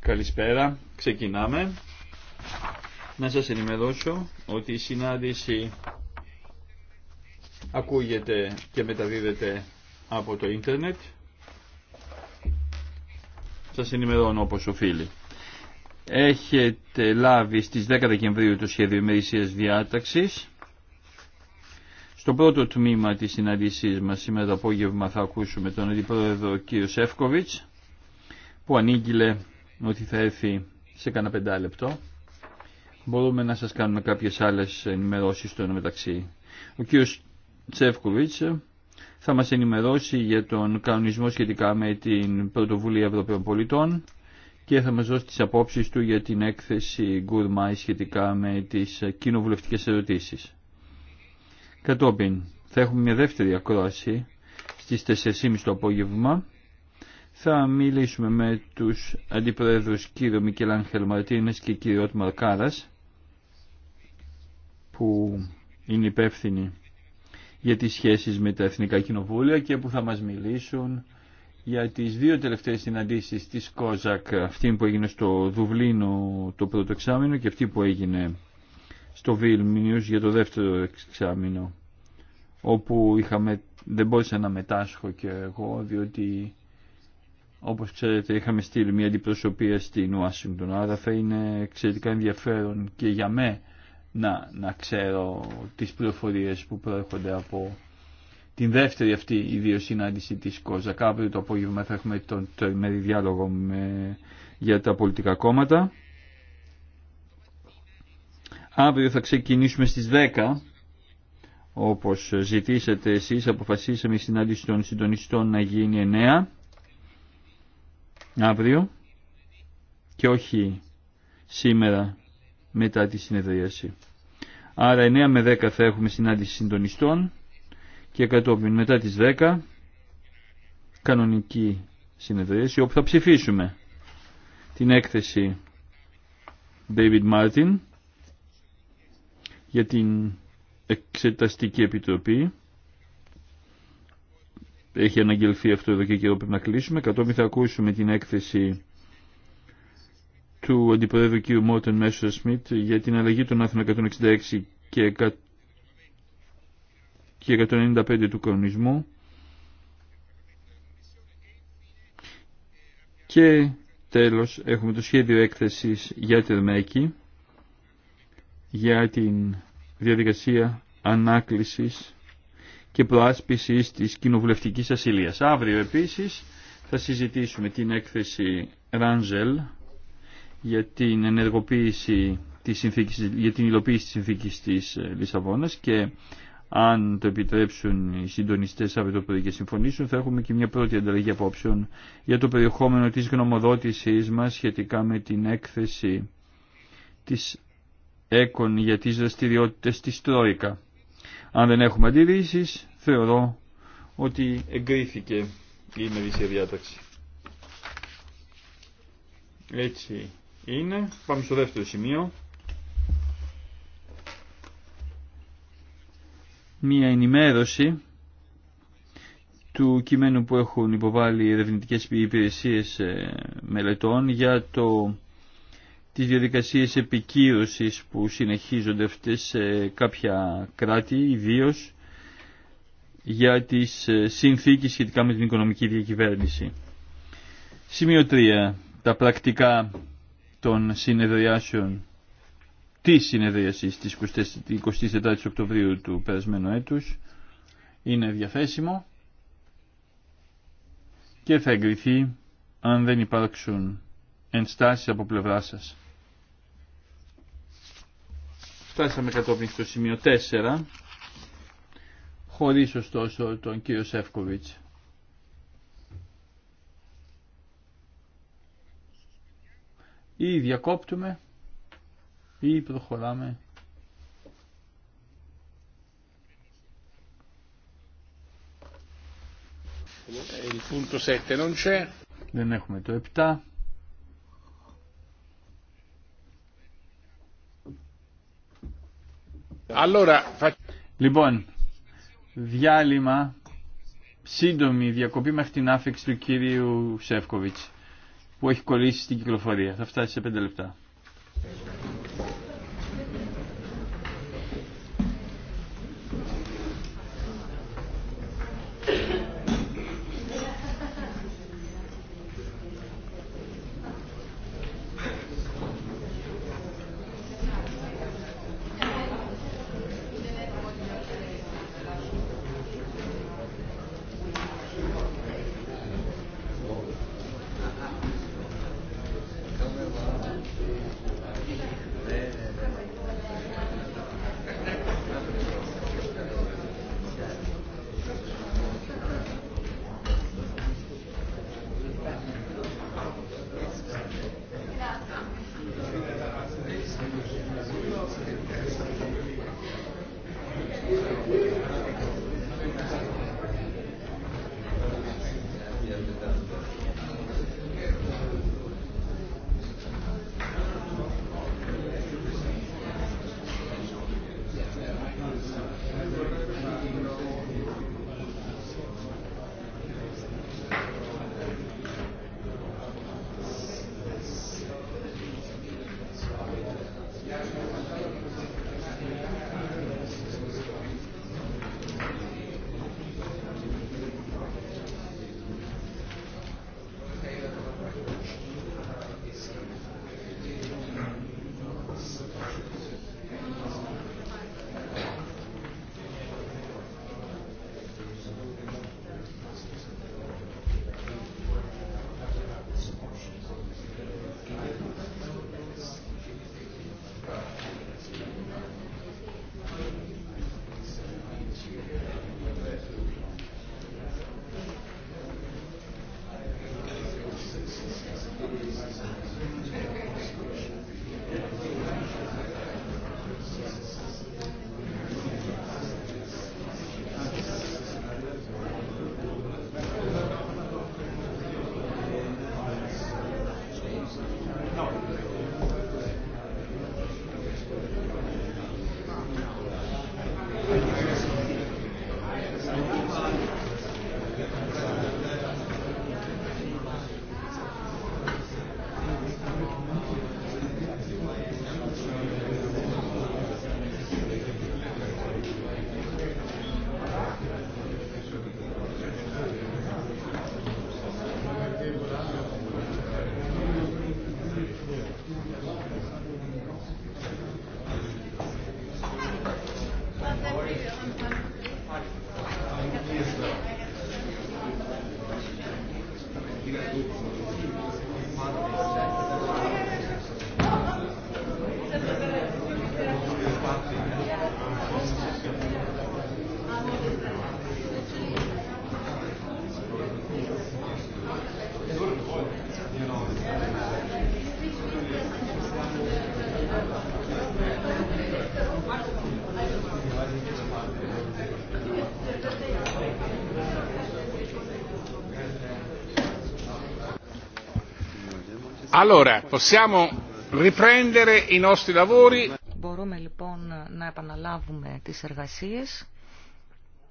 Καλησπέρα. Ξεκινάμε. Να σας ενημερώσω ότι η συνάντηση ακούγεται και μεταδίδεται από το ίντερνετ. Σας ενημερώνω όπως οφείλει. Έχετε λάβει στις 10 Δεκεμβρίου το σχέδιο ημερησίας διάταξης. Στο πρώτο τμήμα της συναντησής μας σήμερα το απόγευμα θα ακούσουμε τον Αντιπρόεδρο κ. Σεύκοβιτς που ανήγγειλε ότι θα έρθει σε κανένα πεντάλεπτο. Μπορούμε να σα κάνουμε κάποιες άλλες ενημερώσεις στο μεταξύ. Ο κ. Τσεύκοβιτς θα μας ενημερώσει για τον κανονισμό σχετικά με την Πρωτοβουλία Ευρωπαίων Πολιτών και θα μας δώσει τις απόψεις του για την έκθεση Γκουρμάη σχετικά με τις κοινοβουλευτικές ερωτήσεις. Κατόπιν θα έχουμε μια δεύτερη ακρόαση στις 4.30 το απόγευμα. Θα μιλήσουμε με τους αντιπρόεδρους κύριο Μικελάνχελ Μαρτίνες και κύριο Ότμαρ που είναι υπεύθυνοι για τις σχέσεις με τα Εθνικά Κοινοβούλια και που θα μας μιλήσουν για τις δύο τελευταίες συναντήσεις της ΚΟΖΑΚ, αυτή που έγινε στο Δουβλίνο το πρώτο εξάμεινο και αυτή που έγινε στο Βίλμιους για το δεύτερο εξάμεινο όπου είχαμε, δεν μπόρεσα να μετάσχω και εγώ διότι όπως ξέρετε είχαμε στείλει μια αντιπροσωπεία στην Ουάσιγκτον άρα θα είναι εξαιρετικά ενδιαφέρον και για μέ να, να ξέρω τις πληροφορίες που προέρχονται από την δεύτερη αυτή ιδίω συνάντηση της ΚΟΖΑ. Κάπου το απόγευμα θα έχουμε τον τριμερή διάλογο με, για τα πολιτικά κόμματα. Αύριο θα ξεκινήσουμε στις 10, όπως ζητήσατε εσείς, αποφασίσαμε η συνάντηση των συντονιστών να γίνει 9, αύριο, και όχι σήμερα μετά τη συνεδρίαση. Άρα 9 με 10 θα έχουμε συνάντηση συντονιστών και κατόπιν μετά τις 10 κανονική συνεδρίαση όπου θα ψηφίσουμε την έκθεση David Martin για την Εξεταστική Επιτροπή. Έχει αναγγελθεί αυτό εδώ και καιρό πρέπει να κλείσουμε. Κατόπιν θα ακούσουμε την έκθεση του Αντιπρόεδρου κ. Μόρτεν Μέσορ Σμιτ για την αλλαγή των άθρων 166 και 195 του κανονισμού και τέλος έχουμε το σχέδιο έκθεσης για Τερμέκη για την διαδικασία ανάκλησης και προάσπισης της κοινοβουλευτικής ασυλίας. Αύριο επίσης θα συζητήσουμε την έκθεση Ράνζελ για την ενεργοποίηση της συνθήκης, για την υλοποίηση της συνθήκης της ε, Λισαβόνας και αν το επιτρέψουν οι συντονιστές αύριο το πρωί και συμφωνήσουν θα έχουμε και μια πρώτη ανταλλαγή απόψεων για το περιεχόμενο της γνωμοδότησής μας σχετικά με την έκθεση της έκον για τις δραστηριότητες της Τρόικα. Αν δεν έχουμε αντιρρήσει, θεωρώ ότι εγκρίθηκε η ημερήσια διάταξη. Έτσι είναι. Πάμε στο δεύτερο σημείο. Μία ενημέρωση του κειμένου που έχουν υποβάλει οι ερευνητικέ υπηρεσίες ε, μελετών για το τις διαδικασίες επικύρωσης που συνεχίζονται αυτές σε κάποια κράτη, ιδίω για τις ε, συνθήκες σχετικά με την οικονομική διακυβέρνηση. Σημείο 3. Τα πρακτικά των συνεδριάσεων τη συνεδρίαση τη 24 Οκτωβρίου του περασμένου έτους είναι διαθέσιμο και θα εγκριθεί αν δεν υπάρξουν ενστάσεις από πλευρά σας. Φτάσαμε κατόπιν στο σημείο 4, χωρίς ωστόσο τον κύριο Σεύκοβιτς. Ή διακόπτουμε ή προχωράμε. Ε, λοιπόν, δεν έχουμε το 7. Λοιπόν, διάλειμμα, σύντομη διακοπή μέχρι την άφηξη του κύριου Σεύκοβιτς που έχει κολλήσει στην κυκλοφορία. Θα φτάσει σε πέντε λεπτά. Allora, possiamo riprendere i nostri lavori. Μπορούμε λοιπόν να επαναλάβουμε τις εργασίες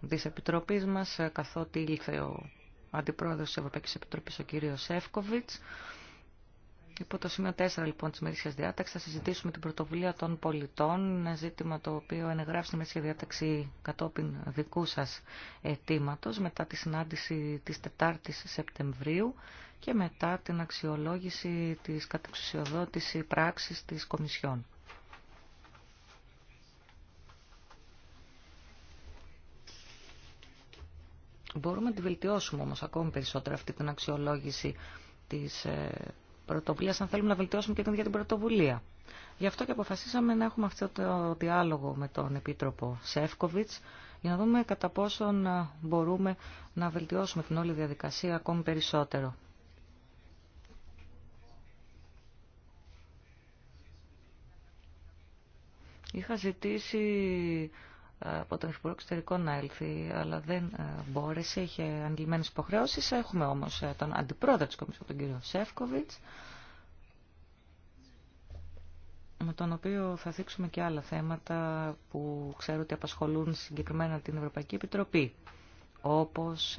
της Επιτροπής μας, καθότι ήλθε ο Αντιπρόεδρος της Ευρωπαϊκής Επιτροπής, ο κύριος Εύκοβιτς. Υπό το σημείο 4 λοιπόν της Μερίσιας Διάταξης θα συζητήσουμε την πρωτοβουλία των πολιτών, ένα ζήτημα το οποίο ενεγράφει στη Μερίσια Διάταξη κατόπιν δικού σας αιτήματο μετά τη συνάντηση της 4 η Σεπτεμβρίου και μετά την αξιολόγηση της κατεξουσιοδότηση πράξης της Κομισιόν. Μπορούμε να τη βελτιώσουμε όμως ακόμη περισσότερο αυτή την αξιολόγηση της ε, πρωτοβουλίας, αν θέλουμε να βελτιώσουμε και την ίδια την πρωτοβουλία. Γι' αυτό και αποφασίσαμε να έχουμε αυτό το διάλογο με τον Επίτροπο Σεύκοβιτς, για να δούμε κατά πόσον ε, μπορούμε να βελτιώσουμε την όλη διαδικασία ακόμη περισσότερο. Είχα ζητήσει ε, από τον Υπουργό Εξωτερικών να έλθει, αλλά δεν ε, μπόρεσε, είχε αγγελμένες υποχρεώσει. Έχουμε όμως ε, τον αντιπρόεδρο της Κομισιόν, τον κύριο Σεύκοβιτς, με τον οποίο θα δείξουμε και άλλα θέματα που ξέρω ότι απασχολούν συγκεκριμένα την Ευρωπαϊκή Επιτροπή, όπως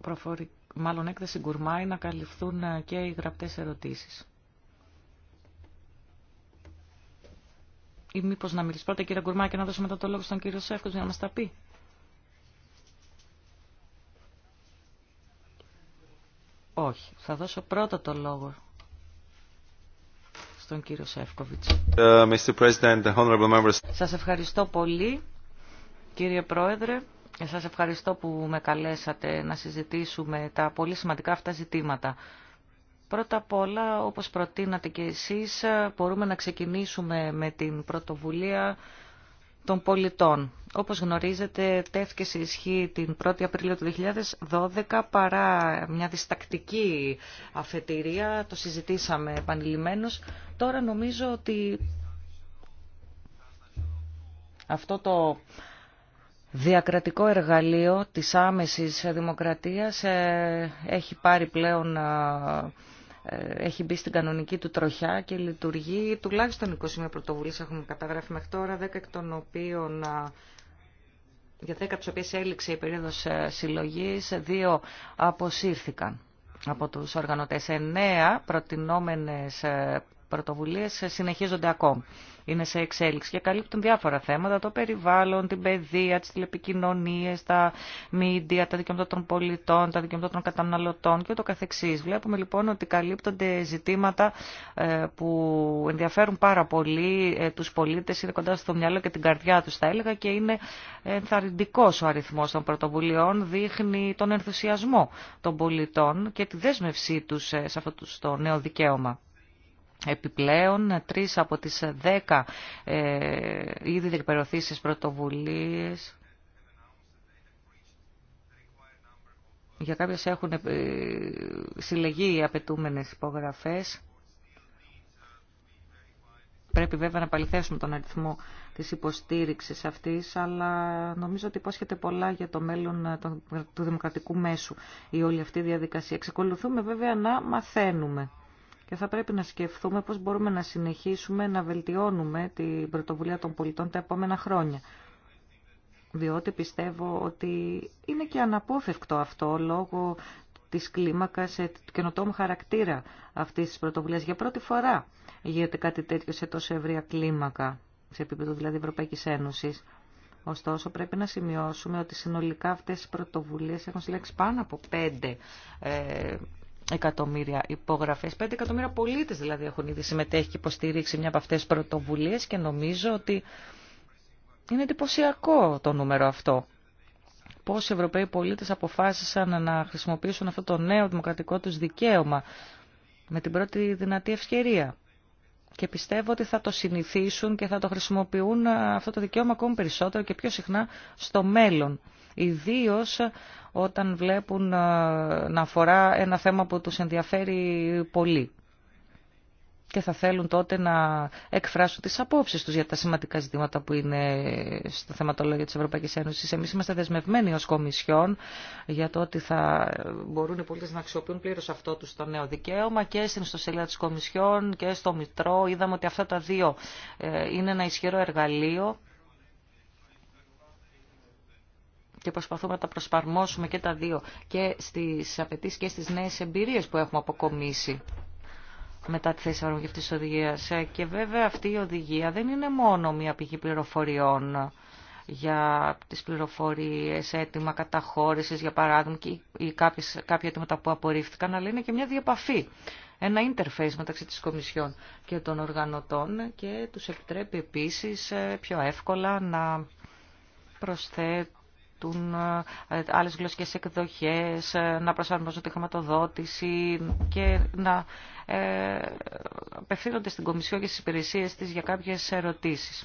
προφορική μάλλον έκθεση γκουρμάι, να καλυφθούν ε, και οι γραπτές ερωτήσεις. Ή μήπω να μιλήσει πρώτα κύριε Γκουρμάη και να δώσω μετά το λόγο στον κύριο Σεύκο για να μα τα πει. Όχι. Θα δώσω πρώτα το λόγο στον κύριο Σεύκοβιτς. Uh, Σας ευχαριστώ πολύ, κύριε Πρόεδρε. Σας ευχαριστώ που με καλέσατε να συζητήσουμε τα πολύ σημαντικά αυτά ζητήματα. Πρώτα απ' όλα, όπως προτείνατε και εσείς, μπορούμε να ξεκινήσουμε με την πρωτοβουλία των πολιτών. Όπως γνωρίζετε, τέθηκε σε ισχύ την 1η Απριλίου του 2012 παρά μια διστακτική αφετηρία, το συζητήσαμε επανειλημμένως. Τώρα νομίζω ότι αυτό το διακρατικό εργαλείο της άμεσης δημοκρατίας ε, έχει πάρει πλέον ε, ε, έχει μπει στην κανονική του τροχιά και λειτουργεί τουλάχιστον 21 πρωτοβουλίες έχουμε καταγράφει μέχρι τώρα 10 εκ των οποίων για 10 από τις οποίες έληξε η περίοδος συλλογής δύο αποσύρθηκαν από τους οργανωτές. 9, προτινόμενες πρωτοβουλίε συνεχίζονται ακόμη. Είναι σε εξέλιξη και καλύπτουν διάφορα θέματα, το περιβάλλον, την παιδεία, τι τηλεπικοινωνίε, τα μίντια, τα δικαιώματα των πολιτών, τα δικαιώματα των καταναλωτών και ούτω καθεξής. Βλέπουμε λοιπόν ότι καλύπτονται ζητήματα ε, που ενδιαφέρουν πάρα πολύ ε, του πολίτε, είναι κοντά στο μυαλό και την καρδιά του. θα έλεγα και είναι ενθαρρυντικό ο αριθμό των πρωτοβουλειών, δείχνει τον ενθουσιασμό των πολιτών και τη δέσμευσή του ε, σε αυτό το νέο δικαίωμα. Επιπλέον, τρεις από τις δέκα ε, ήδη διεκπαιρεωθήσεις πρωτοβουλίες για κάποιες έχουν ε, συλλεγεί οι απαιτούμενες υπογραφές. Πρέπει βέβαια να παληθέσουμε τον αριθμό της υποστήριξης αυτής, αλλά νομίζω ότι υπόσχεται πολλά για το μέλλον ε, του δημοκρατικού μέσου η όλη αυτή διαδικασία. Εξακολουθούμε βέβαια να μαθαίνουμε και θα πρέπει να σκεφτούμε πώς μπορούμε να συνεχίσουμε να βελτιώνουμε την πρωτοβουλία των πολιτών τα επόμενα χρόνια. Διότι πιστεύω ότι είναι και αναπόφευκτο αυτό λόγω της κλίμακας του καινοτόμου χαρακτήρα αυτής της πρωτοβουλίας. Για πρώτη φορά γίνεται κάτι τέτοιο σε τόσο ευρία κλίμακα, σε επίπεδο δηλαδή Ευρωπαϊκής Ένωσης. Ωστόσο, πρέπει να σημειώσουμε ότι συνολικά αυτές οι πρωτοβουλίες έχουν συλλέξει πάνω από πέντε ε, εκατομμύρια υπογραφές, 5 εκατομμύρια πολίτες δηλαδή έχουν ήδη συμμετέχει και υποστηρίξει μια από αυτέ τις πρωτοβουλίες και νομίζω ότι είναι εντυπωσιακό το νούμερο αυτό. Πόσοι Ευρωπαίοι πολίτες αποφάσισαν να χρησιμοποιήσουν αυτό το νέο δημοκρατικό του δικαίωμα με την πρώτη δυνατή ευκαιρία και πιστεύω ότι θα το συνηθίσουν και θα το χρησιμοποιούν ε, αυτό το δικαίωμα ακόμη περισσότερο και πιο συχνά στο μέλλον. Ιδίω όταν βλέπουν ε, να αφορά ένα θέμα που τους ενδιαφέρει πολύ και θα θέλουν τότε να εκφράσουν τις απόψεις τους για τα σημαντικά ζητήματα που είναι στο θεματολόγιο της Ευρωπαϊκή Ένωσης. Εμείς είμαστε δεσμευμένοι ως Κομισιόν για το ότι θα μπορούν οι πολίτες να αξιοποιούν πλήρως αυτό τους το νέο δικαίωμα και στην ιστοσελίδα της Κομισιόν και στο Μητρό. Είδαμε ότι αυτά τα δύο ε, είναι ένα ισχυρό εργαλείο και προσπαθούμε να τα προσπαρμόσουμε και τα δύο και στις απαιτήσει και στις νέες εμπειρίες που έχουμε αποκομίσει μετά τη θέση αρμογευτή οδηγία. της ε, Και βέβαια αυτή η οδηγία δεν είναι μόνο μια πηγή πληροφοριών για τις πληροφορίες, έτοιμα καταχώρησης, για παράδειγμα, ή κάποιες, κάποια έτοιματα που απορρίφθηκαν, αλλά είναι και μια διαπαφή, ένα interface μεταξύ της Κομισιόν και των οργανωτών και τους επιτρέπει επίσης ε, πιο εύκολα να προσθέτουν καλύπτουν ε, άλλες γλωσσικές εκδοχές, ε, να προσαρμόζονται τη χρηματοδότηση και να ε, απευθύνονται στην Κομισιό και στις υπηρεσίες της για κάποιες ερωτήσεις.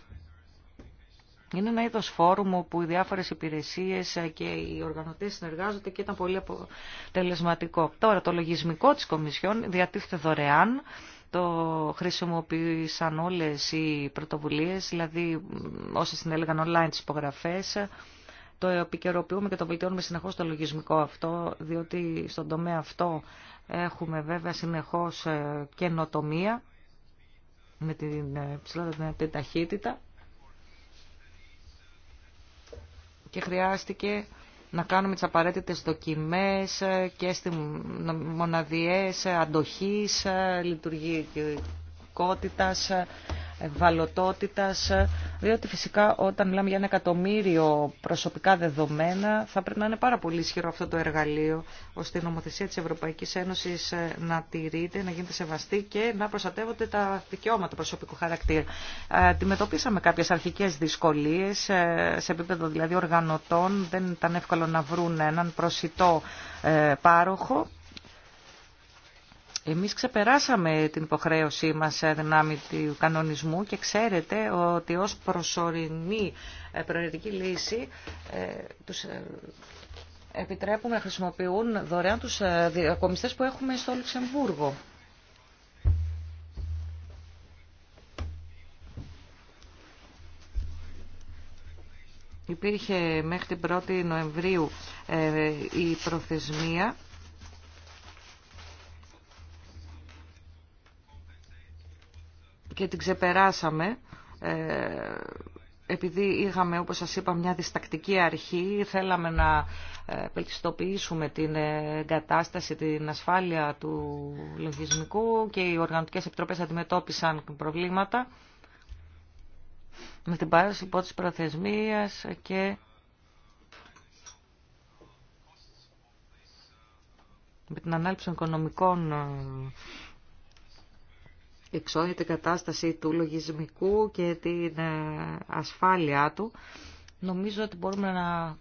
Είναι ένα είδος φόρουμ όπου οι διάφορες υπηρεσίες και οι οργανωτές συνεργάζονται και ήταν πολύ αποτελεσματικό. Τώρα το λογισμικό της Κομισιόν διατίθεται δωρεάν. Το χρησιμοποίησαν όλες οι πρωτοβουλίες, δηλαδή όσοι συνέλεγαν online τις υπογραφές το επικαιροποιούμε και το βελτιώνουμε συνεχώς το λογισμικό αυτό, διότι στον τομέα αυτό έχουμε βέβαια συνεχώς ε, καινοτομία με την ε, ψηλότητα ταχύτητα και χρειάστηκε να κάνουμε τις απαραίτητες δοκιμές ε, και στις μοναδιές αντοχής, λειτουργικότητας ευαλωτότητας, διότι φυσικά όταν μιλάμε για ένα εκατομμύριο προσωπικά δεδομένα θα πρέπει να είναι πάρα πολύ ισχυρό αυτό το εργαλείο, ώστε η νομοθεσία της Ευρωπαϊκής Ένωσης ε, να τηρείται, να γίνεται σεβαστή και να προστατεύονται τα δικαιώματα προσωπικού χαρακτήρα. Ε, αντιμετωπίσαμε κάποιες αρχικές δυσκολίες, ε, σε επίπεδο δηλαδή οργανωτών δεν ήταν εύκολο να βρουν έναν προσιτό πάροχο εμείς ξεπεράσαμε την υποχρέωσή μας ε, δυνάμει του κανονισμού και ξέρετε ότι ως προσωρινή ε, προαιρετική λύση ε, τους επιτρέπουμε να χρησιμοποιούν δωρεάν τους διακομιστές που έχουμε στο Λουξεμβούργο. Υπήρχε μέχρι την 1η Νοεμβρίου η προθεσμία και την ξεπεράσαμε ε, επειδή είχαμε, όπως σας είπα, μια διστακτική αρχή, θέλαμε να πελκιστοποιήσουμε ε, την κατάσταση, την ασφάλεια του λογισμικού και οι οργανωτικές επιτροπές αντιμετώπισαν προβλήματα με την παράδοση υπό της προθεσμίας και με την ανάληψη οικονομικών ε, για την κατάσταση του λογισμικού και την ε, ασφάλειά του. Νομίζω ότι μπορούμε να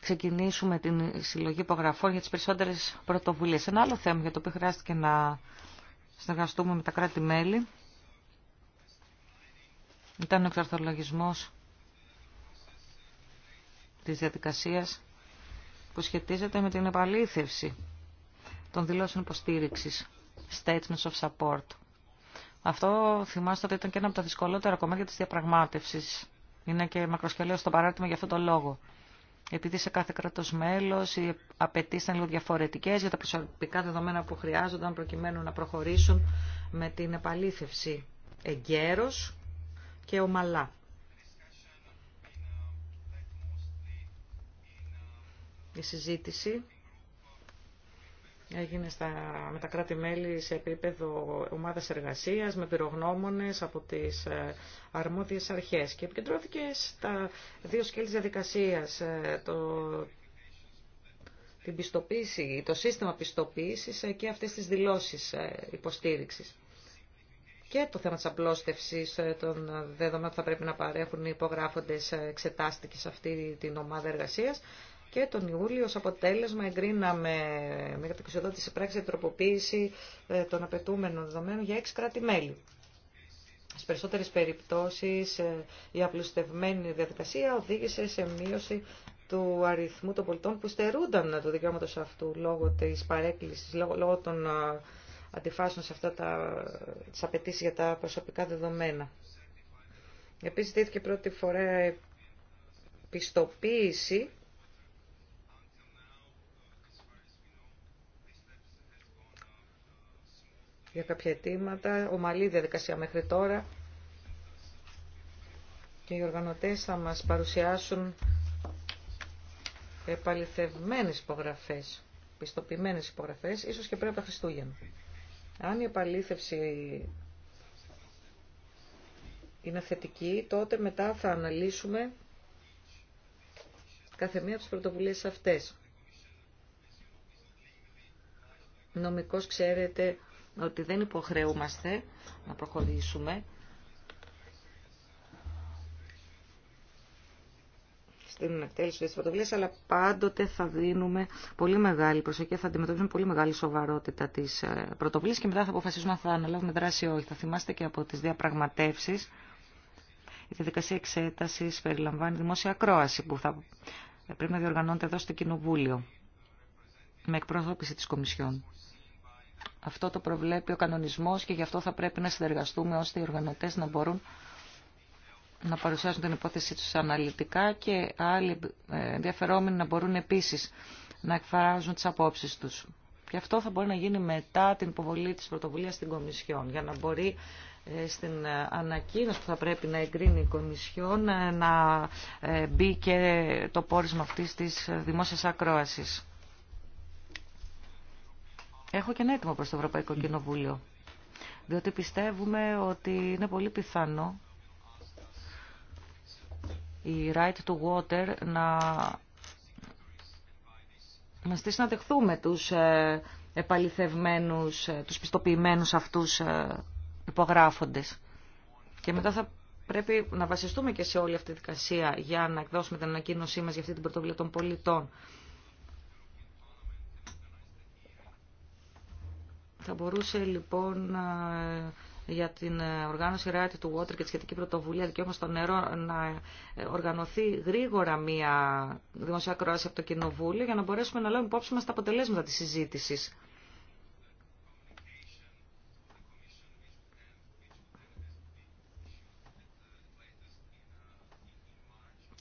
ξεκινήσουμε την συλλογή υπογραφών για τις περισσότερες πρωτοβουλίες. Ένα άλλο θέμα για το οποίο χρειάστηκε να συνεργαστούμε με τα κράτη-μέλη ήταν ο εξαρθολογισμός της διαδικασίας που σχετίζεται με την επαλήθευση των δηλώσεων υποστήριξης, statements of support. Αυτό θυμάστε ότι ήταν και ένα από τα δυσκολότερα κομμάτια τη διαπραγμάτευση. Είναι και μακροσκελέο στο παράρτημα για αυτόν τον λόγο. Επειδή σε κάθε κράτο μέλο οι απαιτήσει ήταν λίγο διαφορετικέ για τα προσωπικά δεδομένα που χρειάζονταν προκειμένου να προχωρήσουν με την επαλήθευση εγκαίρω και ομαλά. Η συζήτηση έγινε με τα κράτη-μέλη σε επίπεδο ομάδας εργασίας, με πυρογνώμονες από τις ε, αρμόδιες αρχές και επικεντρώθηκε στα δύο σκέλη διαδικασία, διαδικασίας, ε, το, την πιστοποίηση, το σύστημα πιστοποίησης ε, και αυτές τις δηλώσεις υποστήριξης. Και το θέμα της απλώστευσης των δεδομένων που θα πρέπει να παρέχουν οι υπογράφοντες εξετάστηκε σε αυτή την ομάδα εργασίας, και τον Ιούλιο ως αποτέλεσμα εγκρίναμε με της πράξη τροποποίηση ε, των απαιτούμενων δεδομένων για έξι κράτη-μέλη. Σε περισσότερες περιπτώσεις ε, η απλουστευμένη διαδικασία οδήγησε σε μείωση του αριθμού των πολιτών που στερούνταν του δικαιώματο αυτού λόγω της παρέκκλησης, λόγω, των ε, αντιφάσεων σε αυτά τι απαιτήσει για τα προσωπικά δεδομένα. Επίσης δίθηκε πρώτη φορά πιστοποίηση για κάποια αιτήματα. Ομαλή διαδικασία μέχρι τώρα. Και οι οργανωτές θα μας παρουσιάσουν επαληθευμένες υπογραφές, πιστοποιημένες υπογραφές, ίσως και πριν από τα Χριστούγεννα. Αν η επαλήθευση είναι θετική, τότε μετά θα αναλύσουμε κάθε μία από τις πρωτοβουλίες αυτές. Νομικός, ξέρετε, ότι δεν υποχρεούμαστε να προχωρήσουμε στην εκτέλεση της πρωτοβουλίας, αλλά πάντοτε θα δίνουμε πολύ μεγάλη προσοχή, θα αντιμετωπίσουμε πολύ μεγάλη σοβαρότητα της ε, πρωτοβουλίας και μετά θα αποφασίσουμε αν θα αναλάβουμε δράση ή όχι. Θα θυμάστε και από τις διαπραγματεύσεις, η διαδικασία εξέτασης περιλαμβάνει διαδικασια εξέταση, περιλαμβανει ακρόαση που θα ε, πρέπει να διοργανώνεται εδώ στο Κοινοβούλιο με εκπροσώπηση της Κομισιόν. Αυτό το προβλέπει ο κανονισμός και γι' αυτό θα πρέπει να συνεργαστούμε ώστε οι οργανωτές να μπορούν να παρουσιάσουν την υπόθεσή τους αναλυτικά και άλλοι ε, ενδιαφερόμενοι να μπορούν επίσης να εκφράζουν τις απόψεις τους. Και αυτό θα μπορεί να γίνει μετά την υποβολή της πρωτοβουλίας στην Κομισιόν, για να μπορεί ε, στην ανακοίνωση που θα πρέπει να εγκρίνει η Κομισιόν ε, να μπει και το πόρισμα αυτής της δημόσιας ακρόασης. Έχω και ένα έτοιμο προς το Ευρωπαϊκό Κοινοβούλιο. Διότι πιστεύουμε ότι είναι πολύ πιθανό η right to water να μας στήσει να δεχθούμε τους ε, επαληθευμένους, ε, τους πιστοποιημένους αυτούς ε, υπογράφοντες. Και μετά θα πρέπει να βασιστούμε και σε όλη αυτή τη δικασία για να εκδώσουμε την ανακοίνωσή μας για αυτή την πρωτοβουλία των πολιτών. Θα μπορούσε λοιπόν ε, για την ε, οργάνωση Riot του Water και τη σχετική πρωτοβουλία δικαιώματο στο νερό να ε, οργανωθεί γρήγορα μία δημοσία κρόαση από το Κοινοβούλιο για να μπορέσουμε να λάβουμε υπόψη μας τα αποτελέσματα της συζήτησης.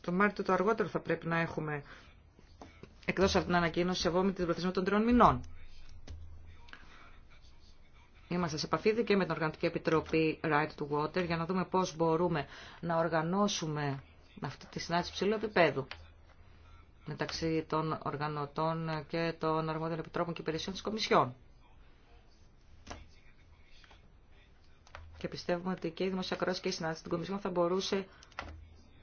Το Μάρτιο το αργότερο θα πρέπει να έχουμε εκδώσει αυτήν την ανακοίνωση με την προθεσμία των τριών μηνών. Είμαστε σε επαφή και με την Οργανωτική Επιτροπή Right to Water για να δούμε πώς μπορούμε να οργανώσουμε αυτή τη συνάντηση ψηλού επίπεδου μεταξύ των οργανωτών και των αρμόδιων επιτρόπων και υπηρεσιών της Κομισιόν. Και πιστεύουμε ότι και η δημοσιακρόση και η συνάντηση των Κομισιόν θα μπορούσε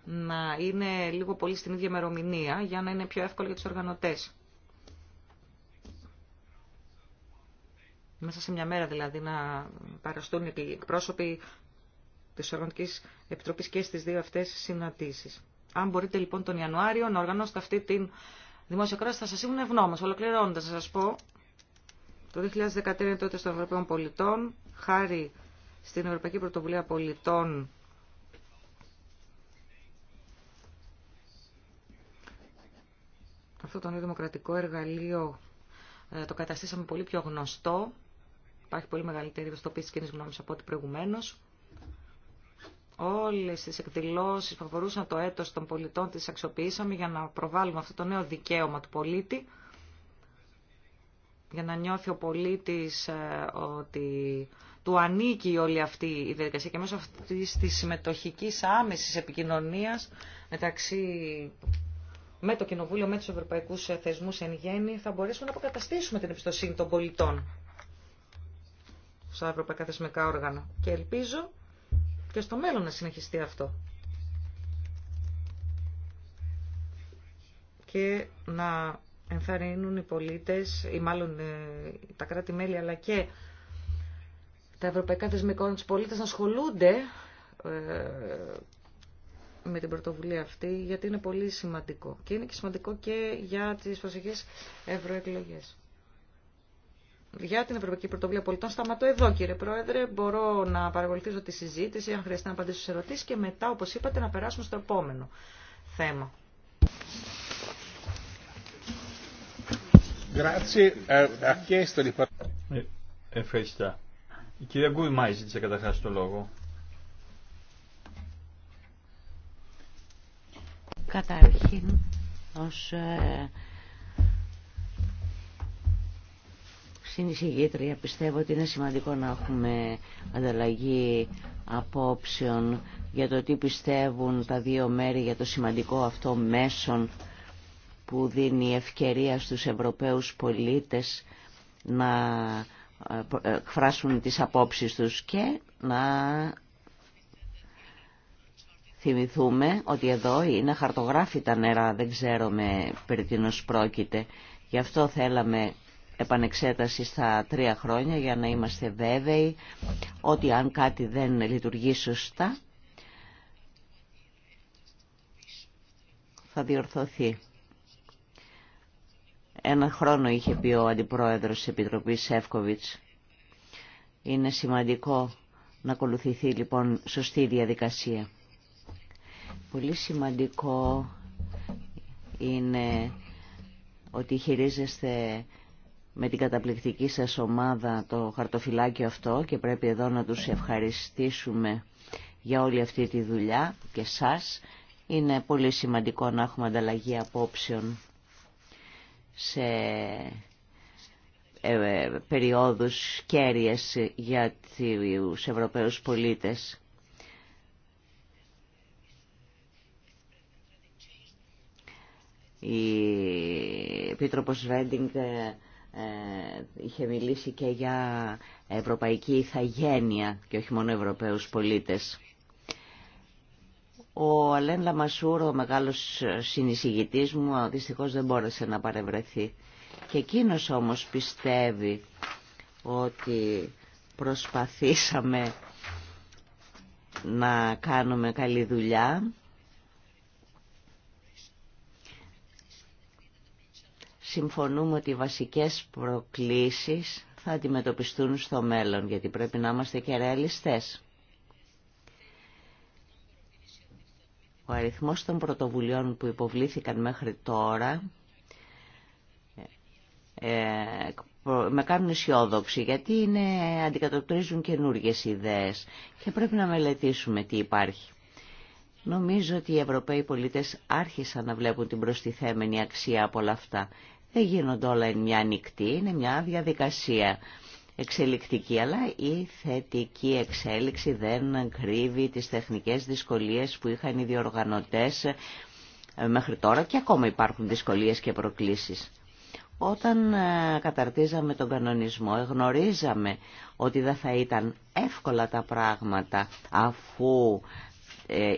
να είναι λίγο πολύ στην ίδια ημερομηνία για να είναι πιο εύκολο για τους οργανωτές. μέσα σε μια μέρα δηλαδή να παραστούν οι εκπρόσωποι της Οργανωτικής Επιτροπής και στις δύο αυτές συναντήσεις. Αν μπορείτε λοιπόν τον Ιανουάριο να οργανώσετε αυτή την δημόσια κράση θα σας ήμουν ευγνώμος. Ολοκληρώνοντας θα σας πω, το 2013 τότε των Ευρωπαίων Πολιτών, χάρη στην Ευρωπαϊκή Πρωτοβουλία Πολιτών αυτό το νέο δημοκρατικό εργαλείο ε, το καταστήσαμε πολύ πιο γνωστό Υπάρχει πολύ μεγαλύτερη ευαισθητοποίηση τη κοινή γνώμη από ό,τι προηγουμένω. Όλε τι εκδηλώσει που αφορούσαν το έτο των πολιτών τι αξιοποιήσαμε για να προβάλλουμε αυτό το νέο δικαίωμα του πολίτη. Για να νιώθει ο πολίτη ε, ότι του ανήκει όλη αυτή η διαδικασία και μέσω αυτή τη συμμετοχική άμεση επικοινωνία μεταξύ με το Κοινοβούλιο, με του ευρωπαϊκού θεσμού εν γέννη, θα μπορέσουμε να αποκαταστήσουμε την εμπιστοσύνη των πολιτών στα ευρωπαϊκά θεσμικά όργανα. Και ελπίζω και στο μέλλον να συνεχιστεί αυτό. Και να ενθαρρύνουν οι πολίτες, ή μάλλον ε, τα κράτη-μέλη, αλλά και τα ευρωπαϊκά θεσμικά όργανα, τους πολίτες να ασχολούνται ε, με την πρωτοβουλία αυτή, γιατί είναι πολύ σημαντικό. Και είναι και σημαντικό και για τις προσεχείς ευρωεκλογές για την Ευρωπαϊκή Πρωτοβουλία Πολιτών. Σταματώ εδώ, κύριε Πρόεδρε. Μπορώ να παρακολουθήσω τη συζήτηση, αν χρειαστεί να απαντήσω σε ερωτήσει και μετά, όπω είπατε, να περάσουμε στο επόμενο θέμα. Ε, ε, ευχαριστώ. Η κυρία Γκουρμάη ζήτησε καταρχά το λόγο. Καταρχήν, ως ε, συνεισηγήτρια. Πιστεύω ότι είναι σημαντικό να έχουμε ανταλλαγή απόψεων για το τι πιστεύουν τα δύο μέρη για το σημαντικό αυτό μέσον που δίνει ευκαιρία στους Ευρωπαίους πολίτες να ε, ε, εκφράσουν τις απόψεις τους και να θυμηθούμε ότι εδώ είναι χαρτογράφητα νερά, δεν ξέρουμε περί τίνος πρόκειται. Γι' αυτό θέλαμε επανεξέταση στα τρία χρόνια για να είμαστε βέβαιοι ότι αν κάτι δεν λειτουργεί σωστά θα διορθωθεί. Ένα χρόνο είχε πει ο Αντιπρόεδρος της Επιτροπής Σεύκοβιτς. Είναι σημαντικό να ακολουθηθεί λοιπόν σωστή διαδικασία. Πολύ σημαντικό είναι ότι χειρίζεστε με την καταπληκτική σας ομάδα το χαρτοφυλάκιο αυτό και πρέπει εδώ να τους ευχαριστήσουμε για όλη αυτή τη δουλειά και σας. Είναι πολύ σημαντικό να έχουμε ανταλλαγή απόψεων σε ε, ε, περιόδους κέρυες για τους Ευρωπαίους πολίτες. Η Επίτροπος ε, ε, είχε μιλήσει και για ευρωπαϊκή ηθαγένεια και όχι μόνο ευρωπαίους πολίτες. Ο Αλέν Λαμασούρο, ο μεγάλος συνεισηγητής μου, δυστυχώς δεν μπόρεσε να παρευρεθεί. Και εκείνο όμως πιστεύει ότι προσπαθήσαμε να κάνουμε καλή δουλειά συμφωνούμε ότι οι βασικές προκλήσεις θα αντιμετωπιστούν στο μέλλον, γιατί πρέπει να είμαστε και ρεαλιστές. Ο αριθμός των πρωτοβουλειών που υποβλήθηκαν μέχρι τώρα ε, με κάνουν αισιόδοξη, γιατί είναι, αντικατοπτρίζουν καινούργιες ιδέες και πρέπει να μελετήσουμε τι υπάρχει. Νομίζω ότι οι Ευρωπαίοι πολίτες άρχισαν να βλέπουν την προστιθέμενη αξία από όλα αυτά. Δεν γίνονται όλα εν μια νυχτή, είναι μια διαδικασία εξελικτική, αλλά η θετική εξέλιξη δεν κρύβει τις τεχνικές δυσκολίες που είχαν οι διοργανωτές ε, μέχρι τώρα και ακόμα υπάρχουν δυσκολίες και προκλήσεις. Όταν ε, καταρτίζαμε τον κανονισμό ε, γνωρίζαμε ότι δεν θα ήταν εύκολα τα πράγματα αφού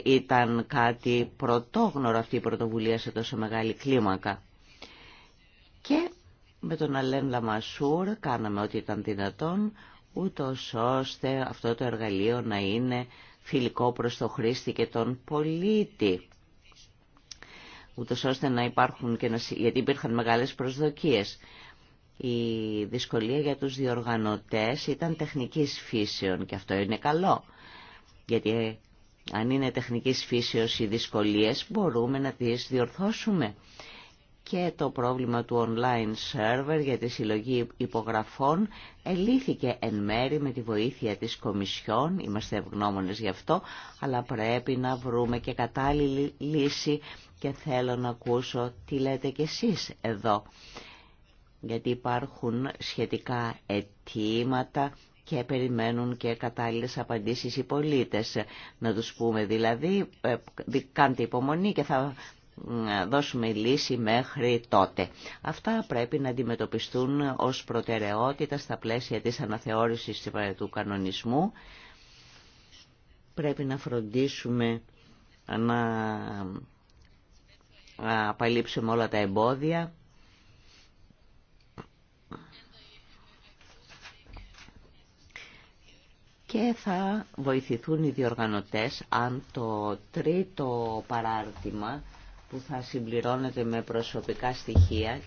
ήταν κάτι πρωτόγνωρο αυτή η πρωτοβουλία σε τόσο μεγάλη κλίμακα με τον Αλέν Λαμασούρ κάναμε ό,τι ήταν δυνατόν, ούτω ώστε αυτό το εργαλείο να είναι φιλικό προς το χρήστη και τον πολίτη. Ούτως ώστε να υπάρχουν και να... γιατί υπήρχαν μεγάλες προσδοκίες. Η δυσκολία για τους διοργανωτές ήταν τεχνικής φύσεων και αυτό είναι καλό. Γιατί ε, αν είναι τεχνικής φύσεως οι δυσκολίες μπορούμε να τις διορθώσουμε και το πρόβλημα του online server για τη συλλογή υπογραφών ελήθηκε εν μέρη με τη βοήθεια της Κομισιόν, είμαστε ευγνώμονες γι' αυτό, αλλά πρέπει να βρούμε και κατάλληλη λύση και θέλω να ακούσω τι λέτε κι εσείς εδώ. Γιατί υπάρχουν σχετικά αιτήματα και περιμένουν και κατάλληλες απαντήσεις οι πολίτες. Να τους πούμε δηλαδή, ε, κάντε υπομονή και θα δώσουμε λύση μέχρι τότε. Αυτά πρέπει να αντιμετωπιστούν ως προτεραιότητα στα πλαίσια της αναθεώρησης του κανονισμού. Πρέπει να φροντίσουμε να απαλείψουμε όλα τα εμπόδια. και θα βοηθηθούν οι διοργανωτές αν το τρίτο παράρτημα που θα συμπληρώνεται με προσωπικά στοιχεία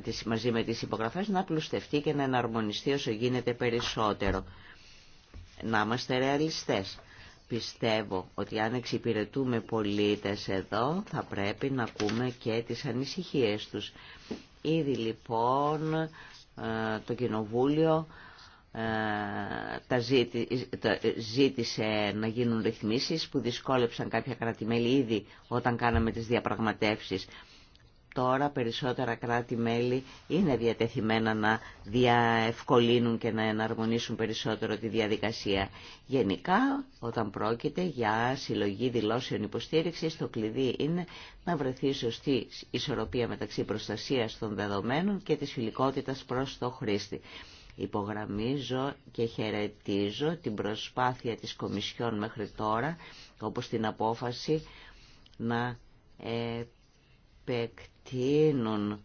ε, μαζί με τις υπογραφές να πλουστευτεί και να εναρμονιστεί όσο γίνεται περισσότερο. Να είμαστε ρεαλιστές. Πιστεύω ότι αν εξυπηρετούμε πολίτες εδώ θα πρέπει να ακούμε και τις ανησυχίες τους. Ήδη λοιπόν ε, το Κοινοβούλιο ε, τα ε, ζήτησε να γίνουν ρυθμίσεις που δυσκόλεψαν κάποια κράτη-μέλη ήδη όταν κάναμε τις διαπραγματεύσεις. Τώρα περισσότερα κράτη-μέλη είναι διατεθειμένα να διαευκολύνουν και να εναρμονίσουν περισσότερο τη διαδικασία. Γενικά, όταν πρόκειται για συλλογή δηλώσεων υποστήριξης, το κλειδί είναι να βρεθεί σωστή ισορροπία μεταξύ προστασίας των δεδομένων και της φιλικότητας προς το χρήστη. Υπογραμμίζω και χαιρετίζω την προσπάθεια της Κομισιόν μέχρι τώρα, όπως την απόφαση να επεκτείνουν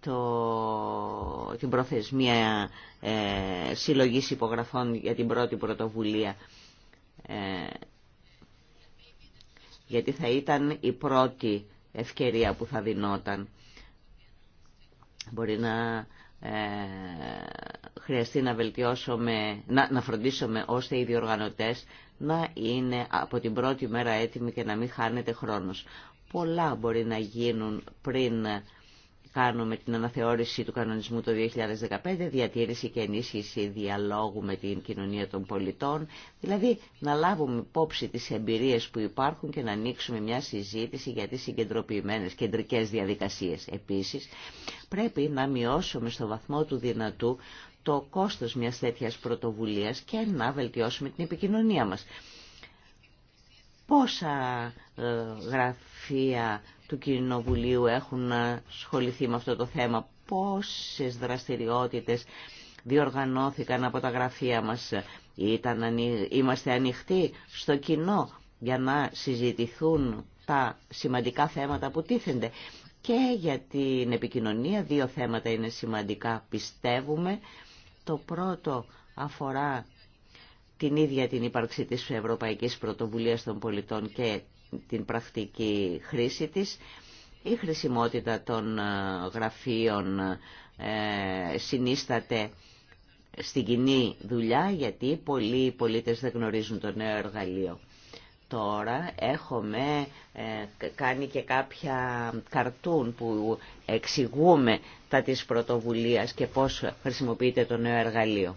το, την προθεσμία ε, συλλογής υπογραφών για την πρώτη πρωτοβουλία. Ε, γιατί θα ήταν η πρώτη ευκαιρία που θα δινόταν. Μπορεί να ε, χρειαστεί να βελτιώσουμε, να, να φροντίσουμε ώστε οι διοργανωτές να είναι από την πρώτη μέρα έτοιμοι και να μην χάνεται χρόνος. Πολλά μπορεί να γίνουν πριν κάνουμε την αναθεώρηση του κανονισμού το 2015, διατήρηση και ενίσχυση διαλόγου με την κοινωνία των πολιτών, δηλαδή να λάβουμε υπόψη τις εμπειρίες που υπάρχουν και να ανοίξουμε μια συζήτηση για τις συγκεντρωποιημένες κεντρικές διαδικασίες. Επίσης, πρέπει να μειώσουμε στο βαθμό του δυνατού το κόστος μιας τέτοιας πρωτοβουλίας και να βελτιώσουμε την επικοινωνία μας. Πόσα ε, γραφεία του Κοινοβουλίου έχουν ασχοληθεί με αυτό το θέμα. Πόσες δραστηριότητες διοργανώθηκαν από τα γραφεία μας. Ήταν, είμαστε ανοιχτοί στο κοινό για να συζητηθούν τα σημαντικά θέματα που τίθενται. Και για την επικοινωνία δύο θέματα είναι σημαντικά, πιστεύουμε. Το πρώτο αφορά την ίδια την ύπαρξη της Ευρωπαϊκής Πρωτοβουλίας των Πολιτών και την πρακτική χρήση της, η χρησιμότητα των ε, γραφείων ε, συνίσταται στην κοινή δουλειά γιατί πολλοί πολίτες δεν γνωρίζουν το νέο εργαλείο. Τώρα έχουμε ε, κάνει και κάποια καρτούν που εξηγούμε τα της πρωτοβουλίας και πώς χρησιμοποιείται το νέο εργαλείο.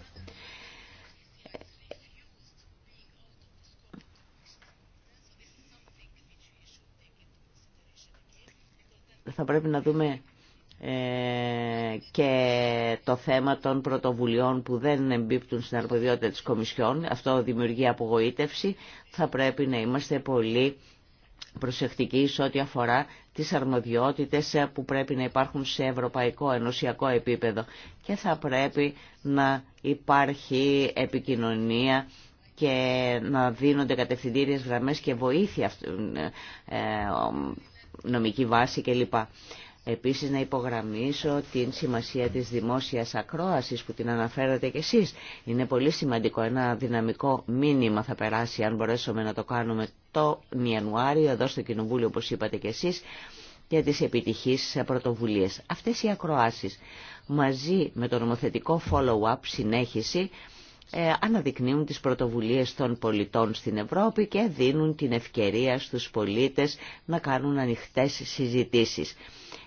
θα πρέπει να δούμε ε, και το θέμα των πρωτοβουλειών που δεν εμπίπτουν στην αρμοδιότητα της Κομισιόν. Αυτό δημιουργεί απογοήτευση. Θα πρέπει να είμαστε πολύ προσεκτικοί σε ό,τι αφορά τις αρμοδιότητες που πρέπει να υπάρχουν σε ευρωπαϊκό ενωσιακό επίπεδο και θα πρέπει να υπάρχει επικοινωνία και να δίνονται κατευθυντήριες γραμμές και βοήθεια ε, ε, νομική βάση κλπ. Επίσης να υπογραμμίσω την σημασία της δημόσιας ακρόασης που την αναφέρατε κι εσείς. Είναι πολύ σημαντικό, ένα δυναμικό μήνυμα θα περάσει αν μπορέσουμε να το κάνουμε το Ιανουάριο εδώ στο Κοινοβούλιο όπως είπατε κι εσείς για τις επιτυχείς πρωτοβουλίες. Αυτές οι ακροάσεις μαζί με το νομοθετικό follow-up συνέχιση ε, αναδεικνύουν τις πρωτοβουλίες των πολιτών στην Ευρώπη και δίνουν την ευκαιρία στους πολίτες να κάνουν ανοιχτές συζητήσεις.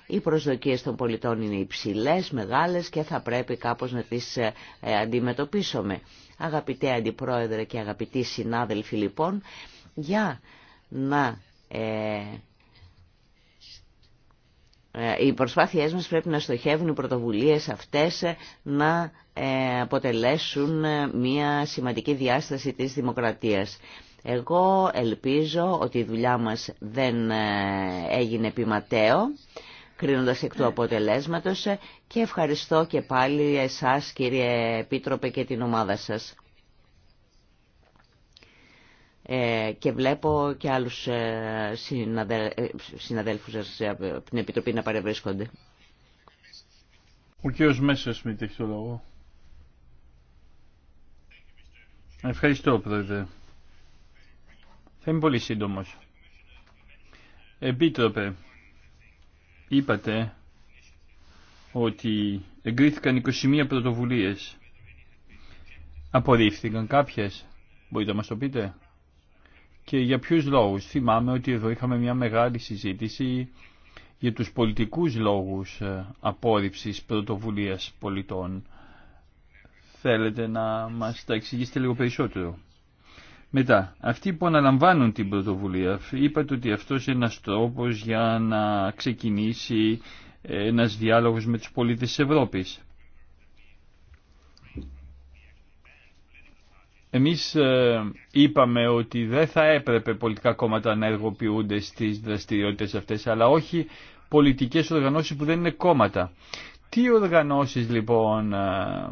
Οι προσδοκίες των πολιτών είναι υψηλές, μεγάλες και θα πρέπει κάπως να τις ε, ε, αντιμετωπίσουμε. Αγαπητέ Αντιπρόεδρε και αγαπητοί συνάδελφοι λοιπόν, για να... οι προσπάθειές μας πρέπει να στοχεύουν οι πρωτοβουλίες αυτές να ε, αποτελέσουν ε, μια σημαντική διάσταση της δημοκρατίας. Εγώ ελπίζω ότι η δουλειά μας δεν ε, έγινε επιματέο, κρίνοντας εκ του ναι. αποτελέσματος και ευχαριστώ και πάλι εσάς κύριε Επίτροπε και την ομάδα σας. και βλέπω και άλλους συναδέλφους σας από την Επιτροπή να παρευρίσκονται. Ο κύριος Μέσος μην το λόγο. Ευχαριστώ, Πρόεδρε. Θα είμαι πολύ σύντομο. Επίτροπε, είπατε ότι εγκρίθηκαν 21 πρωτοβουλίε. Απορρίφθηκαν κάποιε. Μπορείτε να μας το πείτε. Και για ποιου λόγου, Θυμάμαι ότι εδώ είχαμε μια μεγάλη συζήτηση για τους πολιτικούς λόγους ε, απόρριψης πρωτοβουλίας πολιτών θέλετε να μας τα εξηγήσετε λίγο περισσότερο. Μετά, αυτοί που αναλαμβάνουν την πρωτοβουλία, είπατε ότι αυτός είναι ένας τρόπος για να ξεκινήσει ένας διάλογος με τους πολίτες της Ευρώπης. Εμείς ε, είπαμε ότι δεν θα έπρεπε πολιτικά κόμματα να εργοποιούνται στις δραστηριότητες αυτές, αλλά όχι πολιτικές οργανώσεις που δεν είναι κόμματα. Τι οργανώσεις λοιπόν ε,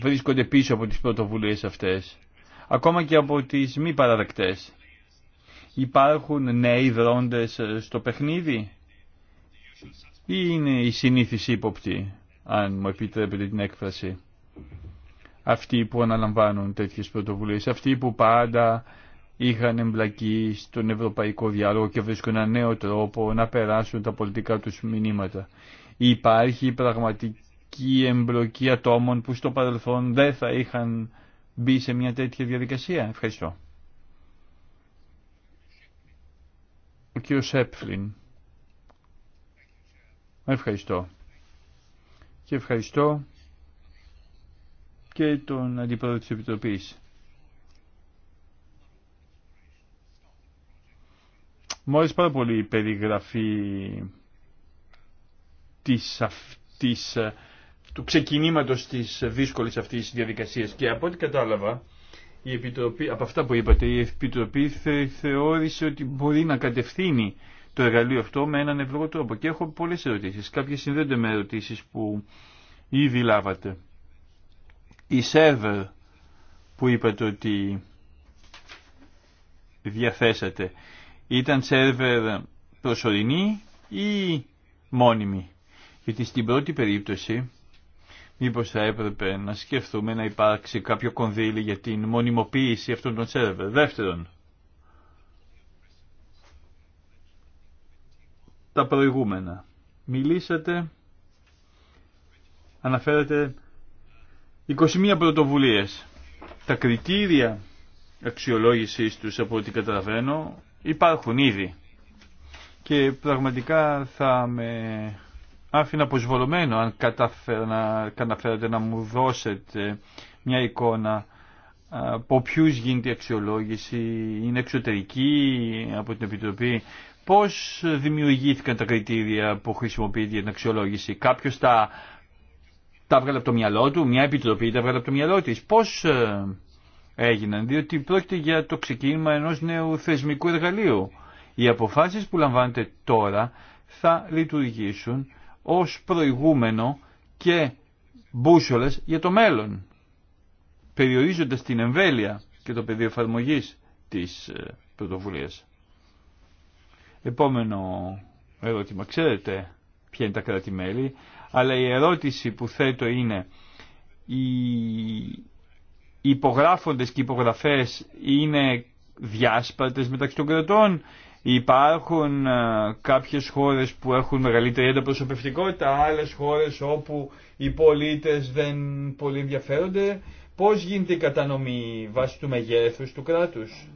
βρίσκονται πίσω από τις πρωτοβουλίες αυτές, ακόμα και από τις μη παραδεκτές. Υπάρχουν νέοι δρόντες ε, στο παιχνίδι ή είναι η συνήθιση ύποπτη, αν μου επιτρέπετε την έκφραση, αυτοί που αναλαμβάνουν τέτοιες πρωτοβουλίες, αυτοί που πάντα είχαν εμπλακεί στον ευρωπαϊκό διάλογο και βρίσκουν ένα νέο τρόπο να περάσουν τα πολιτικά τους μηνύματα υπάρχει πραγματική εμπλοκή ατόμων που στο παρελθόν δεν θα είχαν μπει σε μια τέτοια διαδικασία. Ευχαριστώ. Ο κύριος Σέπφλιν. Ευχαριστώ. Και ευχαριστώ και τον Αντιπρόεδρο της Επιτροπής. Μου πάρα πολύ η περιγραφή της, αυτής, ε, του ξεκινήματος της δύσκολης αυτής διαδικασίας. Και από ό,τι κατάλαβα, η Επιτροπή, από αυτά που είπατε, η Επιτροπή θεώρησε ότι μπορεί να κατευθύνει το εργαλείο αυτό με έναν ευλογό τρόπο. Και έχω πολλές ερωτήσεις. Κάποιες συνδέονται με ερωτήσεις που ήδη λάβατε. Η σερβερ που είπατε ότι διαθέσατε, ήταν σερβερ προσωρινή ή μόνιμη. Γιατί στην πρώτη περίπτωση μήπως θα έπρεπε να σκεφτούμε να υπάρξει κάποιο κονδύλι για την μονιμοποίηση αυτών των σερβερ. Δεύτερον, τα προηγούμενα. Μιλήσατε, αναφέρατε 21 πρωτοβουλίες. Τα κριτήρια αξιολόγησης τους από ό,τι καταλαβαίνω υπάρχουν ήδη. Και πραγματικά θα με άφηνα αποσβολωμένο αν καταφέρατε να μου δώσετε μια εικόνα από ποιους γίνεται η αξιολόγηση, είναι εξωτερική από την Επιτροπή, πώς δημιουργήθηκαν τα κριτήρια που χρησιμοποιείται για την αξιολόγηση. Κάποιος τα, τα έβγαλε από το μυαλό του, μια Επιτροπή τα έβγαλε από το μυαλό της. Πώς ε, έγιναν, διότι πρόκειται για το ξεκίνημα ενός νέου θεσμικού εργαλείου. Οι αποφάσεις που λαμβάνετε τώρα θα λειτουργήσουν ως προηγούμενο και μπούσολες για το μέλλον, περιορίζοντας την εμβέλεια και το πεδίο εφαρμογή της ε, πρωτοβουλίας. Επόμενο ερώτημα. Ξέρετε ποια είναι τα κράτη-μέλη, αλλά η ερώτηση που θέτω είναι οι υπογράφοντες και υπογραφές είναι διάσπαρτες μεταξύ των κρατών Υπάρχουν ε, κάποιες χώρες που έχουν μεγαλύτερη ανταπροσωπευτικότητα, άλλες χώρες όπου οι πολίτες δεν πολύ ενδιαφέρονται. Πώς γίνεται η κατανομή βάσει του μεγέθους του κράτους.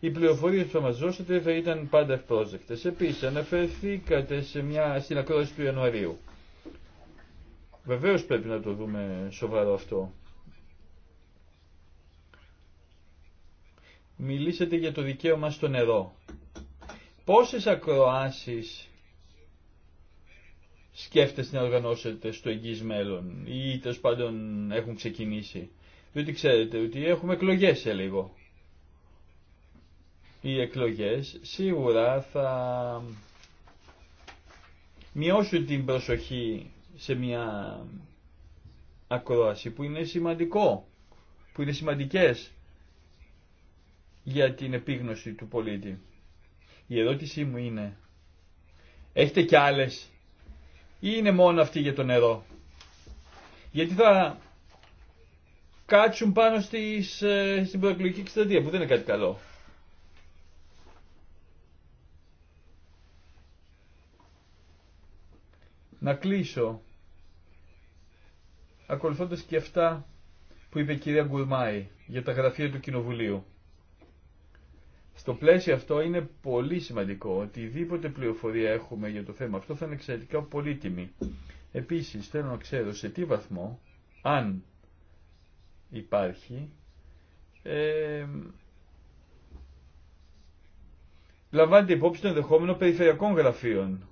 Οι πληροφορίε που θα μα δώσετε θα ήταν πάντα ευπρόσδεκτες. Επίσης αναφερθήκατε σε μια, στην του Ιανουαρίου. Βεβαίω πρέπει να το δούμε σοβαρό αυτό. Μιλήσατε για το δικαίωμα στο νερό. Πόσες ακροάσεις σκέφτεστε να οργανώσετε στο εγγύς μέλλον ή τέλο πάντων έχουν ξεκινήσει. Διότι ξέρετε ότι έχουμε εκλογές σε λίγο. Οι εκλογές σίγουρα θα μειώσουν την προσοχή σε μια ακρόαση που είναι σημαντικό, που είναι σημαντικές για την επίγνωση του πολίτη. Η ερώτησή μου είναι, έχετε κι άλλες ή είναι μόνο αυτοί για το νερό. Γιατί θα κάτσουν πάνω στις, ε, στην προεκλογική εξτρατεία που δεν είναι κάτι καλό. Να κλείσω ακολουθώντας και αυτά που είπε η κυρία Γκουρμάη για τα γραφεία του Κοινοβουλίου. Στο πλαίσιο αυτό είναι πολύ σημαντικό. Οτιδήποτε πληροφορία έχουμε για το θέμα αυτό θα είναι εξαιρετικά πολύτιμη. Επίσης θέλω να ξέρω σε τι βαθμό, αν υπάρχει, ε, λαμβάνεται υπόψη το ενδεχόμενο περιφερειακών γραφείων.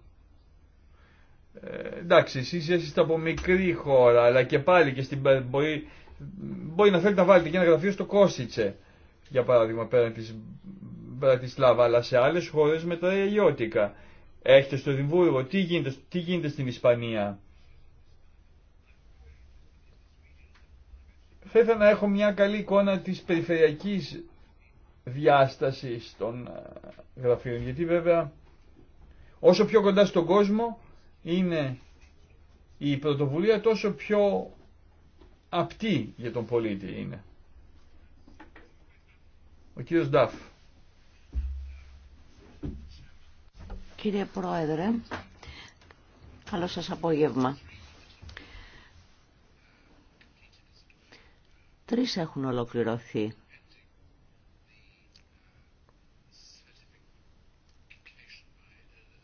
Ε, εντάξει, εσείς είστε από μικρή χώρα, αλλά και πάλι και στην, μπορεί, μπορεί να θέλετε να βάλετε και ένα γραφείο στο Κόσιτσε, για παράδειγμα, πέραν της Μπρατισλάβα, αλλά σε άλλες χώρες με τα ελιώτικα. Έχετε στο Εδιμβούργο, τι γίνεται, τι γίνεται στην Ισπανία. Θα ήθελα να έχω μια καλή εικόνα της περιφερειακής διάστασης των ε, γραφείων, γιατί βέβαια όσο πιο κοντά στον κόσμο είναι η πρωτοβουλία τόσο πιο απτή για τον πολίτη είναι. Ο κύριος Νταφ. Κύριε Πρόεδρε, καλό σας απόγευμα. Τρεις έχουν ολοκληρωθεί.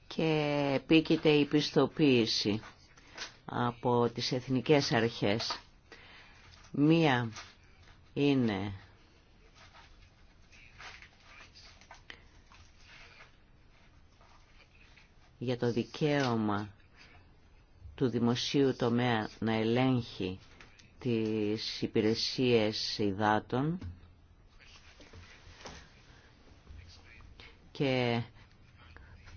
Και επίκειται η πιστοποίηση από τις εθνικές αρχές. Μία είναι για το δικαίωμα του δημοσίου τομέα να ελέγχει τις υπηρεσίες υδάτων και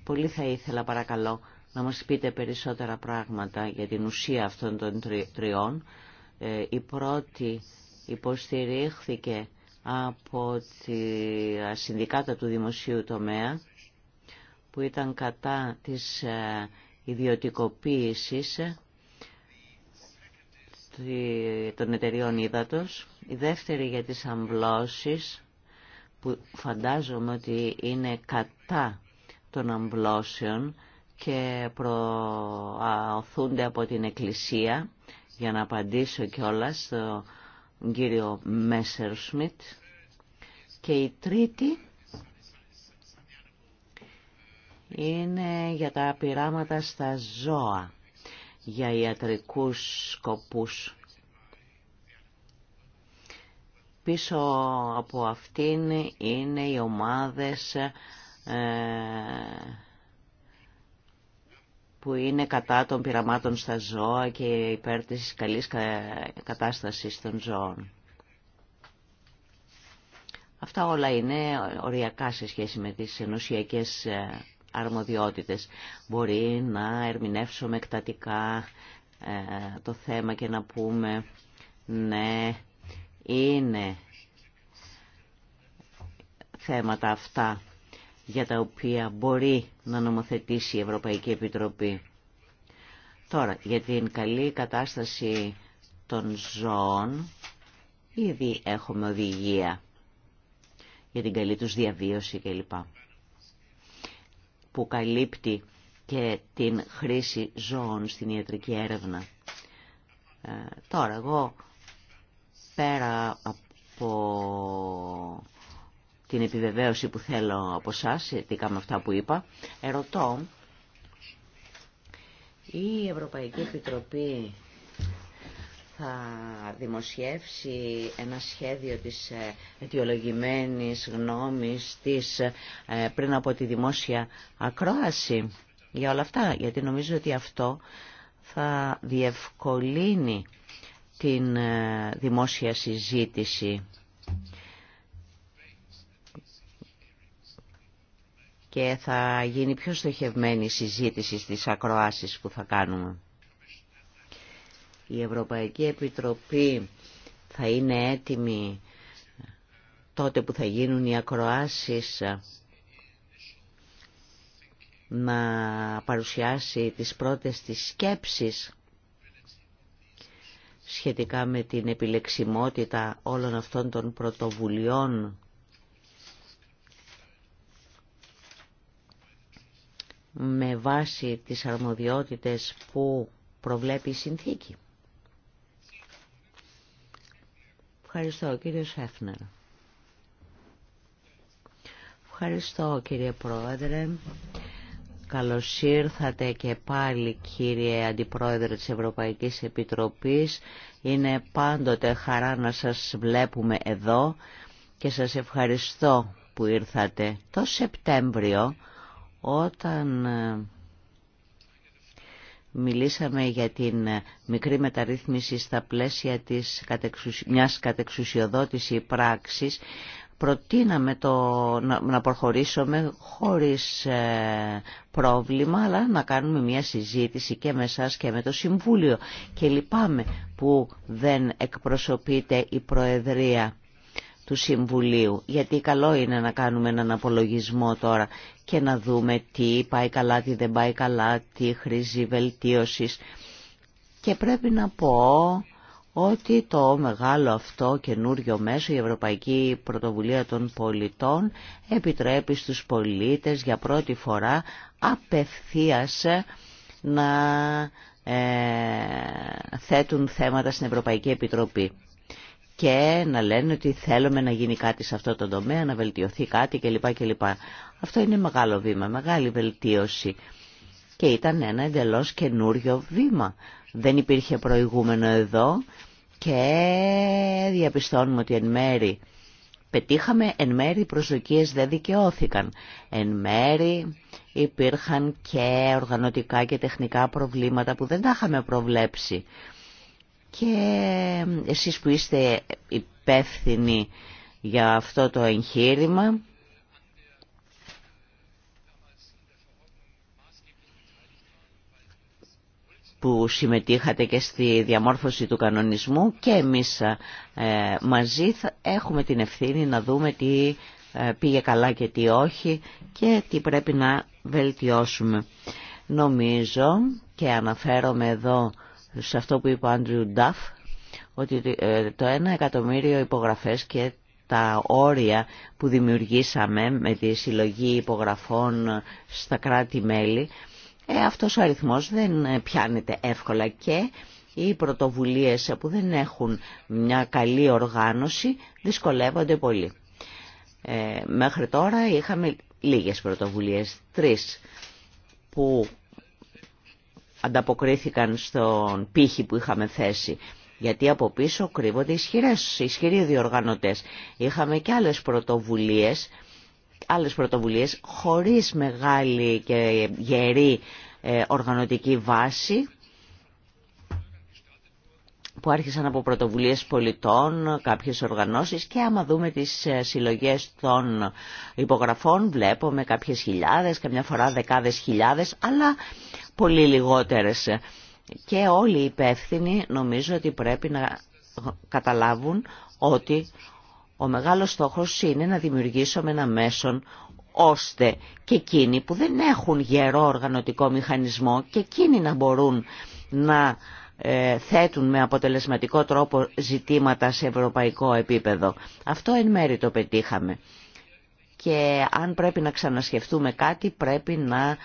πολύ θα ήθελα παρακαλώ να μας πείτε περισσότερα πράγματα για την ουσία αυτών των τριών. Ε, η πρώτη υποστηρίχθηκε από τη συνδικάτα του δημοσίου τομέα που ήταν κατά της ε, ιδιωτικοποίησης ε, των εταιριών ύδατος. Η δεύτερη για τις αμβλώσεις, που φαντάζομαι ότι είναι κατά των αμβλώσεων και προωθούνται από την Εκκλησία, για να απαντήσω κιόλα στον κύριο Μέσερ Σμιτ. Και η τρίτη είναι για τα πειράματα στα ζώα, για ιατρικούς σκοπούς. Πίσω από αυτήν είναι οι ομάδες ε, που είναι κατά των πειραμάτων στα ζώα και υπέρ της καλής κατάστασης των ζώων. Αυτά όλα είναι οριακά σε σχέση με τις ενωσιακές ε, αρμοδιότητες. Μπορεί να ερμηνεύσουμε εκτατικά ε, το θέμα και να πούμε ναι, είναι θέματα αυτά για τα οποία μπορεί να νομοθετήσει η Ευρωπαϊκή Επιτροπή. Τώρα, για την καλή κατάσταση των ζώων, ήδη έχουμε οδηγία για την καλή τους διαβίωση κλπ που καλύπτει και την χρήση ζώων στην ιατρική έρευνα. Ε, τώρα, εγώ πέρα από την επιβεβαίωση που θέλω από εσά, σχετικά με αυτά που είπα, ερωτώ η Ευρωπαϊκή Επιτροπή θα δημοσιεύσει ένα σχέδιο της αιτιολογημένης γνώμης της ε, πριν από τη δημόσια ακρόαση για όλα αυτά, γιατί νομίζω ότι αυτό θα διευκολύνει την ε, δημόσια συζήτηση και θα γίνει πιο στοχευμένη η συζήτηση στις ακροάσεις που θα κάνουμε η Ευρωπαϊκή Επιτροπή θα είναι έτοιμη τότε που θα γίνουν οι ακροάσεις να παρουσιάσει τις πρώτες της σκέψεις σχετικά με την επιλεξιμότητα όλων αυτών των πρωτοβουλειών με βάση τις αρμοδιότητες που προβλέπει η συνθήκη. Ευχαριστώ κύριε Σέφνερ. Ευχαριστώ κύριε Πρόεδρε. Καλώς ήρθατε και πάλι κύριε Αντιπρόεδρε της Ευρωπαϊκής Επιτροπής. Είναι πάντοτε χαρά να σας βλέπουμε εδώ και σας ευχαριστώ που ήρθατε. Το Σεπτέμβριο όταν ε, Μιλήσαμε για την μικρή μεταρρύθμιση στα πλαίσια της μιας κατεξουσιοδότηση πράξης. Προτείναμε το, να προχωρήσουμε χωρίς ε, πρόβλημα, αλλά να κάνουμε μια συζήτηση και με εσά και με το Συμβούλιο. Και λυπάμαι που δεν εκπροσωπείται η Προεδρία του Συμβουλίου. Γιατί καλό είναι να κάνουμε έναν απολογισμό τώρα και να δούμε τι πάει καλά, τι δεν πάει καλά, τι χρήζει βελτίωση, Και πρέπει να πω ότι το μεγάλο αυτό καινούριο μέσο, η Ευρωπαϊκή Πρωτοβουλία των Πολιτών, επιτρέπει στους πολίτες για πρώτη φορά απευθείας να ε, θέτουν θέματα στην Ευρωπαϊκή Επιτροπή και να λένε ότι θέλουμε να γίνει κάτι σε αυτό το τομέα, να βελτιωθεί κάτι κλπ. κλπ. Αυτό είναι μεγάλο βήμα, μεγάλη βελτίωση. Και ήταν ένα εντελώς καινούριο βήμα. Δεν υπήρχε προηγούμενο εδώ και διαπιστώνουμε ότι εν μέρη πετύχαμε, εν μέρη οι προσδοκίες δεν δικαιώθηκαν. Εν μέρη υπήρχαν και οργανωτικά και τεχνικά προβλήματα που δεν τα είχαμε προβλέψει και εσείς που είστε υπεύθυνοι για αυτό το εγχείρημα που συμμετείχατε και στη διαμόρφωση του κανονισμού και εμείς ε, μαζί θα έχουμε την ευθύνη να δούμε τι ε, πήγε καλά και τι όχι και τι πρέπει να βελτιώσουμε. Νομίζω και αναφέρομαι εδώ σε αυτό που είπε ο Άντριου Νταφ, ότι ε, το ένα εκατομμύριο υπογραφές και τα όρια που δημιουργήσαμε με τη συλλογή υπογραφών στα κράτη-μέλη, ε, αυτός ο αριθμός δεν πιάνεται εύκολα και οι πρωτοβουλίες που δεν έχουν μια καλή οργάνωση δυσκολεύονται πολύ. Ε, μέχρι τώρα είχαμε λίγες πρωτοβουλίες, τρεις, που ανταποκρίθηκαν στον πύχη που είχαμε θέσει. Γιατί από πίσω κρύβονται ισχυρές, ισχυροί διοργανωτές. Είχαμε και άλλες πρωτοβουλίες, άλλες πρωτοβουλίες χωρίς μεγάλη και γερή ε, οργανωτική βάση που άρχισαν από πρωτοβουλίες πολιτών, κάποιες οργανώσεις και άμα δούμε τις ε, συλλογές των υπογραφών βλέπουμε κάποιες χιλιάδες, καμιά φορά δεκάδες χιλιάδες, αλλά πολύ λιγότερες. Και όλοι οι υπεύθυνοι νομίζω ότι πρέπει να καταλάβουν ότι ο μεγάλος στόχος είναι να δημιουργήσουμε ένα μέσον ώστε και εκείνοι που δεν έχουν γερό οργανωτικό μηχανισμό και εκείνοι να μπορούν να ε, θέτουν με αποτελεσματικό τρόπο ζητήματα σε ευρωπαϊκό επίπεδο. Αυτό εν μέρη το πετύχαμε. Και αν πρέπει να ξανασκεφτούμε κάτι πρέπει να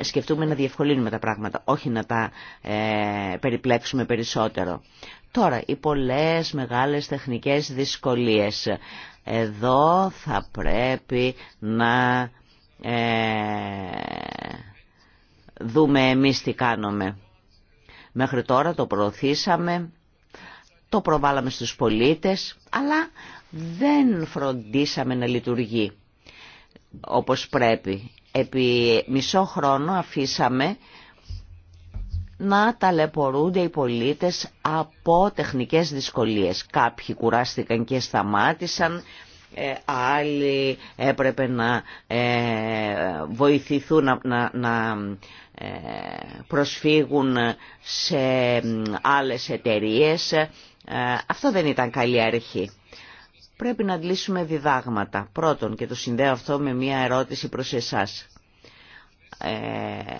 σκεφτούμε να διευκολύνουμε τα πράγματα, όχι να τα ε, περιπλέξουμε περισσότερο. Τώρα, οι πολλές μεγάλες τεχνικές δυσκολίες. Εδώ θα πρέπει να ε, δούμε εμείς τι κάνουμε. Μέχρι τώρα το προωθήσαμε, το προβάλαμε στους πολίτες, αλλά δεν φροντίσαμε να λειτουργεί όπως πρέπει. Επί μισό χρόνο αφήσαμε να ταλαιπωρούνται οι πολίτες από τεχνικές δυσκολίες. Κάποιοι κουράστηκαν και σταμάτησαν, ε, άλλοι έπρεπε να ε, βοηθηθούν να ε, προσφύγουν σε άλλες εταιρείες. Αυτό δεν ήταν καλή αρχή πρέπει να αντλήσουμε διδάγματα. Πρώτον, και το συνδέω αυτό με μία ερώτηση προς εσάς. Ε,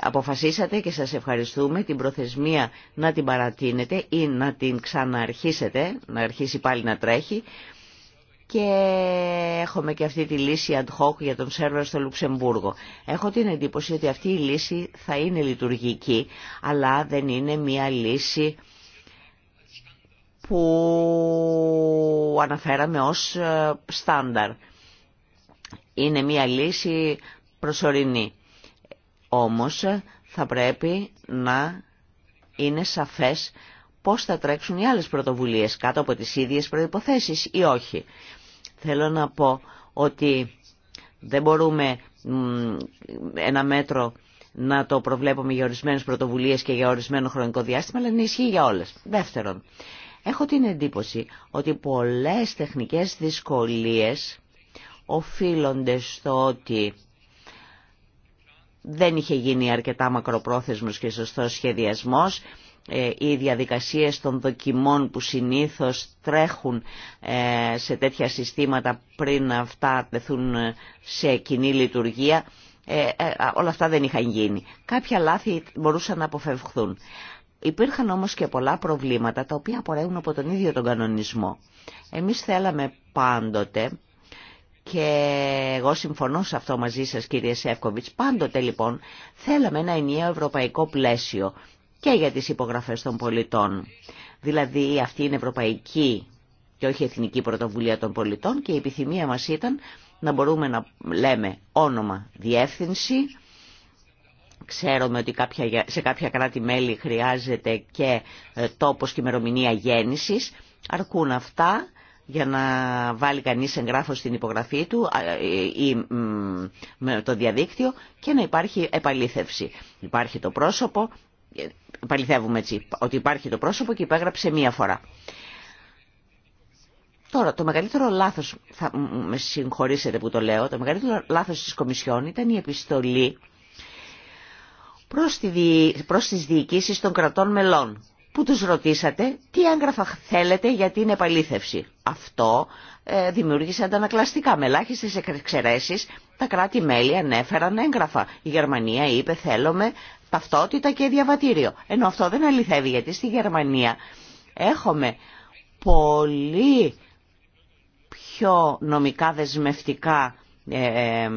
αποφασίσατε και σας ευχαριστούμε την προθεσμία να την παρατείνετε ή να την ξανααρχίσετε, να αρχίσει πάλι να τρέχει. Και έχουμε και αυτή τη λύση ad hoc για τον σερβερ στο Λουξεμβούργο. Έχω την εντύπωση ότι αυτή η λύση θα είναι λειτουργική, αλλά δεν είναι μία λύση που αναφέραμε ως ε, στάνταρ. Είναι μια λύση προσωρινή. Όμως ε, θα πρέπει να είναι σαφές πώς θα τρέξουν οι άλλες πρωτοβουλίες κάτω από τις ίδιες προϋποθέσεις ή όχι. Θέλω να πω ότι δεν μπορούμε ένα μέτρο να το προβλέπουμε για ορισμένες πρωτοβουλίες και για ορισμένο χρονικό διάστημα, αλλά είναι ισχύει για όλες. Δεύτερον, Έχω την εντύπωση ότι πολλές τεχνικές δυσκολίες οφείλονται στο ότι δεν είχε γίνει αρκετά μακροπρόθεσμος και σωστός σχεδιασμός. Ε, οι διαδικασίες των δοκιμών που συνήθως τρέχουν ε, σε τέτοια συστήματα πριν αυτά τεθούν ε, σε κοινή λειτουργία, όλα αυτά δεν είχαν γίνει. Κάποια λάθη μπορούσαν να αποφευχθούν. Υπήρχαν όμως και πολλά προβλήματα τα οποία απορρέουν από τον ίδιο τον κανονισμό. Εμείς θέλαμε πάντοτε και εγώ συμφωνώ σε αυτό μαζί σας κύριε Σεύκοβιτς. Πάντοτε λοιπόν θέλαμε ένα ενιαίο ευρωπαϊκό πλαίσιο και για τις υπογραφές των πολιτών. Δηλαδή αυτή είναι ευρωπαϊκή και όχι εθνική πρωτοβουλία των πολιτών και η επιθυμία μας ήταν να μπορούμε να λέμε όνομα διεύθυνση, Ξέρουμε ότι σε κάποια κράτη-μέλη χρειάζεται και ε, τόπος και ημερομηνία γέννησης. Αρκούν αυτά για να βάλει κανείς εγγράφο στην υπογραφή του ε, ή με το διαδίκτυο και να υπάρχει επαλήθευση. Υπάρχει το πρόσωπο, ε, επαληθεύουμε έτσι, ότι υπάρχει το πρόσωπο και υπέγραψε μία φορά. Τώρα, το μεγαλύτερο λάθος, θα με συγχωρήσετε που το λέω, το μεγαλύτερο λάθος της Κομισιόν ήταν η επιστολή προς τις διοικήσεις των κρατών μελών που τους ρωτήσατε τι έγγραφα θέλετε για την επαλήθευση. Αυτό ε, δημιούργησε αντανακλαστικά. Με ελάχιστες εξαιρέσεις τα κράτη-μέλη ανέφεραν έγγραφα. Η Γερμανία είπε θέλουμε ταυτότητα και διαβατήριο. Ενώ αυτό δεν αληθεύει γιατί στη Γερμανία έχουμε πολύ πιο νομικά δεσμευτικά ε,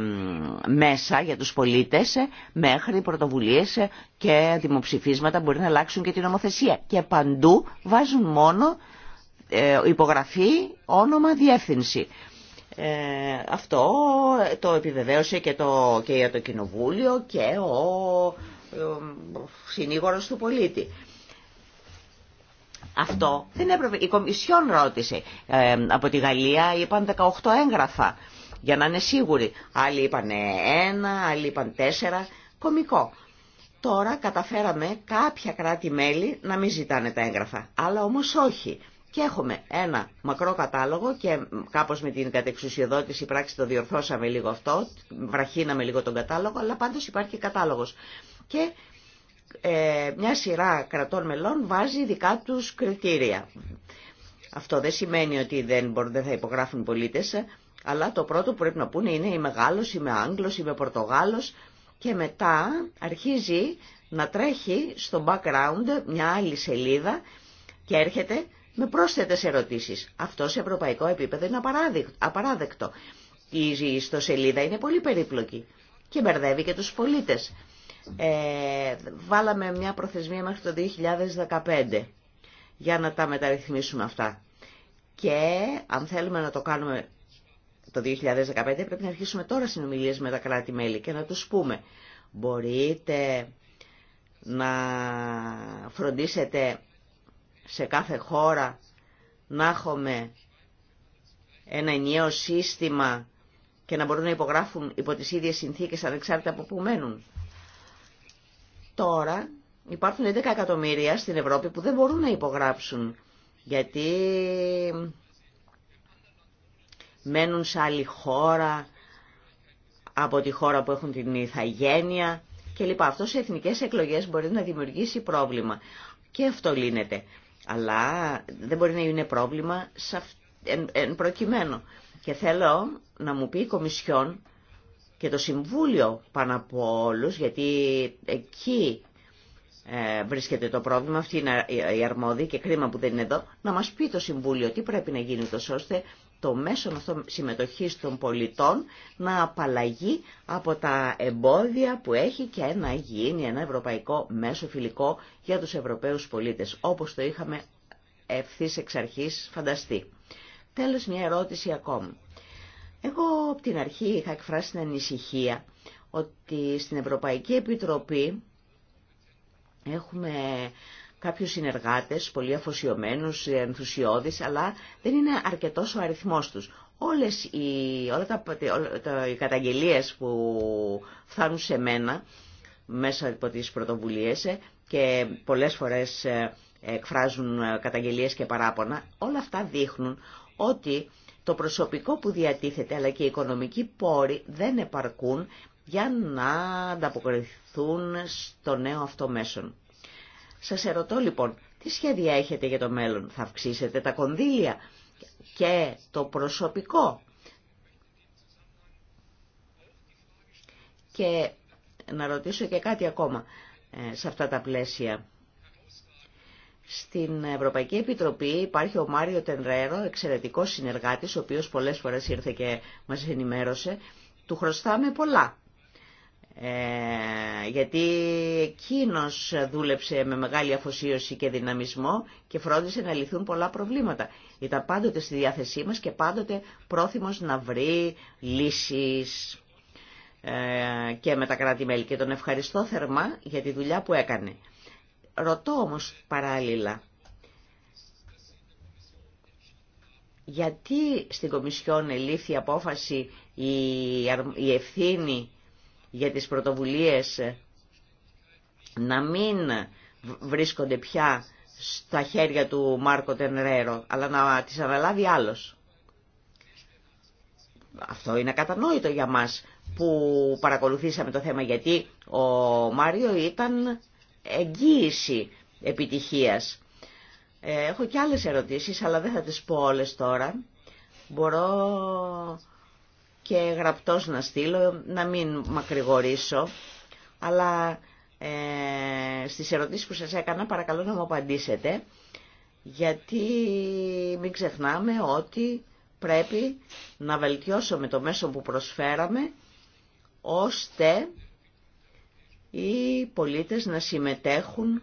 μέσα για τους πολίτες ε, μέχρι πρωτοβουλίες ε, και δημοψηφίσματα μπορεί να αλλάξουν και την νομοθεσία. Και παντού βάζουν μόνο υπογραφή, όνομα, διεύθυνση. αυτό το επιβεβαίωσε και, το, και για το Κοινοβούλιο και ο, ο συνήγορος του πολίτη. Αυτό δεν έπρεπε. Η Κομισιόν ρώτησε. από τη Γαλλία είπαν 18 έγγραφα για να είναι σίγουροι. Άλλοι είπαν ένα, άλλοι είπαν τέσσερα. Κομικό. Τώρα καταφέραμε κάποια κράτη-μέλη να μην ζητάνε τα έγγραφα, αλλά όμως όχι. Και έχουμε ένα μακρό κατάλογο και κάπως με την κατεξουσιοδότηση πράξη το διορθώσαμε λίγο αυτό, βραχύναμε λίγο τον κατάλογο, αλλά πάντως υπάρχει κατάλογος. Και ε, μια σειρά κρατών μελών βάζει δικά τους κριτήρια. Αυτό δεν σημαίνει ότι δεν, μπορούν, δεν θα υπογράφουν πολίτες, αλλά το πρώτο που πρέπει να πούνε είναι είμαι Γάλλος, είμαι Άγγλος, είμαι Πορτογάλος και μετά αρχίζει να τρέχει στο background μια άλλη σελίδα και έρχεται με πρόσθετες ερωτήσεις. Αυτό σε ευρωπαϊκό επίπεδο είναι απαράδεκτο. Η ιστοσελίδα είναι πολύ περίπλοκη και μπερδεύει και τους πολίτες. Ε, βάλαμε μια προθεσμία μέχρι το 2015 για να τα μεταρρυθμίσουμε αυτά. Και αν θέλουμε να το κάνουμε το 2015 πρέπει να αρχίσουμε τώρα συνομιλίες με τα κράτη-μέλη και να τους πούμε μπορείτε να φροντίσετε σε κάθε χώρα να έχουμε ένα ενιαίο σύστημα και να μπορούν να υπογράφουν υπό τις ίδιες συνθήκες ανεξάρτητα από που μένουν. Τώρα υπάρχουν 11 εκατομμύρια στην Ευρώπη που δεν μπορούν να υπογράψουν γιατί μένουν σε άλλη χώρα από τη χώρα που έχουν την ηθαγένεια κλπ. Αυτό σε εθνικές εκλογές μπορεί να δημιουργήσει πρόβλημα. Και αυτό λύνεται. Αλλά δεν μπορεί να είναι πρόβλημα σε αυ... εν, προκειμένου. Και θέλω να μου πει η Κομισιόν και το Συμβούλιο πάνω από όλους, γιατί εκεί ε, βρίσκεται το πρόβλημα, αυτή είναι η αρμόδια και κρίμα που δεν είναι εδώ, να μας πει το Συμβούλιο τι πρέπει να γίνει τόσο ώστε το μέσο συμμετοχής των πολιτών να απαλλαγεί από τα εμπόδια που έχει και να γίνει ένα ευρωπαϊκό μέσο φιλικό για τους Ευρωπαίους πολίτες, όπως το είχαμε ευθύ εξ αρχής φανταστεί. Τέλος μια ερώτηση ακόμη. Εγώ από την αρχή είχα εκφράσει την ανησυχία ότι στην Ευρωπαϊκή Επιτροπή έχουμε κάποιους συνεργάτες, πολύ αφοσιωμένους, ενθουσιώδεις, αλλά δεν είναι αρκετός ο αριθμός τους. Όλες οι, όλα τα, οι καταγγελίες που φτάνουν σε μένα μέσα από τις πρωτοβουλίες και πολλές φορές ε, εκφράζουν ε, καταγγελίες και παράπονα, όλα αυτά δείχνουν ότι το προσωπικό που διατίθεται αλλά και οι οικονομικοί πόροι δεν επαρκούν για να ανταποκριθούν στο νέο αυτό μέσον. Σας ερωτώ λοιπόν, τι σχέδια έχετε για το μέλλον, θα αυξήσετε τα κονδύλια και το προσωπικό. Και να ρωτήσω και κάτι ακόμα ε, σε αυτά τα πλαίσια. Στην Ευρωπαϊκή Επιτροπή υπάρχει ο Μάριο Τενρέρο, εξαιρετικός συνεργάτης, ο οποίος πολλές φορές ήρθε και μας ενημέρωσε. Του χρωστάμε πολλά ε, γιατί εκείνος δούλεψε με μεγάλη αφοσίωση και δυναμισμό και φρόντισε να λυθούν πολλά προβλήματα. Ήταν πάντοτε στη διάθεσή μας και πάντοτε πρόθυμος να βρει λύσεις ε, και με τα κράτη-μέλη. Και τον ευχαριστώ θερμά για τη δουλειά που έκανε. Ρωτώ όμως παράλληλα, γιατί στην Κομισιόν ελήφθη η απόφαση η ευθύνη για τις πρωτοβουλίες να μην βρίσκονται πια στα χέρια του Μάρκο Τενρέρο, αλλά να τις αναλάβει άλλος. Αυτό είναι κατανόητο για μας που παρακολουθήσαμε το θέμα, γιατί ο Μάριο ήταν εγγύηση επιτυχίας. Ε, έχω και άλλες ερωτήσεις, αλλά δεν θα τις πω όλες τώρα. Μπορώ και γραπτός να στείλω, να μην μακρηγορήσω, αλλά ε, στις ερωτήσεις που σας έκανα παρακαλώ να μου απαντήσετε, γιατί μην ξεχνάμε ότι πρέπει να βελτιώσουμε το μέσο που προσφέραμε, ώστε οι πολίτες να συμμετέχουν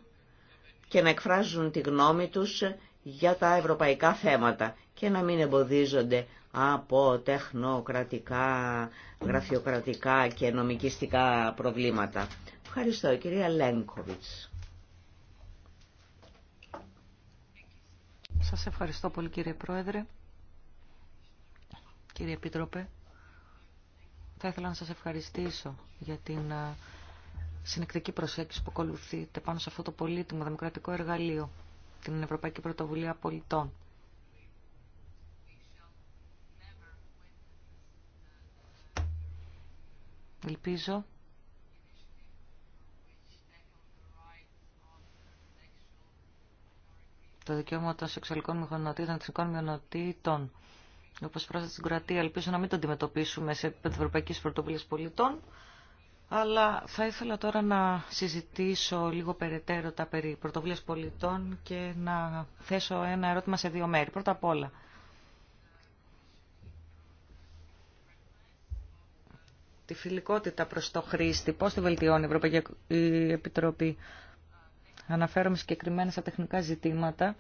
και να εκφράζουν τη γνώμη τους για τα ευρωπαϊκά θέματα και να μην εμποδίζονται από τεχνοκρατικά, γραφειοκρατικά και νομικιστικά προβλήματα. Ευχαριστώ, κυρία Λένκοβιτς. Σας ευχαριστώ πολύ κύριε Πρόεδρε, κύριε Επίτροπε. Θα ήθελα να σας ευχαριστήσω για την συνεκτική προσέγγιση που ακολουθείτε πάνω σε αυτό το πολύτιμο δημοκρατικό εργαλείο, την Ευρωπαϊκή Πρωτοβουλία Πολιτών. Ελπίζω το δικαίωμα των σεξουαλικών μειονοτήτων, εθνικών μειονοτήτων, όπως πρόσφατα στην κρατία ελπίζω να μην το αντιμετωπίσουμε σε επίπεδο Ευρωπαϊκής Πολιτών, αλλά θα ήθελα τώρα να συζητήσω λίγο περαιτέρω τα περί πρωτοβουλίας πολιτών και να θέσω ένα ερώτημα σε δύο μέρη. Πρώτα απ' όλα, τη φιλικότητα προς το χρήστη, πώς τη βελτιώνει η Ευρωπαϊκή Επιτροπή. Αναφέρομαι συγκεκριμένα στα τεχνικά ζητήματα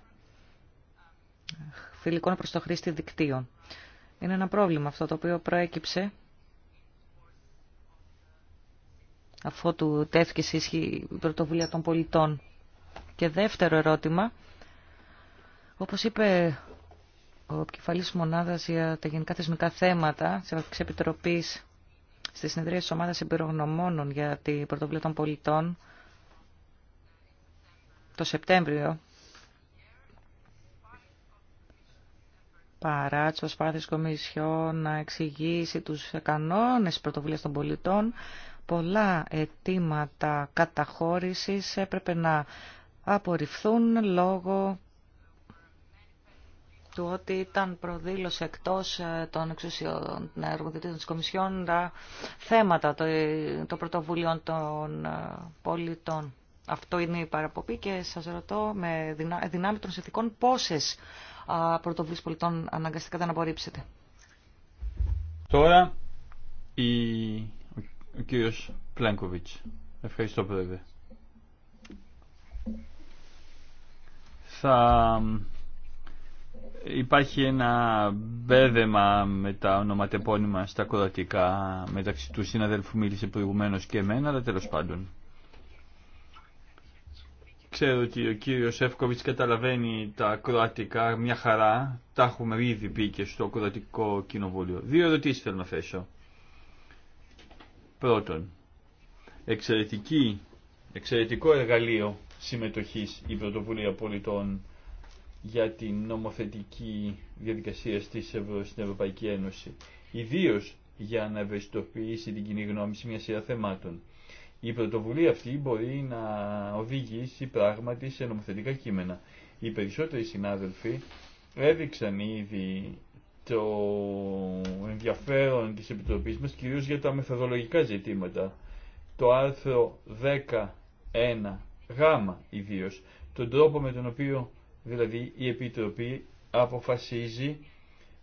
φιλικών προς το χρήστη δικτύων. Είναι ένα πρόβλημα αυτό το οποίο προέκυψε αφού του τέθηκε σε ισχύ η πρωτοβουλία των πολιτών. Και δεύτερο ερώτημα, όπως είπε ο επικεφαλής μονάδας για τα γενικά θεσμικά θέματα της Επιτροπής στη συνεδρία της ομάδας εμπειρογνωμόνων για την πρωτοβουλία των πολιτών το Σεπτέμβριο. Παρά τις προσπάθειες Κομισιόν να εξηγήσει τους κανόνες πρωτοβουλίας των πολιτών, πολλά αιτήματα καταχώρησης έπρεπε να απορριφθούν λόγω του ότι ήταν προδήλωση εκτός ε, των εξουσιών ε, εργοδοτήτων της Κομισιόν τα θέματα των πρωτοβουλίων ε, των πολιτών. Αυτό είναι η παραποπή και σας ρωτώ με δυνάμει των συνθηκών πόσες πρωτοβουλίες πολιτών αναγκαστικά δεν απορρίψετε. Τώρα ο κύριος Πλένκοβιτς. Ευχαριστώ πρόεδρε. Θα Υπάρχει ένα μπέδεμα με τα ονοματεπώνυμα στα κροατικά μεταξύ του συναδέλφου μίλησε προηγουμένως και εμένα, αλλά τέλος πάντων. Ξέρω ότι ο κύριος Εύκοβιτς καταλαβαίνει τα κροατικά μια χαρά. Τα έχουμε ήδη πει και στο κροατικό κοινοβούλιο. Δύο ερωτήσεις θέλω να θέσω. Πρώτον, εξαιρετική, εξαιρετικό εργαλείο συμμετοχής η πρωτοβουλία πολιτών για την νομοθετική διαδικασία στις Ευρω... στην Ευρωπαϊκή Ένωση, ιδίω για να ευαισθητοποιήσει την κοινή γνώμη σε μια σειρά θεμάτων. Η πρωτοβουλία αυτή μπορεί να οδηγήσει πράγματι σε νομοθετικά κείμενα. Οι περισσότεροι συνάδελφοι έδειξαν ήδη το ενδιαφέρον της Επιτροπής μας κυρίως για τα μεθοδολογικά ζητήματα. Το άρθρο 10.1 γ ιδίως, τον τρόπο με τον οποίο Δηλαδή η Επιτροπή αποφασίζει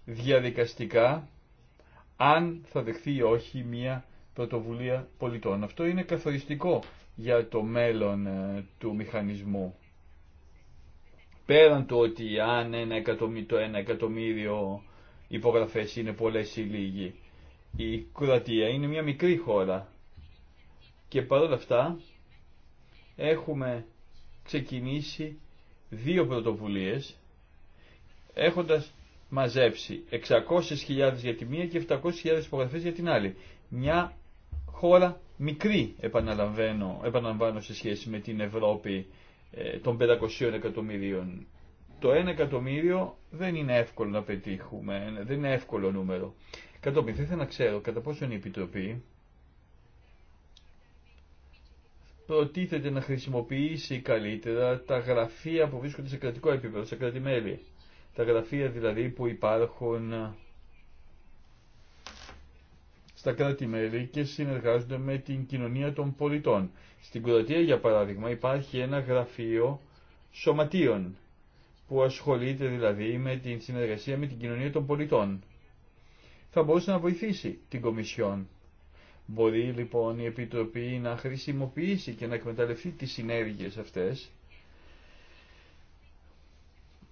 διαδικαστικά αν θα δεχθεί ή όχι μία πρωτοβουλία πολιτών. Αυτό είναι καθοριστικό για το μέλλον ε, του μηχανισμού. Πέραν του ότι αν ένα το ένα εκατομμύριο υπογραφές είναι πολλές ή λίγοι. Η Κροατία είναι μια μικρή χώρα και παρόλα αυτά έχουμε ξεκινήσει δύο πρωτοβουλίες έχοντας μαζέψει 600.000 για τη μία και 700.000 υπογραφέ για την άλλη. Μια χώρα μικρή επαναλαμβάνω, επαναλαμβάνω σε σχέση με την Ευρώπη ε, των 500 εκατομμυρίων. Το 1 εκατομμύριο δεν είναι εύκολο να πετύχουμε, δεν είναι εύκολο νούμερο. Κατόπιν θα ήθελα να ξέρω κατά πόσο η Επιτροπή προτίθεται να χρησιμοποιήσει καλύτερα τα γραφεία που βρίσκονται σε κρατικό επίπεδο, σε κρατημέλη. Τα γραφεία δηλαδή που υπάρχουν ε, στα κρατη και συνεργάζονται με την κοινωνία των πολιτών. Στην Κροατία, για παράδειγμα, υπάρχει ένα γραφείο σωματείων που ασχολείται δηλαδή με την συνεργασία με την κοινωνία των πολιτών. Θα μπορούσε να βοηθήσει την Κομισιόν Μπορεί λοιπόν η Επιτροπή να χρησιμοποιήσει και να εκμεταλλευτεί τις συνέργειες αυτές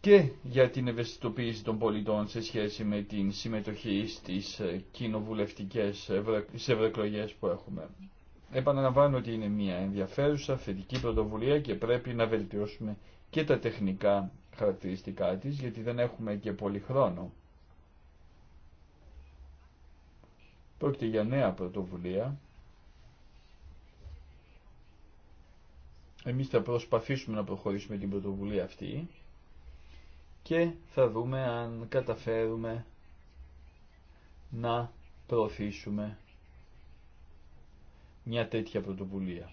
και για την ευαισθητοποίηση των πολιτών σε σχέση με την συμμετοχή στις ε, κοινοβουλευτικές ευρωεκλογέ που έχουμε. Επαναλαμβάνω ότι είναι μια ενδιαφέρουσα θετική πρωτοβουλία και πρέπει να βελτιώσουμε και τα τεχνικά χαρακτηριστικά της γιατί δεν έχουμε και πολύ χρόνο. Πρόκειται για νέα πρωτοβουλία. Εμείς θα προσπαθήσουμε να προχωρήσουμε την πρωτοβουλία αυτή και θα δούμε αν καταφέρουμε να προωθήσουμε μια τέτοια πρωτοβουλία.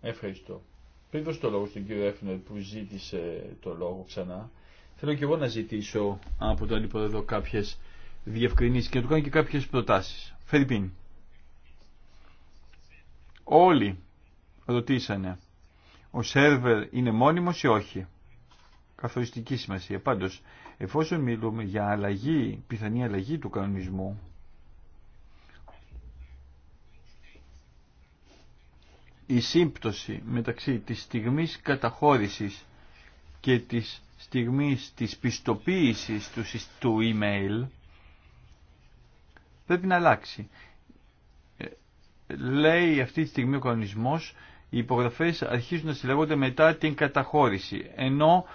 Ευχαριστώ. Πριν δώσω το λόγο στον κύριο Έφνερ που ζήτησε το λόγο ξανά, θέλω και εγώ να ζητήσω από τον εδώ κάποιε διευκρινήσει και να του κάνω και κάποιε προτάσει. Φερρυπίν. Όλοι ρωτήσανε ο σερβερ είναι μόνιμος ή όχι. Καθοριστική σημασία. Πάντως, εφόσον μιλούμε για αλλαγή, πιθανή αλλαγή του κανονισμού, η σύμπτωση μεταξύ της στιγμής καταχώρησης και της στιγμής της πιστοποίησης του, email πρέπει να αλλάξει. Ε, λέει αυτή τη στιγμή ο κανονισμός οι υπογραφές αρχίζουν να συλλέγονται μετά την καταχώρηση. Ενώ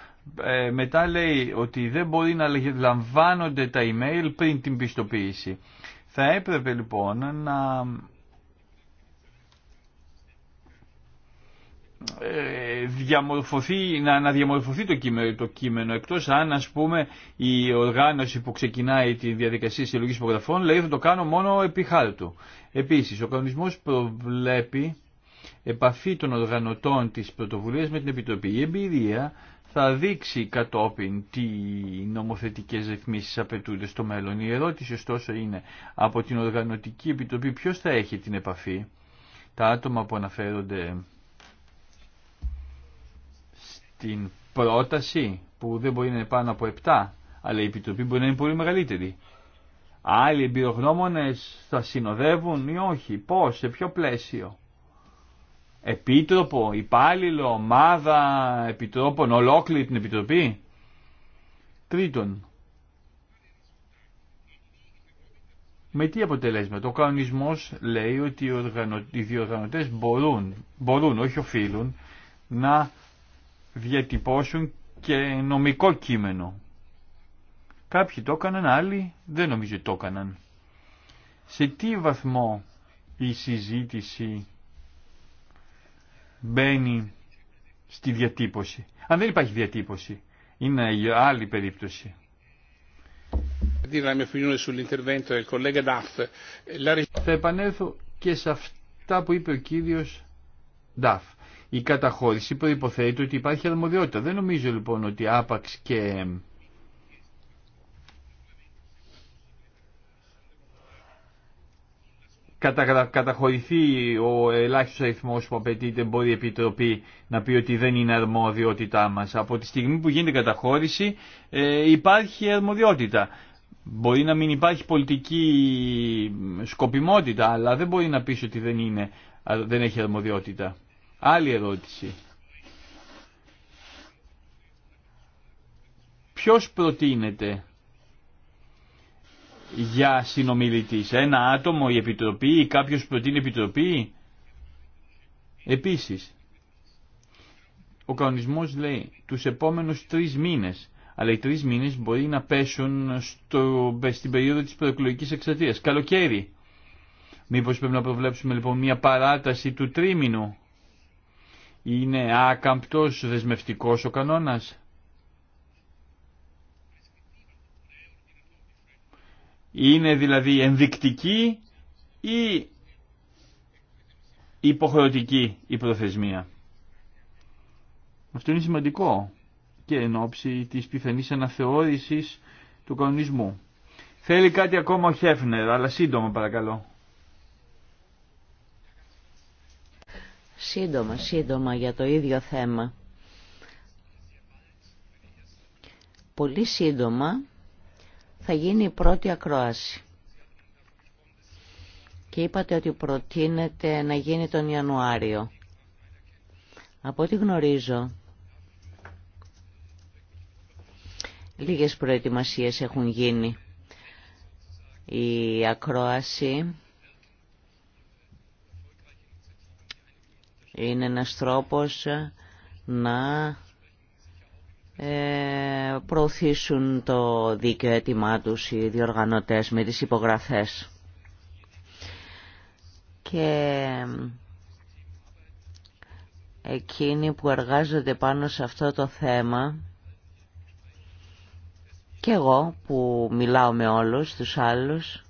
ε, μετά λέει ότι δεν μπορεί να λαμβάνονται τα email πριν την πιστοποίηση. Θα έπρεπε λοιπόν να Ε, διαμορφωθεί, να αναδιαμορφωθεί το κείμενο, το κείμενο εκτός αν ας πούμε η οργάνωση που ξεκινάει τη διαδικασία συλλογής υπογραφών λέει θα το κάνω μόνο επί χάρτου. Επίσης ο κανονισμός προβλέπει επαφή των οργανωτών της πρωτοβουλίας με την Επιτροπή. Η εμπειρία θα δείξει κατόπιν τι νομοθετικές ρυθμίσεις απαιτούνται στο μέλλον. Η ερώτηση ωστόσο είναι από την Οργανωτική Επιτροπή ποιος θα έχει την επαφή. Τα άτομα που αναφέρονται την πρόταση που δεν μπορεί να είναι πάνω από 7, αλλά η επιτροπή μπορεί να είναι πολύ μεγαλύτερη. Άλλοι εμπειρογνώμονε θα συνοδεύουν ή όχι, πώ σε ποιο πλαίσιο. Επίτροπο, υπάλληλο, ομάδα επιτρόπων, ολόκληρη την επιτροπή. Τρίτον, με τι αποτελέσματα. Ο κανονισμός λέει ότι οι διοργανωτέ μπορούν, μπορούν όχι οφείλουν, να διατυπώσουν και νομικό κείμενο. Κάποιοι το έκαναν, άλλοι δεν νομίζω το έκαναν. Σε τι βαθμό η συζήτηση μπαίνει στη διατύπωση. Αν δεν υπάρχει διατύπωση, είναι άλλη περίπτωση. Θα επανέλθω και σε αυτά που είπε ο κύριος Νταφ. Η καταχώρηση προϋποθέτει ότι υπάρχει αρμοδιότητα. Δεν νομίζω λοιπόν ότι άπαξ και καταχωρηθεί ο ελάχιστος αριθμός που απαιτείται μπορεί η Επιτροπή να πει ότι δεν είναι αρμοδιότητά μας. Από τη στιγμή που γίνεται καταχώρηση ε, υπάρχει αρμοδιότητα. Μπορεί να μην υπάρχει πολιτική σκοπιμότητα, αλλά δεν μπορεί να πεις ότι δεν έχει αρμοδιότητα. Άλλη ερώτηση. Ποιος προτείνεται για συνομιλητής, ένα άτομο, η Επιτροπή ή κάποιος προτείνει Επιτροπή. Επίσης, ο κανονισμός λέει τους επόμενους τρεις μήνες, αλλά οι τρεις μήνες μπορεί να πέσουν στο, στην περίοδο της προεκλογικής εξαρτίας. Καλοκαίρι. Μήπως πρέπει να προβλέψουμε λοιπόν μια παράταση του τρίμηνου είναι άκαμπτος δεσμευτικός ο κανόνας. Είναι δηλαδή ενδεικτική ή υποχρεωτική η προθεσμία. Αυτό είναι σημαντικό και εν ώψη της πιθανής αναθεώρησης του κανονισμού. Θέλει κάτι ακόμα ο Χέφνερ, αλλά σύντομα παρακαλώ. Σύντομα, σύντομα για το ίδιο θέμα. Πολύ σύντομα θα γίνει η πρώτη ακρόαση. Και είπατε ότι προτείνεται να γίνει τον Ιανουάριο. Από ό,τι γνωρίζω, λίγες προετοιμασίες έχουν γίνει. Η ακρόαση Είναι ένας τρόπος να ε, προωθήσουν το δίκαιο αίτημά τους οι διοργανωτές με τις υπογραφές. Και ε, εκείνοι που εργάζονται πάνω σε αυτό το θέμα και εγώ που μιλάω με όλους τους άλλους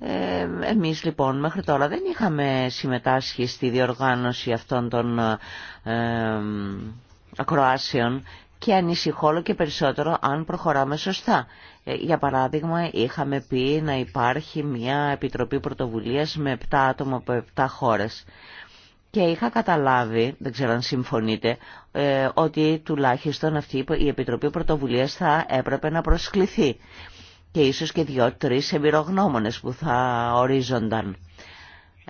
ε, εμείς λοιπόν μέχρι τώρα δεν είχαμε συμμετάσχει στη διοργάνωση αυτών των ε, ε ακροάσεων και ανησυχώ και περισσότερο αν προχωράμε σωστά. Ε, για παράδειγμα είχαμε πει να υπάρχει μια επιτροπή πρωτοβουλίας με 7 άτομα από 7 χώρες. Και είχα καταλάβει, δεν ξέρω αν συμφωνείτε, ότι τουλάχιστον αυτή η Επιτροπή Πρωτοβουλίας θα έπρεπε να προσκληθεί και ίσως και δυο-τρεις εμπειρογνώμονες που θα ορίζονταν.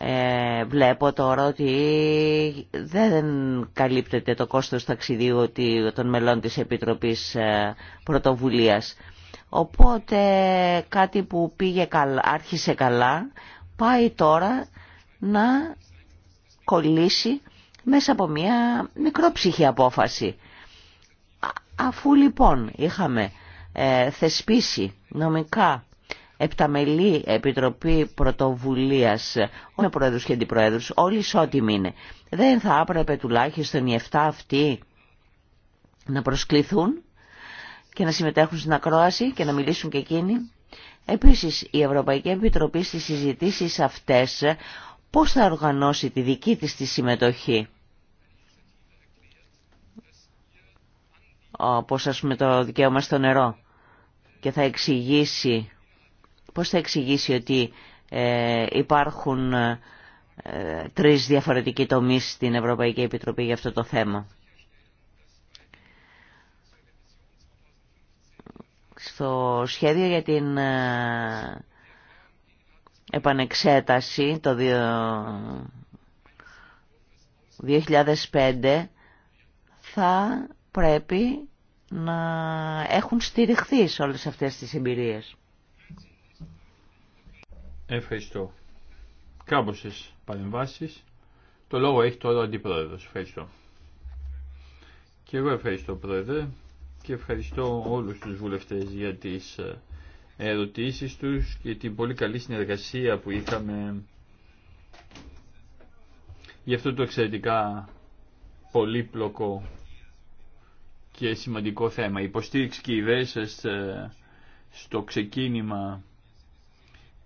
Ε, βλέπω τώρα ότι δεν καλύπτεται το κόστος ταξιδίου των μελών της Επιτροπής ε, Πρωτοβουλίας. Οπότε κάτι που πήγε καλά, άρχισε καλά πάει τώρα να κολλήσει μέσα από μια μικρόψυχη απόφαση. αφού λοιπόν είχαμε ε, θεσπίσει νομικά επταμελή επιτροπή πρωτοβουλίας, όχι πρόεδρους και αντιπροέδρους, όλοι ισότιμοι είναι. Δεν θα έπρεπε τουλάχιστον οι 7 αυτοί να προσκληθούν και να συμμετέχουν στην ακρόαση και να μιλήσουν και εκείνοι. Επίσης, η Ευρωπαϊκή Επιτροπή στις συζητήσεις αυτές πώς θα οργανώσει τη δική της τη συμμετοχή. όπω ας πούμε το δικαίωμα στο νερό και θα εξηγήσει, πώς θα εξηγήσει ότι ε, υπάρχουν ε, τρεις διαφορετικοί τομείς στην Ευρωπαϊκή Επιτροπή για αυτό το θέμα. Στο σχέδιο για την ε, επανεξέταση το 2005 θα πρέπει να έχουν στηριχθεί σε όλες αυτές τις εμπειρίες. Ευχαριστώ. Κάμποσες παρεμβάσεις. Το λόγο έχει τώρα ο Αντιπρόεδρος. Ευχαριστώ. Και εγώ ευχαριστώ Πρόεδρε και ευχαριστώ όλους τους βουλευτές για τις ε, ερωτήσεις τους και την πολύ καλή συνεργασία που είχαμε για αυτό το εξαιρετικά πολύπλοκο και σημαντικό θέμα. Η υποστήριξη και η ε, στο ξεκίνημα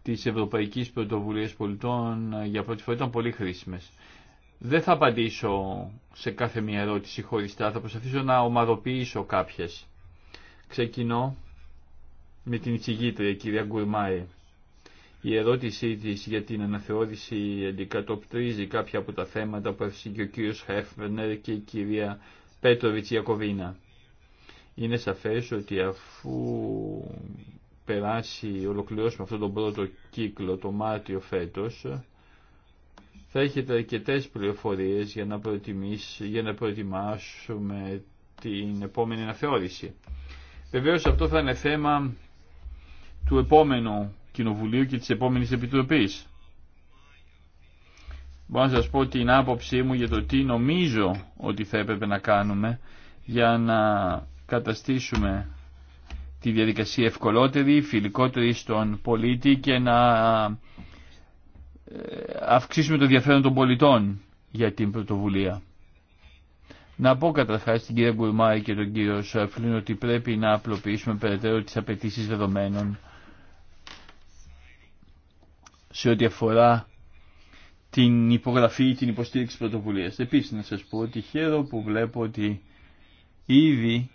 της Ευρωπαϊκής Πρωτοβουλίας Πολιτών ε, για πρώτη φορά ήταν πολύ χρήσιμε. Δεν θα απαντήσω σε κάθε μία ερώτηση χωριστά, θα προσπαθήσω να ομαδοποιήσω κάποιες. Ξεκινώ με την εισηγήτρια κυρία Γκουρμάη. Η ερώτησή τη για την αναθεώρηση αντικατοπτρίζει κάποια από τα θέματα που έφυγε και ο κύριο Χέφνερ και η κυρία Πέτροβιτς Ιακοβίνα. Είναι σαφές ότι αφού περάσει, ολοκληρώσουμε αυτόν τον πρώτο κύκλο το Μάρτιο φέτος, θα έχετε αρκετέ πληροφορίες για να, για να προετοιμάσουμε την επόμενη αναθεώρηση. Βεβαίω αυτό θα είναι θέμα του επόμενου Κοινοβουλίου και της επόμενης Επιτροπής μπορώ να σας πω την άποψή μου για το τι νομίζω ότι θα έπρεπε να κάνουμε για να καταστήσουμε τη διαδικασία ευκολότερη, φιλικότερη στον πολίτη και να ε, αυξήσουμε το ενδιαφέρον των πολιτών για την πρωτοβουλία. Να πω καταρχάς την κυρία Γκουρμάη και τον κύριο Σαφλίν ότι πρέπει να απλοποιήσουμε περαιτέρω τις απαιτήσει δεδομένων σε ό,τι αφορά την υπογραφή ή την υποστήριξη πρωτοβουλία. Επίσης να σας πω ότι χαίρο που βλέπω ότι ήδη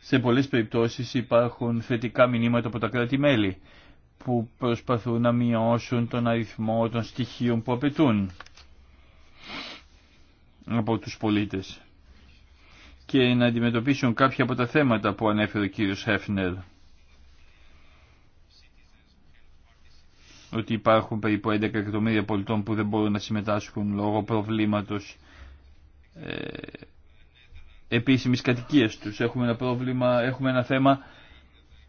σε πολλές περιπτώσεις υπάρχουν θετικά μηνύματα από τα κράτη-μέλη που προσπαθούν να μειώσουν τον αριθμό των στοιχείων που απαιτούν από τους πολίτες και να αντιμετωπίσουν κάποια από τα θέματα που ανέφερε ο κύριος Χέφνερ. ότι υπάρχουν περίπου 11 εκατομμύρια πολιτών που δεν μπορούν να συμμετάσχουν λόγω προβλήματος ε, επίσημης κατοικίας τους. Έχουμε ένα πρόβλημα, έχουμε ένα θέμα,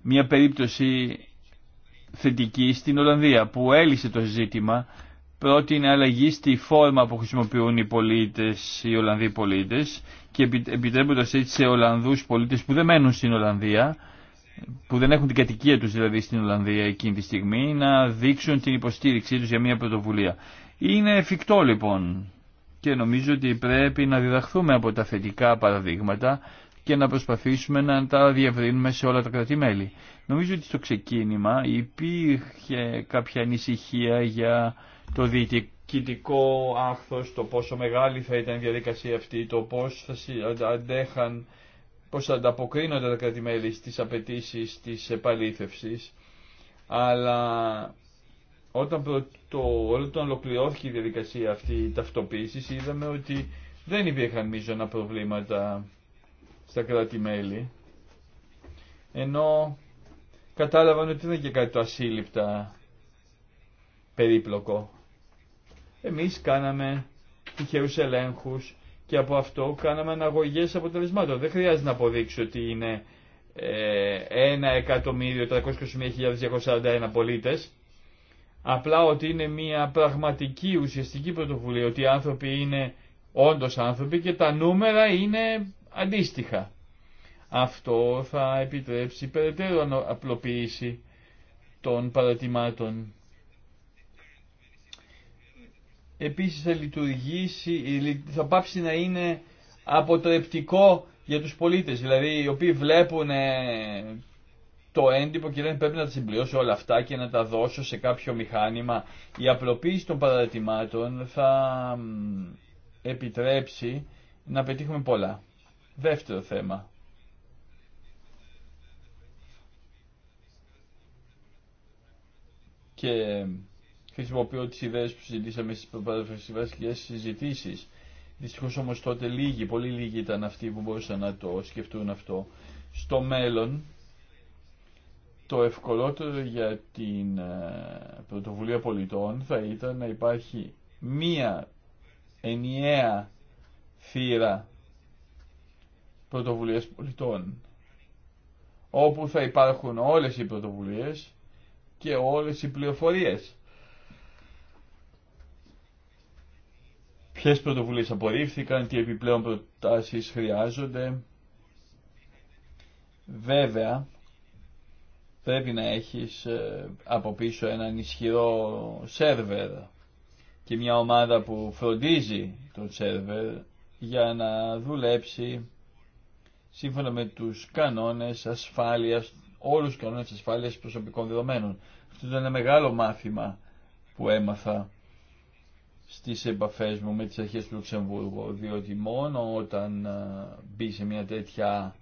μια περίπτωση θετική στην Ολλανδία που έλυσε το ζήτημα είναι αλλαγή στη φόρμα που χρησιμοποιούν οι πολίτες, οι Ολλανδοί πολίτες και επιτρέποντας έτσι σε Ολλανδούς πολίτες που δεν μένουν στην Ολλανδία που δεν έχουν την κατοικία τους δηλαδή στην Ολλανδία εκείνη τη στιγμή να δείξουν την υποστήριξή τους για μια πρωτοβουλία. Είναι εφικτό λοιπόν και νομίζω ότι πρέπει να διδαχθούμε από τα θετικά παραδείγματα και να προσπαθήσουμε να τα διευρύνουμε σε όλα τα κρατημέλη. Νομίζω ότι στο ξεκίνημα υπήρχε κάποια ανησυχία για το διοικητικό άχθος, το πόσο μεγάλη θα ήταν η διαδικασία αυτή, το πώς θα αντέχαν πως ανταποκρίνονται τα κρατημέλη στις απαιτήσει της επαλήθευση, αλλά όταν, το... ολοκληρώθηκε η διαδικασία αυτή η ταυτοποίηση, είδαμε ότι δεν υπήρχαν μείζωνα προβλήματα στα κράτη-μέλη, ενώ κατάλαβαν ότι δεν και κάτι το ασύλληπτα περίπλοκο. Εμείς κάναμε τυχαίους ελέγχους, και από αυτό κάναμε αναγωγές αποτελεσμάτων. Δεν χρειάζεται να αποδείξω ότι είναι ε, 1.321.241 πολίτες, απλά ότι είναι μια πραγματική ουσιαστική πρωτοβουλία, ότι οι άνθρωποι είναι όντως άνθρωποι και τα νούμερα είναι αντίστοιχα. Αυτό θα επιτρέψει περαιτέρω απλοποίηση των παρατημάτων επίσης θα λειτουργήσει, θα πάψει να είναι αποτρεπτικό για τους πολίτες, δηλαδή οι οποίοι βλέπουν ε, το έντυπο και λένε πρέπει να τα συμπληρώσω όλα αυτά και να τα δώσω σε κάποιο μηχάνημα. Η απλοποίηση των παρατημάτων θα επιτρέψει να πετύχουμε πολλά. Δεύτερο θέμα. Και χρησιμοποιώ τις ιδέε που συζητήσαμε στις βασικέ συζητήσει, δυστυχώ όμω τότε λίγοι, πολύ λίγοι ήταν αυτοί που μπορούσαν να το σκεφτούν αυτό. Στο μέλλον, το ευκολότερο για την ε, πρωτοβουλία πολιτών θα ήταν να υπάρχει μία ενιαία θύρα πρωτοβουλίας πολιτών όπου θα υπάρχουν όλες οι πρωτοβουλίες και όλες οι πληροφορίες Ποιες πρωτοβουλίες απορρίφθηκαν, τι επιπλέον προτάσεις χρειάζονται. Βέβαια, πρέπει να έχεις ε, από πίσω έναν ισχυρό σερβερ και μια ομάδα που φροντίζει τον σερβερ για να δουλέψει σύμφωνα με τους κανόνες ασφάλειας, όλους τους κανόνες ασφάλειας προσωπικών δεδομένων. Αυτό ήταν ένα μεγάλο μάθημα που έμαθα στις επαφές μου με τις αρχές του Λουξεμβούργου, διότι μόνο όταν μπει σε μια τέτοια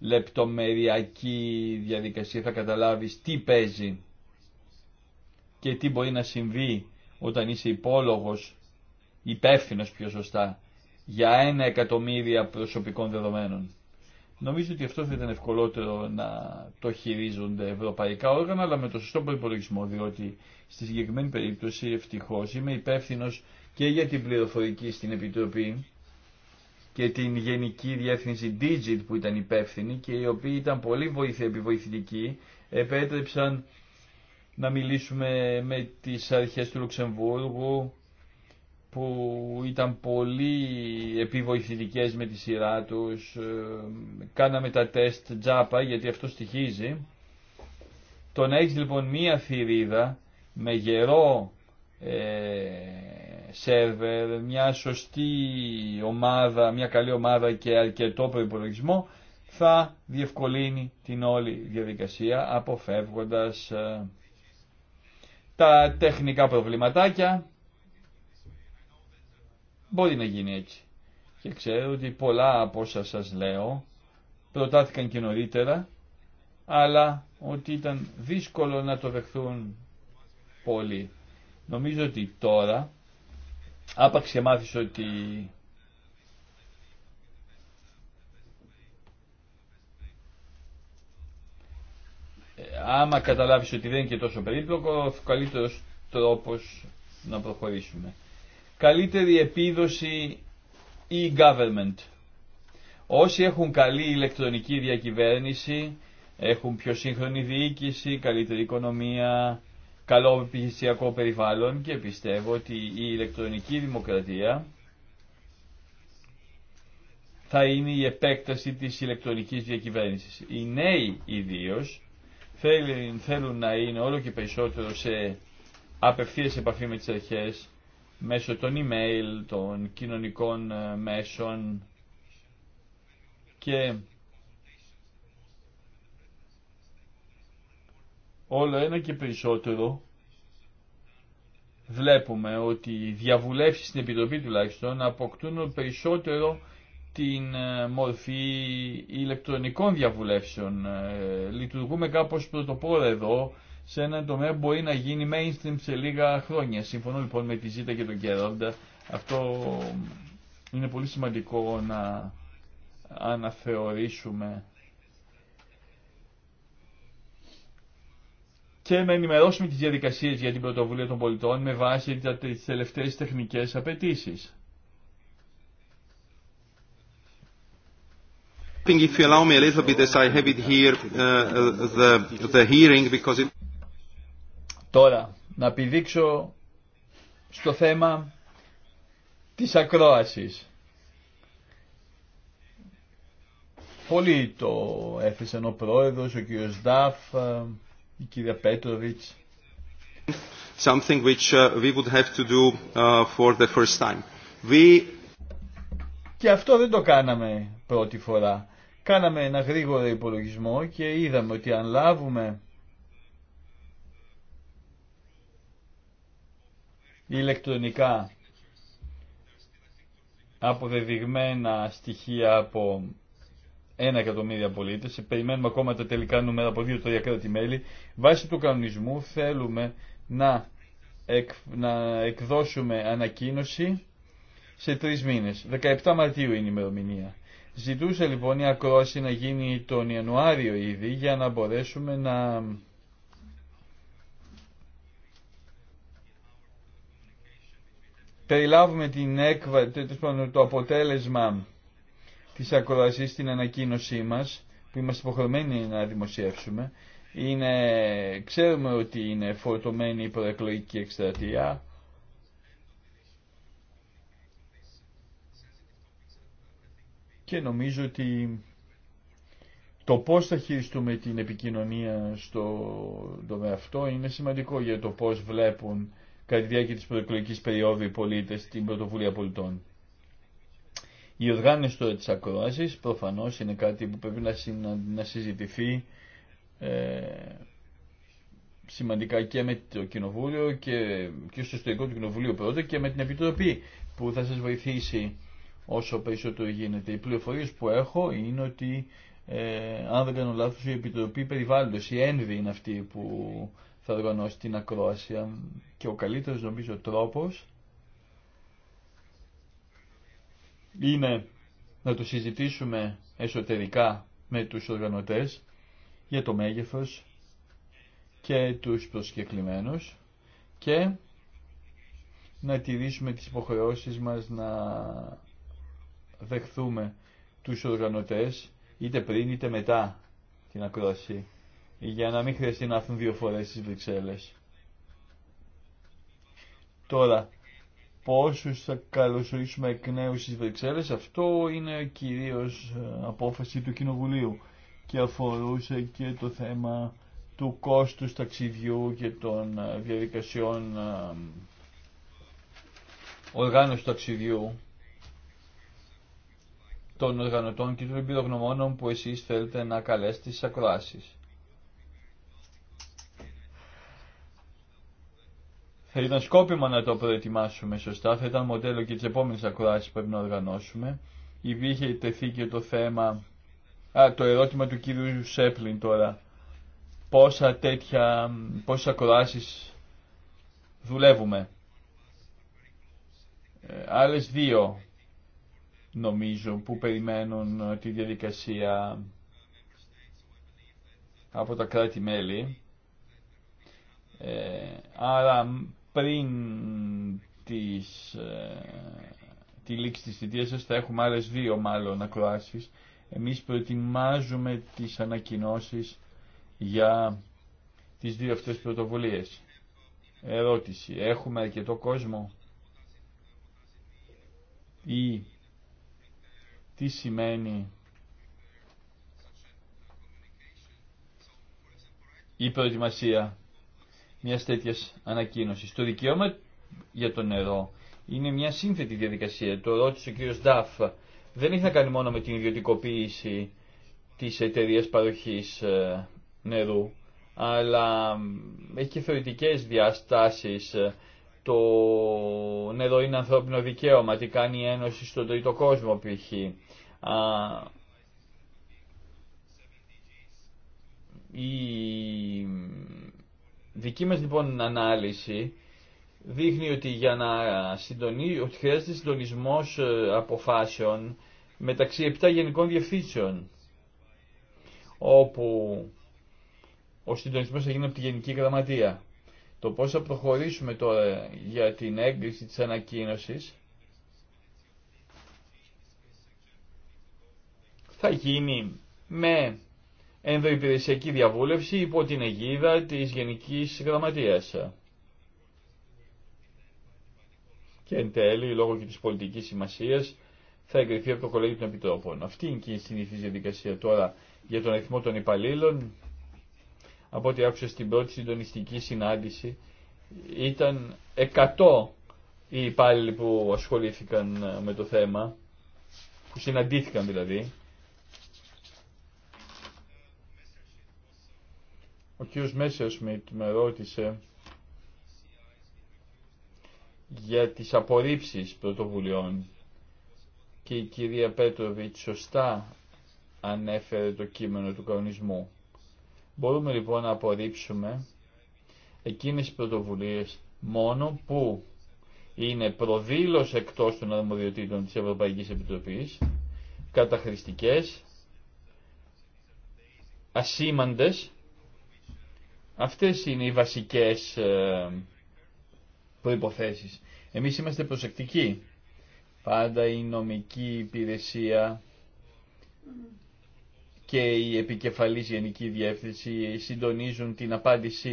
λεπτομεριακή διαδικασία θα καταλάβεις τι παίζει και τι μπορεί να συμβεί όταν είσαι υπόλογος, υπεύθυνος πιο σωστά, για ένα εκατομμύρια προσωπικών δεδομένων. Νομίζω ότι αυτό θα ήταν ευκολότερο να το χειρίζονται ευρωπαϊκά όργανα, αλλά με το σωστό προπολογισμό, διότι στη συγκεκριμένη περίπτωση ευτυχώ είμαι υπεύθυνο και για την πληροφορική στην Επιτροπή και την Γενική Διεύθυνση Digit που ήταν υπεύθυνη και οι οποίοι ήταν πολύ βοήθεια επιβοηθητικοί, επέτρεψαν να μιλήσουμε με τις αρχές του Λουξεμβούργου, που ήταν πολύ επιβοηθητικές με τη σειρά τους. Ε, κάναμε τα τεστ τζάπα γιατί αυτό στοιχίζει. Το να έχεις λοιπόν μία θηρίδα με γερό ε, σερβερ, μια σωστή ομάδα, μια καλή ομάδα και αρκετό προϋπολογισμό θα διευκολύνει την όλη διαδικασία αποφεύγοντας ε, τα τεχνικά προβληματάκια Μπορεί να γίνει έτσι. Και ξέρω ότι πολλά από όσα σας λέω προτάθηκαν και νωρίτερα, αλλά ότι ήταν δύσκολο να το δεχθούν πολλοί. Νομίζω ότι τώρα, άπαξ και ότι άμα καταλάβεις ότι δεν είναι και τόσο περίπλοκο, ο καλύτερος τρόπος να προχωρήσουμε καλύτερη επίδοση e-government. Όσοι έχουν καλή ηλεκτρονική διακυβέρνηση, έχουν πιο σύγχρονη διοίκηση, καλύτερη οικονομία, καλό επιχειρησιακό περιβάλλον και πιστεύω ότι η ηλεκτρονική δημοκρατία θα είναι η επέκταση της ηλεκτρονικής διακυβέρνησης. Οι νέοι ιδίω θέλουν, να είναι όλο και περισσότερο σε απευθείας επαφή με τις αρχές μέσω των email, των κοινωνικών ε, μέσων και όλο ένα και περισσότερο βλέπουμε ότι οι διαβουλεύσεις στην Επιτροπή τουλάχιστον αποκτούν περισσότερο την ε, μορφή ηλεκτρονικών διαβουλεύσεων. Ε, λειτουργούμε κάπως πρωτοπόρο εδώ σε ένα τομέα που μπορεί να γίνει mainstream σε λίγα χρόνια. Συμφωνώ λοιπόν με τη Ζήτα και τον Κέροντα. Αυτό είναι πολύ σημαντικό να αναθεωρήσουμε και να ενημερώσουμε τις διαδικασίες για την πρωτοβουλία των πολιτών με βάση τις τελευταίες τεχνικές απαιτήσει. Τώρα, να πηδήξω στο θέμα της ακρόασης. Πολύ το έθεσαν ο πρόεδρος, ο κύριος Νταφ, η κυρία Πέτροβιτς. Something which uh, we would have to do uh, for the first time. We... Και αυτό δεν το κάναμε πρώτη φορά. Κάναμε ένα γρήγορο υπολογισμό και είδαμε ότι αν λάβουμε ηλεκτρονικά αποδεδειγμένα στοιχεία από ένα εκατομμύριο πολίτε, Περιμένουμε ακόμα τα τελικά νούμερα από δύο-τρία κράτη-μέλη. Βάσει του κανονισμού θέλουμε να, να εκδώσουμε ανακοίνωση σε τρει μήνες. 17 Μαρτίου είναι η ημερομηνία. Ζητούσε λοιπόν η ακρόαση να γίνει τον Ιανουάριο ήδη για να μπορέσουμε να περιλάβουμε την έκβα, το αποτέλεσμα της ακροασής στην ανακοίνωσή μας, που είμαστε υποχρεωμένοι να δημοσιεύσουμε, είναι, ξέρουμε ότι είναι φορτωμένη η προεκλογική εκστρατεία, και νομίζω ότι το πώς θα χειριστούμε την επικοινωνία στο τομέα αυτό είναι σημαντικό για το πώς βλέπουν κατά τη διάρκεια της προεκλογικής περίοδου οι πολίτες στην πρωτοβουλία πολιτών. Η οργάνωση τώρα της ακρόασης προφανώς είναι κάτι που πρέπει να, συζητηθεί ε, σημαντικά και με το Κοινοβούλιο και, και στο ιστορικό του Κοινοβουλίου πρώτα και με την Επιτροπή που θα σας βοηθήσει όσο περισσότερο γίνεται. Οι πληροφορίες που έχω είναι ότι ε, αν δεν κάνω λάθο η Επιτροπή Περιβάλλοντος, η ΕΝΒΗ είναι αυτή που θα οργανώσει την ακρόαση και ο καλύτερο νομίζω τρόπος είναι να το συζητήσουμε εσωτερικά με τους οργανωτές για το μέγεθος και τους προσκεκλημένους και να τηρήσουμε τις υποχρεώσεις μας να δεχθούμε τους οργανωτές είτε πριν είτε μετά την ακρόαση, για να μην χρειαστεί να έρθουν δύο φορές στις Βρυξέλλες. Τώρα, πόσους θα καλωσορίσουμε εκ νέου στις Βρυξέλλες, αυτό είναι κυρίως ε, απόφαση του Κοινοβουλίου και αφορούσε και το θέμα του κόστους ταξιδιού και των ε, διαδικασιών ε, οργάνωση ταξιδιού των οργανωτών και των εμπειρογνωμόνων που εσείς θέλετε να καλέσετε στις ακροάσεις. Θα ήταν σκόπιμο να το προετοιμάσουμε σωστά, θα ήταν μοντέλο και τις επόμενες ακροάσεις που πρέπει να οργανώσουμε. είχε τεθεί και το θέμα, α, το ερώτημα του κύριου Σέπλιν τώρα, πόσα τέτοια, πόσες ακροάσεις δουλεύουμε. Ε, άλλες δύο νομίζω, που περιμένουν ε, τη διαδικασία από τα κράτη-μέλη. Ε, άρα πριν της, ε, τη λήξη της θητείας σας θα έχουμε άλλες δύο μάλλον ακροάσεις. Εμείς προετοιμάζουμε τις ανακοινώσεις για τις δύο αυτές πρωτοβουλίες. Ερώτηση. Έχουμε αρκετό κόσμο ή τι σημαίνει η προετοιμασία μια τέτοια ανακοίνωση. Το δικαίωμα για το νερό είναι μια σύνθετη διαδικασία. Το ρώτησε ο κ. Νταφ. Δεν έχει να κάνει μόνο με την ιδιωτικοποίηση τη εταιρεία παροχή ε, νερού, αλλά έχει και θεωρητικές διαστάσεις. Το νερό είναι ανθρώπινο δικαίωμα, τι κάνει η Ένωση στον τρίτο κόσμο π.χ η δική μας λοιπόν ανάλυση δείχνει ότι, για να συντονί... ότι χρειάζεται συντονισμός ε, αποφάσεων μεταξύ επτά γενικών διευθύνσεων όπου ο συντονισμός θα γίνει από τη Γενική Γραμματεία. Το πώς θα προχωρήσουμε τώρα για την έγκριση της ανακοίνωσης θα γίνει με ενδοϊπηρεσιακή διαβούλευση υπό την αιγίδα της Γενικής Γραμματείας. Και εν τέλει, λόγω και της πολιτικής σημασίας, θα εγκριθεί από το Κολέγιο των Επιτρόπων. Αυτή είναι και η συνήθιση διαδικασία τώρα για τον αριθμό των υπαλλήλων. Από ό,τι άκουσα στην πρώτη συντονιστική συνάντηση, ήταν 100 οι υπάλληλοι που ασχολήθηκαν ε, με το θέμα, που συναντήθηκαν δηλαδή, Ο κ. Μέσσερ Σμιτ με ρώτησε για τις απορρίψεις πρωτοβουλειών και η κυρία Πέτροβιτ σωστά ανέφερε το κείμενο του κανονισμού. Μπορούμε λοιπόν να απορρίψουμε εκείνες τις πρωτοβουλίες μόνο που είναι προδήλως εκτός των αρμοδιοτήτων της Ευρωπαϊκής Επιτροπής, καταχρηστικές, ασήμαντες Αυτές είναι οι βασικές ε, προϋποθέσεις. Εμείς είμαστε προσεκτικοί. Πάντα η νομική υπηρεσία και η επικεφαλής γενική διεύθυνση συντονίζουν την απάντησή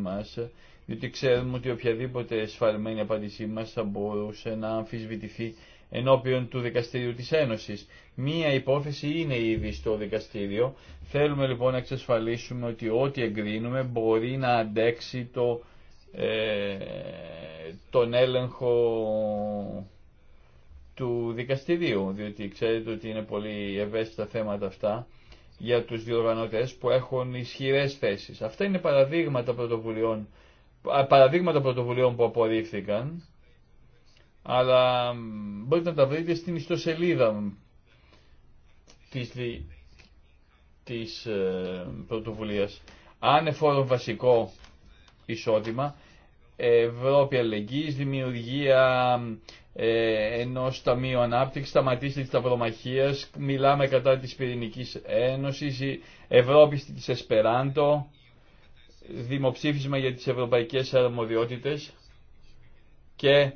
μας, διότι ξέρουμε ότι οποιαδήποτε εσφαλμένη απάντησή μας θα μπορούσε να αμφισβητηθεί ενώπιον του Δικαστήριου της Ένωσης. Μία υπόθεση είναι ήδη στο Δικαστήριο. Θέλουμε λοιπόν να εξασφαλίσουμε ότι ό,τι εγκρίνουμε μπορεί να αντέξει το, ε, τον έλεγχο του Δικαστηρίου, διότι ξέρετε ότι είναι πολύ ευαίσθητα θέματα αυτά για τους διοργανωτές που έχουν ισχυρές θέσεις. Αυτά είναι παραδείγματα πρωτοβουλειών, παραδείγματα πρωτοβουλειών που απορρίφθηκαν αλλά μπορείτε να τα βρείτε στην ιστοσελίδα της, της ε, πρωτοβουλίας. Άνεφορο βασικό εισόδημα, Ευρώπη αλληλεγγύης, δημιουργία ε, ενός Ταμείου Ανάπτυξης, σταματήστε της ταυρομαχία, μιλάμε κατά της Πυρηνικής Ένωσης, η Ευρώπη της Εσπεράντο, δημοψήφισμα για τις ευρωπαϊκές αρμοδιότητες και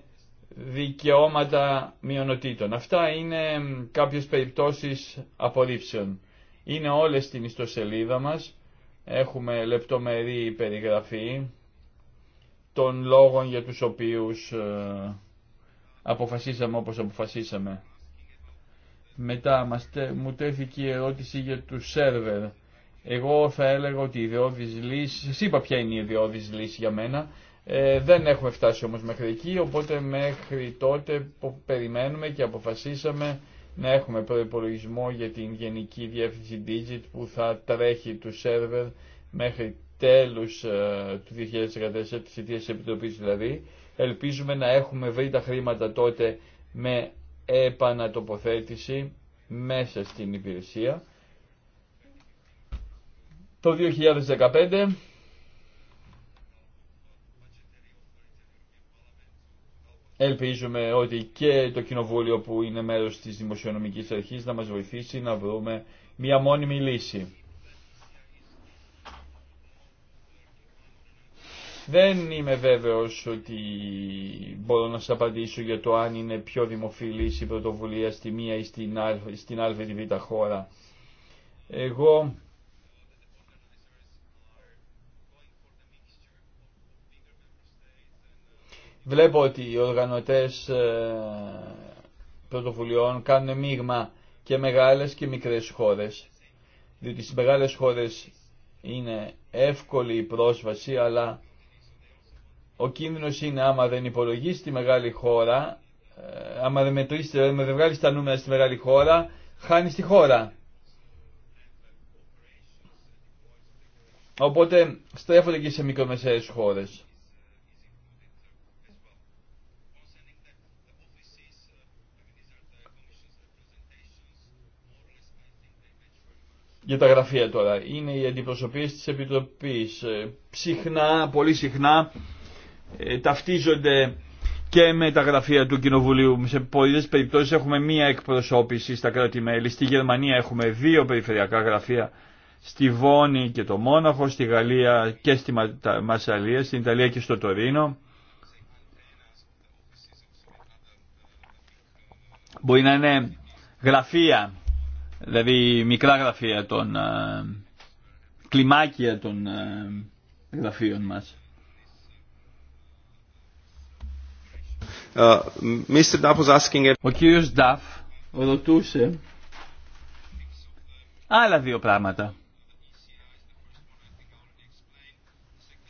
δικαιώματα μειονοτήτων. Αυτά είναι κάποιες περιπτώσεις απορρίψεων. Είναι όλες στην ιστοσελίδα μας. Έχουμε λεπτομερή περιγραφή των λόγων για τους οποίους ε, αποφασίσαμε όπως αποφασίσαμε. Μετά μας, μου τέθηκε η ερώτηση για τους σερβερ. Εγώ θα έλεγα ότι η ιδιώδης λύση, είπα ποια είναι η ιδιώδης λύση για μένα, ε, δεν έχουμε φτάσει όμως μέχρι εκεί, οπότε μέχρι τότε περιμένουμε και αποφασίσαμε να έχουμε προϋπολογισμό για την Γενική Διεύθυνση Digit που θα τρέχει του σερβερ μέχρι τέλους ε, του 2014, της Ιτίας Επιτροπής δηλαδή. Ελπίζουμε να έχουμε βρει τα χρήματα τότε με επανατοποθέτηση μέσα στην υπηρεσία. Το 2015 Ελπίζουμε ότι και το Κοινοβούλιο που είναι μέρος της Δημοσιονομικής Αρχής να μας βοηθήσει να βρούμε μια μόνιμη λύση. Δεν είμαι βέβαιος ότι μπορώ να σας απαντήσω για το αν είναι πιο δημοφιλής η πρωτοβουλία στη μία ή στην άλλη, στην χώρα. Εγώ Βλέπω ότι οι οργανωτές ε, πρωτοβουλειών κάνουν μείγμα και μεγάλες και μικρές χώρες. Διότι στις μεγάλες χώρες είναι εύκολη η πρόσβαση, αλλά ο κίνδυνος είναι άμα δεν υπολογίσει τη μεγάλη χώρα, ε, άμα δεν μετρήσει, δηλαδή, δεν βγάλει τα νούμερα στη μεγάλη χώρα, χάνει τη χώρα. Οπότε στρέφονται και σε μικρομεσαίες χώρες. Για τα γραφεία τώρα. Είναι οι αντιπροσωπείες της Επιτροπής. Ε, συχνά, πολύ συχνά ε, ταυτίζονται και με τα γραφεία του Κοινοβουλίου. Σε πολλές περιπτώσεις έχουμε μία εκπροσώπηση στα κράτη-μέλη. Στη Γερμανία έχουμε δύο περιφερειακά γραφεία στη Βόνη και το Μόναχο, στη Γαλλία και στη Μασαλία, στην Ιταλία και στο Τωρίνο. Μπορεί να είναι γραφεία δηλαδή μικρά γραφεία των ε, κλιμάκια των ε, γραφείων μας. Uh, asking... Ο κύριος Νταφ ρωτούσε άλλα δύο πράγματα.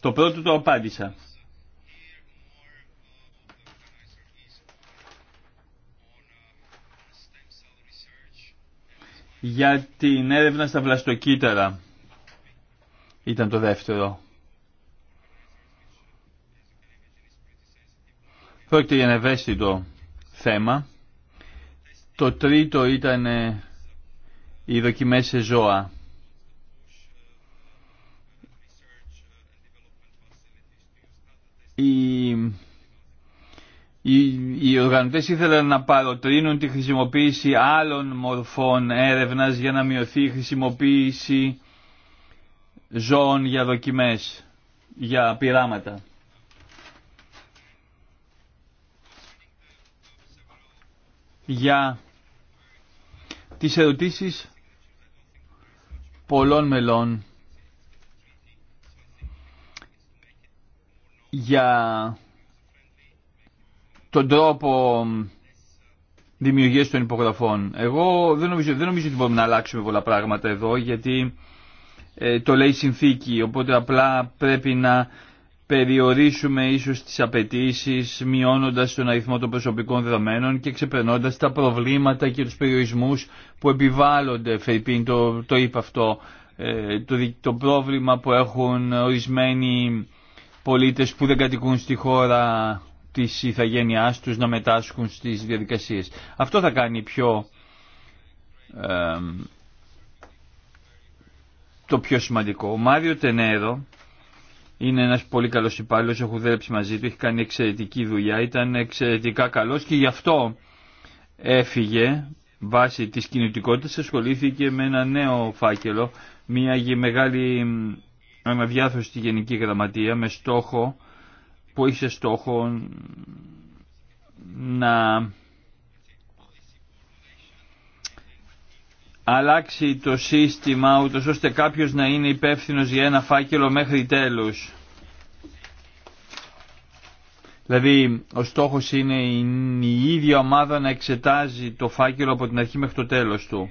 Το πρώτο το απάντησα. για την έρευνα στα βλαστοκύτταρα. Ήταν το δεύτερο. Πρόκειται για ένα ευαίσθητο θέμα. Το τρίτο ήταν ε, οι δοκιμές σε ζώα οι οργανωτές ήθελαν να παροτρύνουν τη χρησιμοποίηση άλλων μορφών έρευνας για να μειωθεί η χρησιμοποίηση ζώων για δοκιμές, για πειράματα. Για τις ερωτήσεις πολλών μελών για τον τρόπο δημιουργίας των υπογραφών. Εγώ δεν νομίζω, δεν νομίζω ότι μπορούμε να αλλάξουμε πολλά πράγματα εδώ γιατί ε, το λέει η συνθήκη οπότε απλά πρέπει να περιορίσουμε ίσως τις απαιτήσει, μειώνοντας τον αριθμό των προσωπικών δεδομένων και ξεπερνώντας τα προβλήματα και τους περιορισμούς που επιβάλλονται, Φερπίν, το, το είπα αυτό, ε, το, το πρόβλημα που έχουν ορισμένοι πολίτες που δεν κατοικούν στη χώρα της ηθαγένειάς τους να μετάσχουν στις διαδικασίες. Αυτό θα κάνει πιο το πιο σημαντικό. Ο Μάριο Τενέρο είναι ένας πολύ καλός υπάλληλος, έχω δέψει μαζί του, έχει κάνει εξαιρετική δουλειά, ήταν εξαιρετικά καλός και γι' αυτό έφυγε βάσει της κινητικότητας, ασχολήθηκε με ένα νέο φάκελο, μια μεγάλη διάθεση στη Γενική Γραμματεία με στόχο που είχε στόχο να αλλάξει το σύστημα ούτως ώστε κάποιος να είναι υπεύθυνος για ένα φάκελο μέχρι τέλους. Δηλαδή ο στόχος είναι η ίδια ομάδα να εξετάζει το φάκελο από την αρχή μέχρι το τέλος του.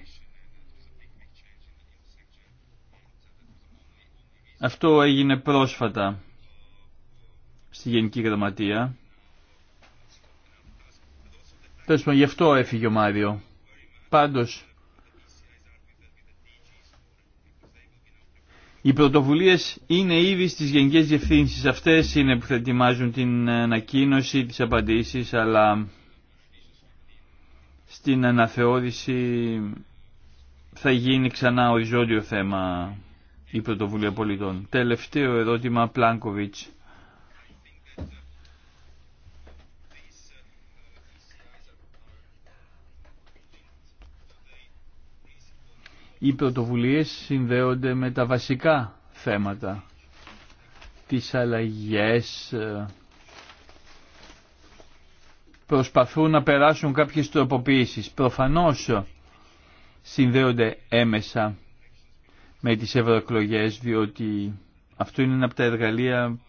Αυτό έγινε πρόσφατα στη Γενική Γραμματεία. Τέλος πάντων, γι' αυτό έφυγε ο Μάριο. Πάντως, οι πρωτοβουλίες είναι ήδη στις γενικές διευθύνσεις. Αυτές είναι που θα ετοιμάζουν την ανακοίνωση, τις απαντήσεις, αλλά στην αναθεώρηση θα γίνει ξανά οριζόντιο θέμα η πρωτοβουλία πολιτών. Τελευταίο ερώτημα Πλάνκοβιτς. οι πρωτοβουλίε συνδέονται με τα βασικά θέματα, τις αλλαγές, ε, προσπαθούν να περάσουν κάποιες τροποποιήσεις. Προφανώς ε, συνδέονται έμεσα με τις ευρωεκλογέ, διότι αυτό είναι ένα από τα εργαλεία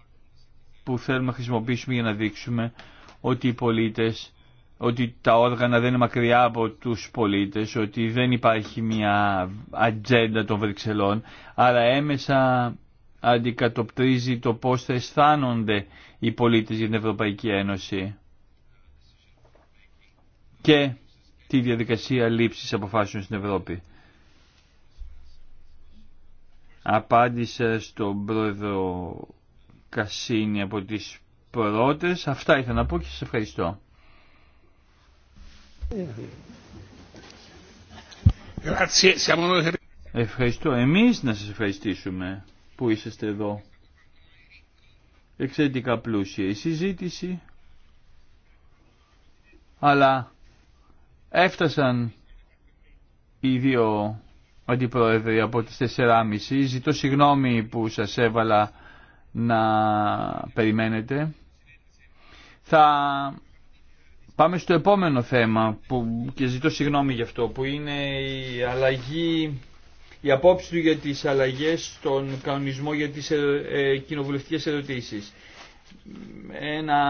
που θέλουμε να χρησιμοποιήσουμε για να δείξουμε ότι οι πολίτες ότι τα όργανα δεν είναι μακριά από τους πολίτες, ότι δεν υπάρχει μια ατζέντα των Βρυξελών, αλλά έμεσα αντικατοπτρίζει το πώς θα αισθάνονται οι πολίτες για την Ευρωπαϊκή Ένωση και τη διαδικασία λήψης αποφάσεων στην Ευρώπη. Απάντησα στον πρόεδρο Κασίνη από τις πρώτες. Αυτά ήθελα να πω και σας ευχαριστώ. Ευχαριστώ. Εμείς να σας ευχαριστήσουμε που είσαστε εδώ. Εξαιρετικά πλούσια η συζήτηση. Αλλά έφτασαν οι δύο αντιπρόεδροι από τις 4.30. Ζητώ συγγνώμη που σας έβαλα να περιμένετε. Θα Πάμε στο επόμενο θέμα που, και ζητώ συγγνώμη γι' αυτό που είναι η αλλαγή η απόψη του για τις αλλαγές στον κανονισμό για τις ε, ε κοινοβουλευτικές ερωτήσεις. Ένα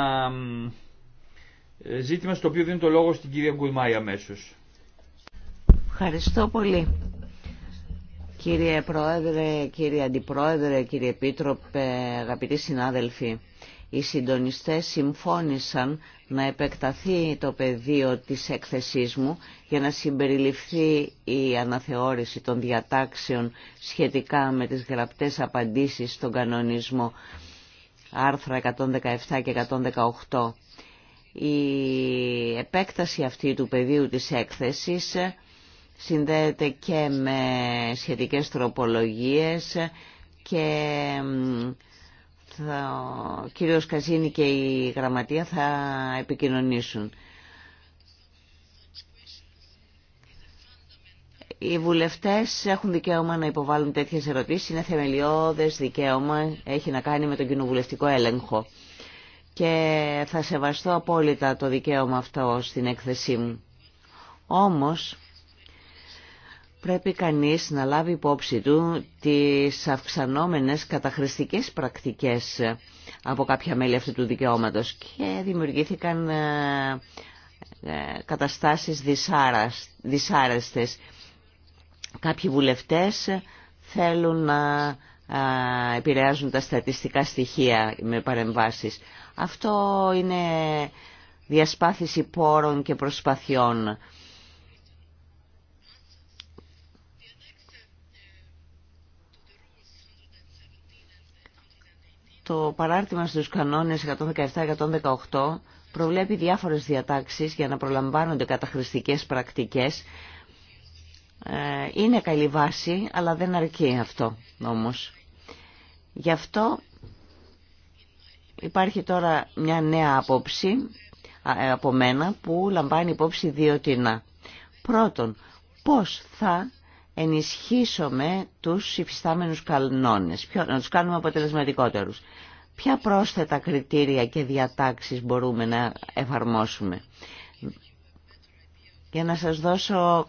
ε, ζήτημα στο οποίο δίνω το λόγο στην κυρία Γκουρμάη αμέσω. Ευχαριστώ πολύ. Κύριε Πρόεδρε, κύριε Αντιπρόεδρε, κύριε Επίτροπε, αγαπητοί συνάδελφοι οι συντονιστές συμφώνησαν να επεκταθεί το πεδίο της έκθεσής μου για να συμπεριληφθεί η αναθεώρηση των διατάξεων σχετικά με τις γραπτές απαντήσεις στον κανονισμό άρθρα 117 και 118. Η επέκταση αυτή του πεδίου της έκθεσης συνδέεται και με σχετικές τροπολογίες και ο κύριος Καζίνη και η Γραμματεία θα επικοινωνήσουν. Οι βουλευτές έχουν δικαίωμα να υποβάλουν τέτοιες ερωτήσεις, είναι θεμελιώδες δικαίωμα, έχει να κάνει με τον κοινοβουλευτικό έλεγχο. Και θα σεβαστώ απόλυτα το δικαίωμα αυτό στην έκθεσή μου. Όμως, πρέπει κανείς να λάβει υπόψη του τις αυξανόμενες καταχρηστικές πρακτικές από κάποια μέλη αυτού του δικαιώματος και δημιουργήθηκαν ε, ε, καταστάσεις δυσάρεστες. Κάποιοι βουλευτές θέλουν να ε, επηρεάζουν τα στατιστικά στοιχεία με παρεμβάσεις. Αυτό είναι διασπάθηση πόρων και προσπαθειών. Το παράρτημα στους κανόνες 117-118 προβλέπει διάφορες διατάξεις για να προλαμβάνονται καταχρηστικές πρακτικές. Ε, είναι καλή βάση, αλλά δεν αρκεί αυτό όμως. Γι' αυτό υπάρχει τώρα μια νέα απόψη ε, από μένα που λαμβάνει υπόψη δύο τινά. Πρώτον, πώς θα ενισχύσουμε τους υφιστάμενους κανόνες, να τους κάνουμε αποτελεσματικότερους. Ποια πρόσθετα κριτήρια και διατάξεις μπορούμε να εφαρμόσουμε. Για να σας δώσω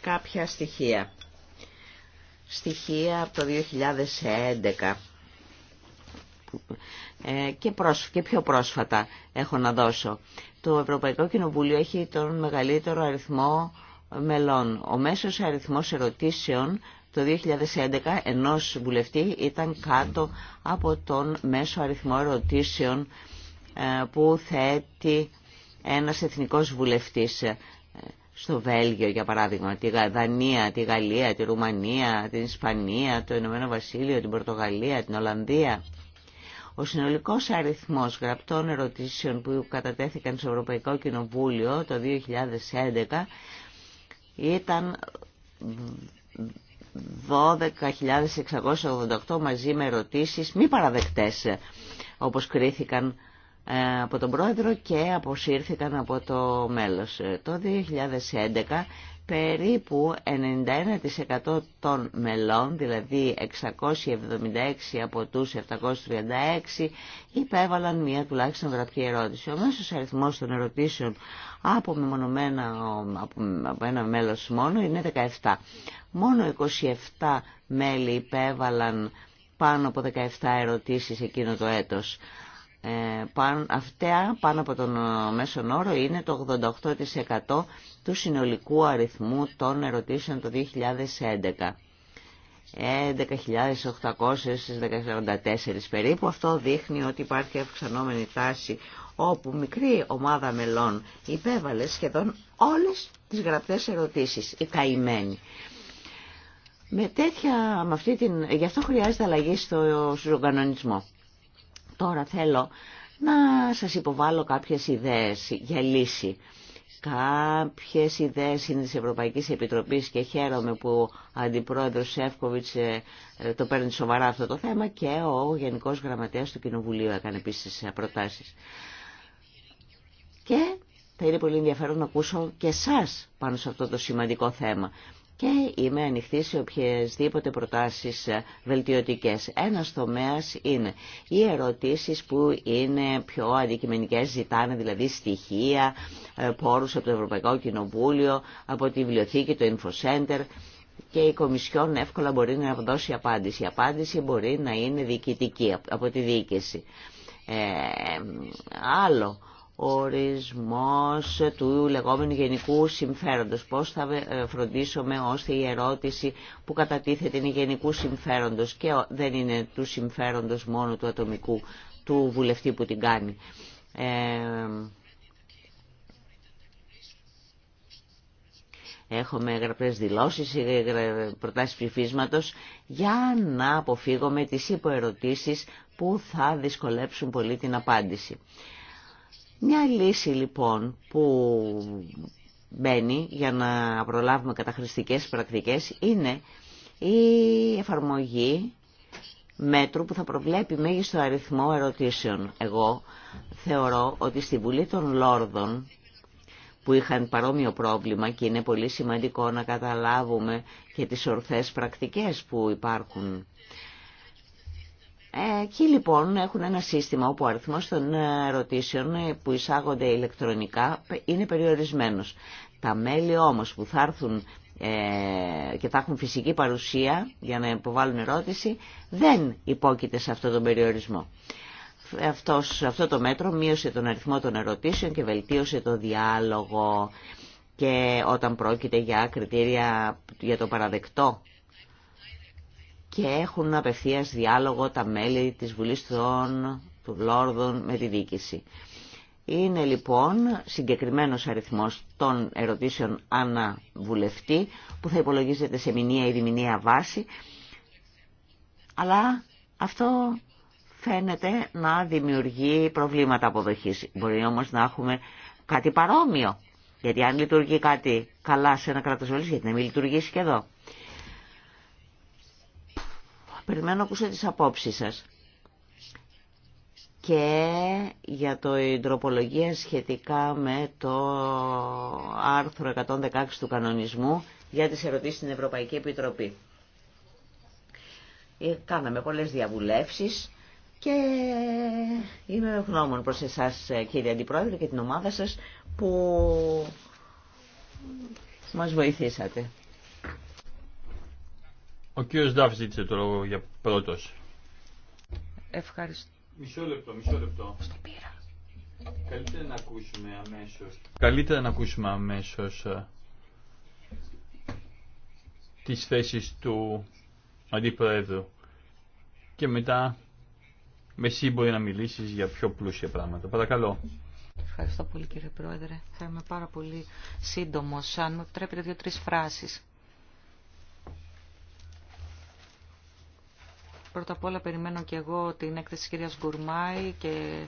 κάποια στοιχεία. Στοιχεία από το 2011 ε, και, και πιο πρόσφατα έχω να δώσω. Το Ευρωπαϊκό Κοινοβούλιο έχει τον μεγαλύτερο αριθμό μελών. Ο μέσος αριθμός ερωτήσεων το 2011 ενός βουλευτή ήταν κάτω από τον μέσο αριθμό ερωτήσεων ε, που θέτει ένας εθνικός βουλευτής ε, στο Βέλγιο για παράδειγμα, τη Δανία, τη Γαλλία, τη Ρουμανία, την Ισπανία, το Ηνωμένο Βασίλειο, την Πορτογαλία, την Ολλανδία. Ο συνολικός αριθμός γραπτών ερωτήσεων που κατατέθηκαν στο Ευρωπαϊκό Κοινοβούλιο το 2011 ήταν 12.688 μαζί με ερωτήσεις μη παραδεκτές όπως κρίθηκαν ε, από τον πρόεδρο και αποσύρθηκαν από το μέλος. Ε, το 2011 περίπου 91% των μελών, δηλαδή 676 από τους 736, υπέβαλαν μία τουλάχιστον γραπτή ερώτηση. Ο μέσος αριθμός των ερωτήσεων από, από ένα μέλος μόνο είναι 17. Μόνο 27 μέλη υπέβαλαν πάνω από 17 ερωτήσεις εκείνο το έτος. Ε, αυτά πάνω από τον ε, μέσον όρο είναι το 88% του συνολικού αριθμού των ερωτήσεων το 2011. 11.800 στις περίπου. Αυτό δείχνει ότι υπάρχει αυξανόμενη τάση όπου μικρή ομάδα μελών υπέβαλε σχεδόν όλες τις γραπτές ερωτήσεις, οι καημένοι. Με τέτοια, με αυτή την, γι' αυτό χρειάζεται αλλαγή στο, στον Τώρα θέλω να σας υποβάλω κάποιες ιδέες για λύση. Κάποιες ιδέες είναι της Ευρωπαϊκής Επιτροπής και χαίρομαι που ο Αντιπρόεδρος Σεύκοβιτς ε, ε, το παίρνει σοβαρά αυτό το θέμα και ο Γενικός Γραμματέας του Κοινοβουλίου έκανε επίσης ε, προτάσεις. Και θα είναι πολύ ενδιαφέρον να ακούσω και εσά πάνω σε αυτό το σημαντικό θέμα και είμαι ανοιχτή σε οποιασδήποτε προτάσεις βελτιωτικές. Ένας τομέας είναι οι ερωτήσεις που είναι πιο αντικειμενικές, ζητάνε δηλαδή στοιχεία, ε, πόρους από το Ευρωπαϊκό Κοινοβούλιο, από τη βιβλιοθήκη, το Info και η Κομισιόν εύκολα μπορεί να δώσει απάντηση. Η απάντηση μπορεί να είναι διοικητική από τη διοίκηση. Ε, άλλο, ορισμός του λεγόμενου γενικού συμφέροντος. Πώς θα ε, φροντίσουμε ώστε η ερώτηση που κατατίθεται είναι γενικού συμφέροντος και δεν είναι του συμφέροντος μόνο του ατομικού του βουλευτή που την κάνει. Ε, έχουμε γραπτές δηλώσεις ή ε, προτάσεις ψηφίσματος για να αποφύγουμε τις υποερωτήσεις που θα δυσκολέψουν πολύ την απάντηση. Μια λύση λοιπόν που μπαίνει για να προλάβουμε καταχρηστικές πρακτικές είναι η εφαρμογή μέτρου που θα προβλέπει μέγιστο αριθμό ερωτήσεων. Εγώ θεωρώ ότι στη Βουλή των Λόρδων που είχαν παρόμοιο πρόβλημα και είναι πολύ σημαντικό να καταλάβουμε και τις ορθές πρακτικές που υπάρχουν. Εκεί λοιπόν έχουν ένα σύστημα όπου ο αριθμός των ε, ερωτήσεων ε, που εισάγονται ηλεκτρονικά είναι περιορισμένος. Τα μέλη όμως που θα έρθουν ε, και θα έχουν φυσική παρουσία για να υποβάλουν ερώτηση δεν υπόκειται σε αυτόν τον περιορισμό. Αυτός, αυτό το μέτρο μείωσε τον αριθμό των ερωτήσεων και βελτίωσε το διάλογο και όταν πρόκειται για κριτήρια για το παραδεκτό και έχουν απευθεία διάλογο τα μέλη της Βουλής των, του Λόρδων με τη δίκηση. Είναι λοιπόν συγκεκριμένος αριθμός των ερωτήσεων αναβουλευτή που θα υπολογίζεται σε μηνύα ή διμηνία βάση αλλά αυτό φαίνεται να δημιουργεί προβλήματα αποδοχής. Μπορεί όμως να έχουμε κάτι παρόμοιο γιατί αν λειτουργεί κάτι καλά σε ένα κράτος γιατί να μην λειτουργήσει και εδώ. Περιμένω να ακούσω τις απόψεις σας. Και για το η σχετικά με το άρθρο 116 του κανονισμού για τις ερωτήσεις στην Ευρωπαϊκή Επιτροπή. Ε, κάναμε πολλές διαβουλεύσεις και είμαι ευγνώμων προς εσάς ε, κύριε Αντιπρόεδρε και την ομάδα σας που μας βοηθήσατε. Ο κύριος Ντάφ ζήτησε το λόγο για πρώτος. Ευχαριστώ. Μισό λεπτό, μισό λεπτό. Στο πήρα. Καλύτερα να ακούσουμε αμέσως. Καλύτερα να ακούσουμε αμέσως ε, τις θέσεις του αντιπρόεδρου και μετά με εσύ μπορεί να μιλήσεις για πιο πλούσια πράγματα. Παρακαλώ. Ευχαριστώ πολύ κύριε Πρόεδρε. Θα είμαι πάρα πολύ σύντομος. Αν μου επιτρέπετε δύο-τρεις φράσεις. Πρώτα απ' όλα περιμένω και εγώ την έκθεση της κυρίας Γκουρμάη και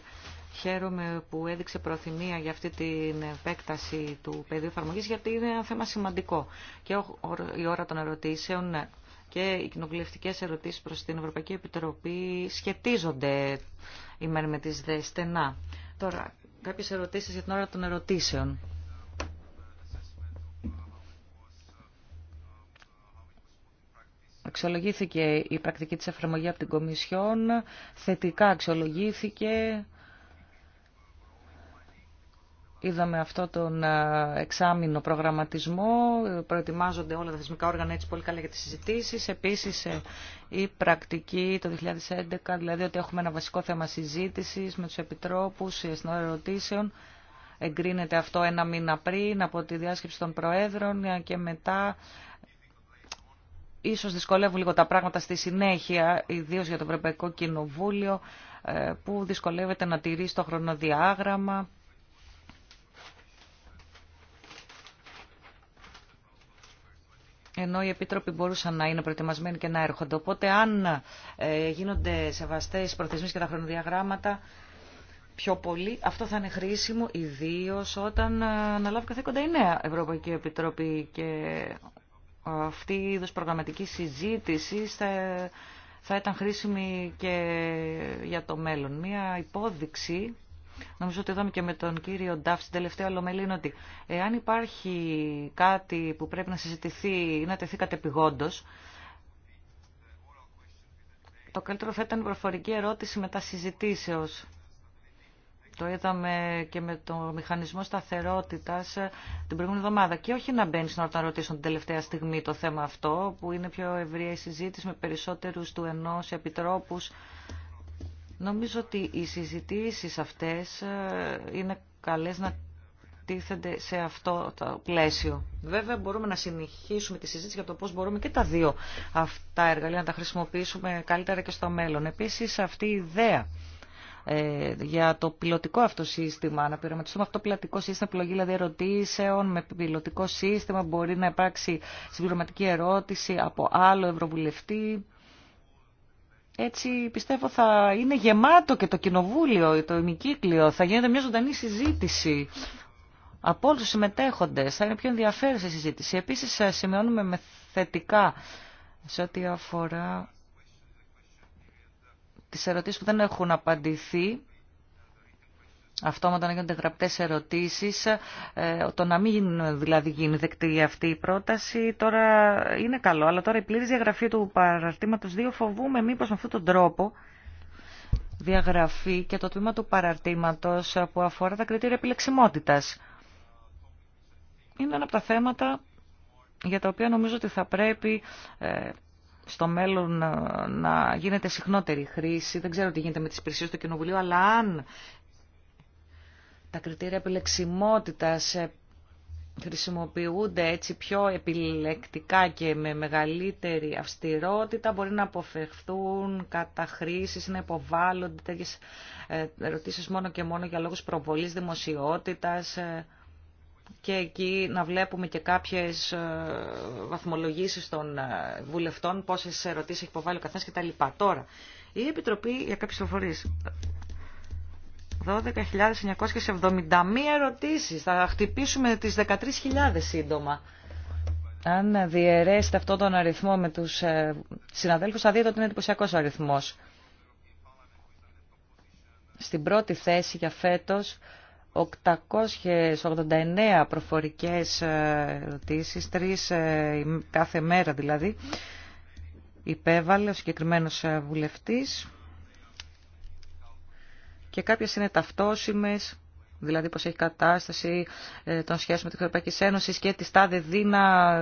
χαίρομαι που έδειξε προθυμία για αυτή την επέκταση του πεδίου εφαρμογή γιατί είναι ένα θέμα σημαντικό. Και η ώρα των ερωτήσεων ναι. και οι κοινοβουλευτικέ ερωτήσει προ την Ευρωπαϊκή Επιτροπή σχετίζονται ημέρα με τι δε στενά. Τώρα, κάποιε ερωτήσει για την ώρα των ερωτήσεων. Αξιολογήθηκε η πρακτική της εφαρμογή από την Κομισιόν, θετικά αξιολογήθηκε. Είδαμε αυτό τον εξάμεινο προγραμματισμό, προετοιμάζονται όλα τα θεσμικά όργανα έτσι πολύ καλά για τις συζητήσεις. Επίσης ε, η πρακτική το 2011, δηλαδή ότι έχουμε ένα βασικό θέμα συζήτησης με τους επιτρόπους, ε, στην ερωτήσεων, εγκρίνεται αυτό ένα μήνα πριν από τη διάσκεψη των Προέδρων ε, και μετά ίσως δυσκολεύουν λίγο τα πράγματα στη συνέχεια, ιδίω για το Ευρωπαϊκό Κοινοβούλιο, ε, που δυσκολεύεται να τηρεί το χρονοδιάγραμμα. ενώ οι επίτροποι μπορούσαν να είναι προετοιμασμένοι και να έρχονται. Οπότε αν ε, γίνονται σεβαστές οι προθεσμίες και τα χρονοδιαγράμματα πιο πολύ, αυτό θα είναι χρήσιμο ιδίω όταν ε, αναλάβει καθήκοντα η νέα Ευρωπαϊκή Επιτροπή και αυτή η είδος προγραμματική συζήτηση θα, ήταν χρήσιμη και για το μέλλον. Μία υπόδειξη, νομίζω ότι είδαμε και με τον κύριο Ντάφ στην τελευταία ολομέλη, είναι ότι εάν υπάρχει κάτι που πρέπει να συζητηθεί ή να τεθεί κατεπηγόντως, το καλύτερο θα ήταν η προφορική ερώτηση μετά συζητήσεως το είδαμε και με το μηχανισμό σταθερότητα ε, την προηγούμενη εβδομάδα. Και όχι να μπαίνει να να ρωτήσουν την τελευταία στιγμή το θέμα αυτό, που είναι πιο ευρία η συζήτηση με περισσότερου του ενό επιτρόπου. Νομίζω ότι οι συζητήσει αυτέ ε, είναι καλέ να τίθενται σε αυτό το πλαίσιο. Βέβαια μπορούμε να συνεχίσουμε τη συζήτηση για το πώς μπορούμε και τα δύο αυτά εργαλεία να τα χρησιμοποιήσουμε καλύτερα και στο μέλλον. Επίσης αυτή η ιδέα ε, για το πιλωτικό αυτό σύστημα, να πειραματιστούμε αυτό το πιλωτικό σύστημα, επιλογή δηλαδή ερωτήσεων με πιλωτικό σύστημα, μπορεί να υπάρξει συμπληρωματική ερώτηση από άλλο ευρωβουλευτή. Έτσι πιστεύω θα είναι γεμάτο και το κοινοβούλιο, το ημικύκλιο, θα γίνεται μια ζωντανή συζήτηση από όλους τους συμμετέχοντες, θα είναι πιο ενδιαφέρουσα συζήτηση. Επίσης σημειώνουμε με θετικά σε ό,τι αφορά τις ερωτήσεις που δεν έχουν απαντηθεί, αυτόματα να γίνονται γραπτές ερωτήσεις, ε, το να μην δηλαδή γίνει δεκτή αυτή η πρόταση τώρα είναι καλό, αλλά τώρα η πλήρη διαγραφή του παραρτήματος 2 φοβούμε μήπω με αυτόν τον τρόπο διαγραφή και το τμήμα του παραρτήματος που αφορά τα κριτήρια επιλεξιμότητας. Είναι ένα από τα θέματα για τα οποία νομίζω ότι θα πρέπει ε, στο μέλλον ε, να γίνεται συχνότερη χρήση. Δεν ξέρω τι γίνεται με τις υπηρεσίες του Κοινοβουλίου, αλλά αν τα κριτήρια επιλεξιμότητας ε, χρησιμοποιούνται έτσι πιο επιλεκτικά και με μεγαλύτερη αυστηρότητα, μπορεί να αποφευχθούν καταχρήσεις, να υποβάλλονται τέτοιες ε, ερωτήσεις μόνο και μόνο για λόγους προβολής δημοσιότητας, και εκεί να βλέπουμε και κάποιες ε, βαθμολογήσεις των ε, βουλευτών, πόσες ερωτήσεις έχει υποβάλει ο καθένας λοιπά. Τώρα, η Επιτροπή για κάποιες προφορίες. 12.971 ερωτήσεις. Θα χτυπήσουμε τις 13.000 σύντομα. Αν διαιρέσετε αυτόν τον αριθμό με τους ε, συναδέλφους, θα δείτε ότι είναι εντυπωσιακό ο αριθμός. Στην πρώτη θέση για φέτος 889 προφορικές ε, ερωτήσεις, τρεις ε, κάθε μέρα δηλαδή, υπέβαλε ο συγκεκριμένος ε, βουλευτής και κάποιες είναι ταυτόσιμες, δηλαδή πως έχει κατάσταση των σχέσεων με την Ευρωπαϊκή Ένωση και τη στάδε δίνα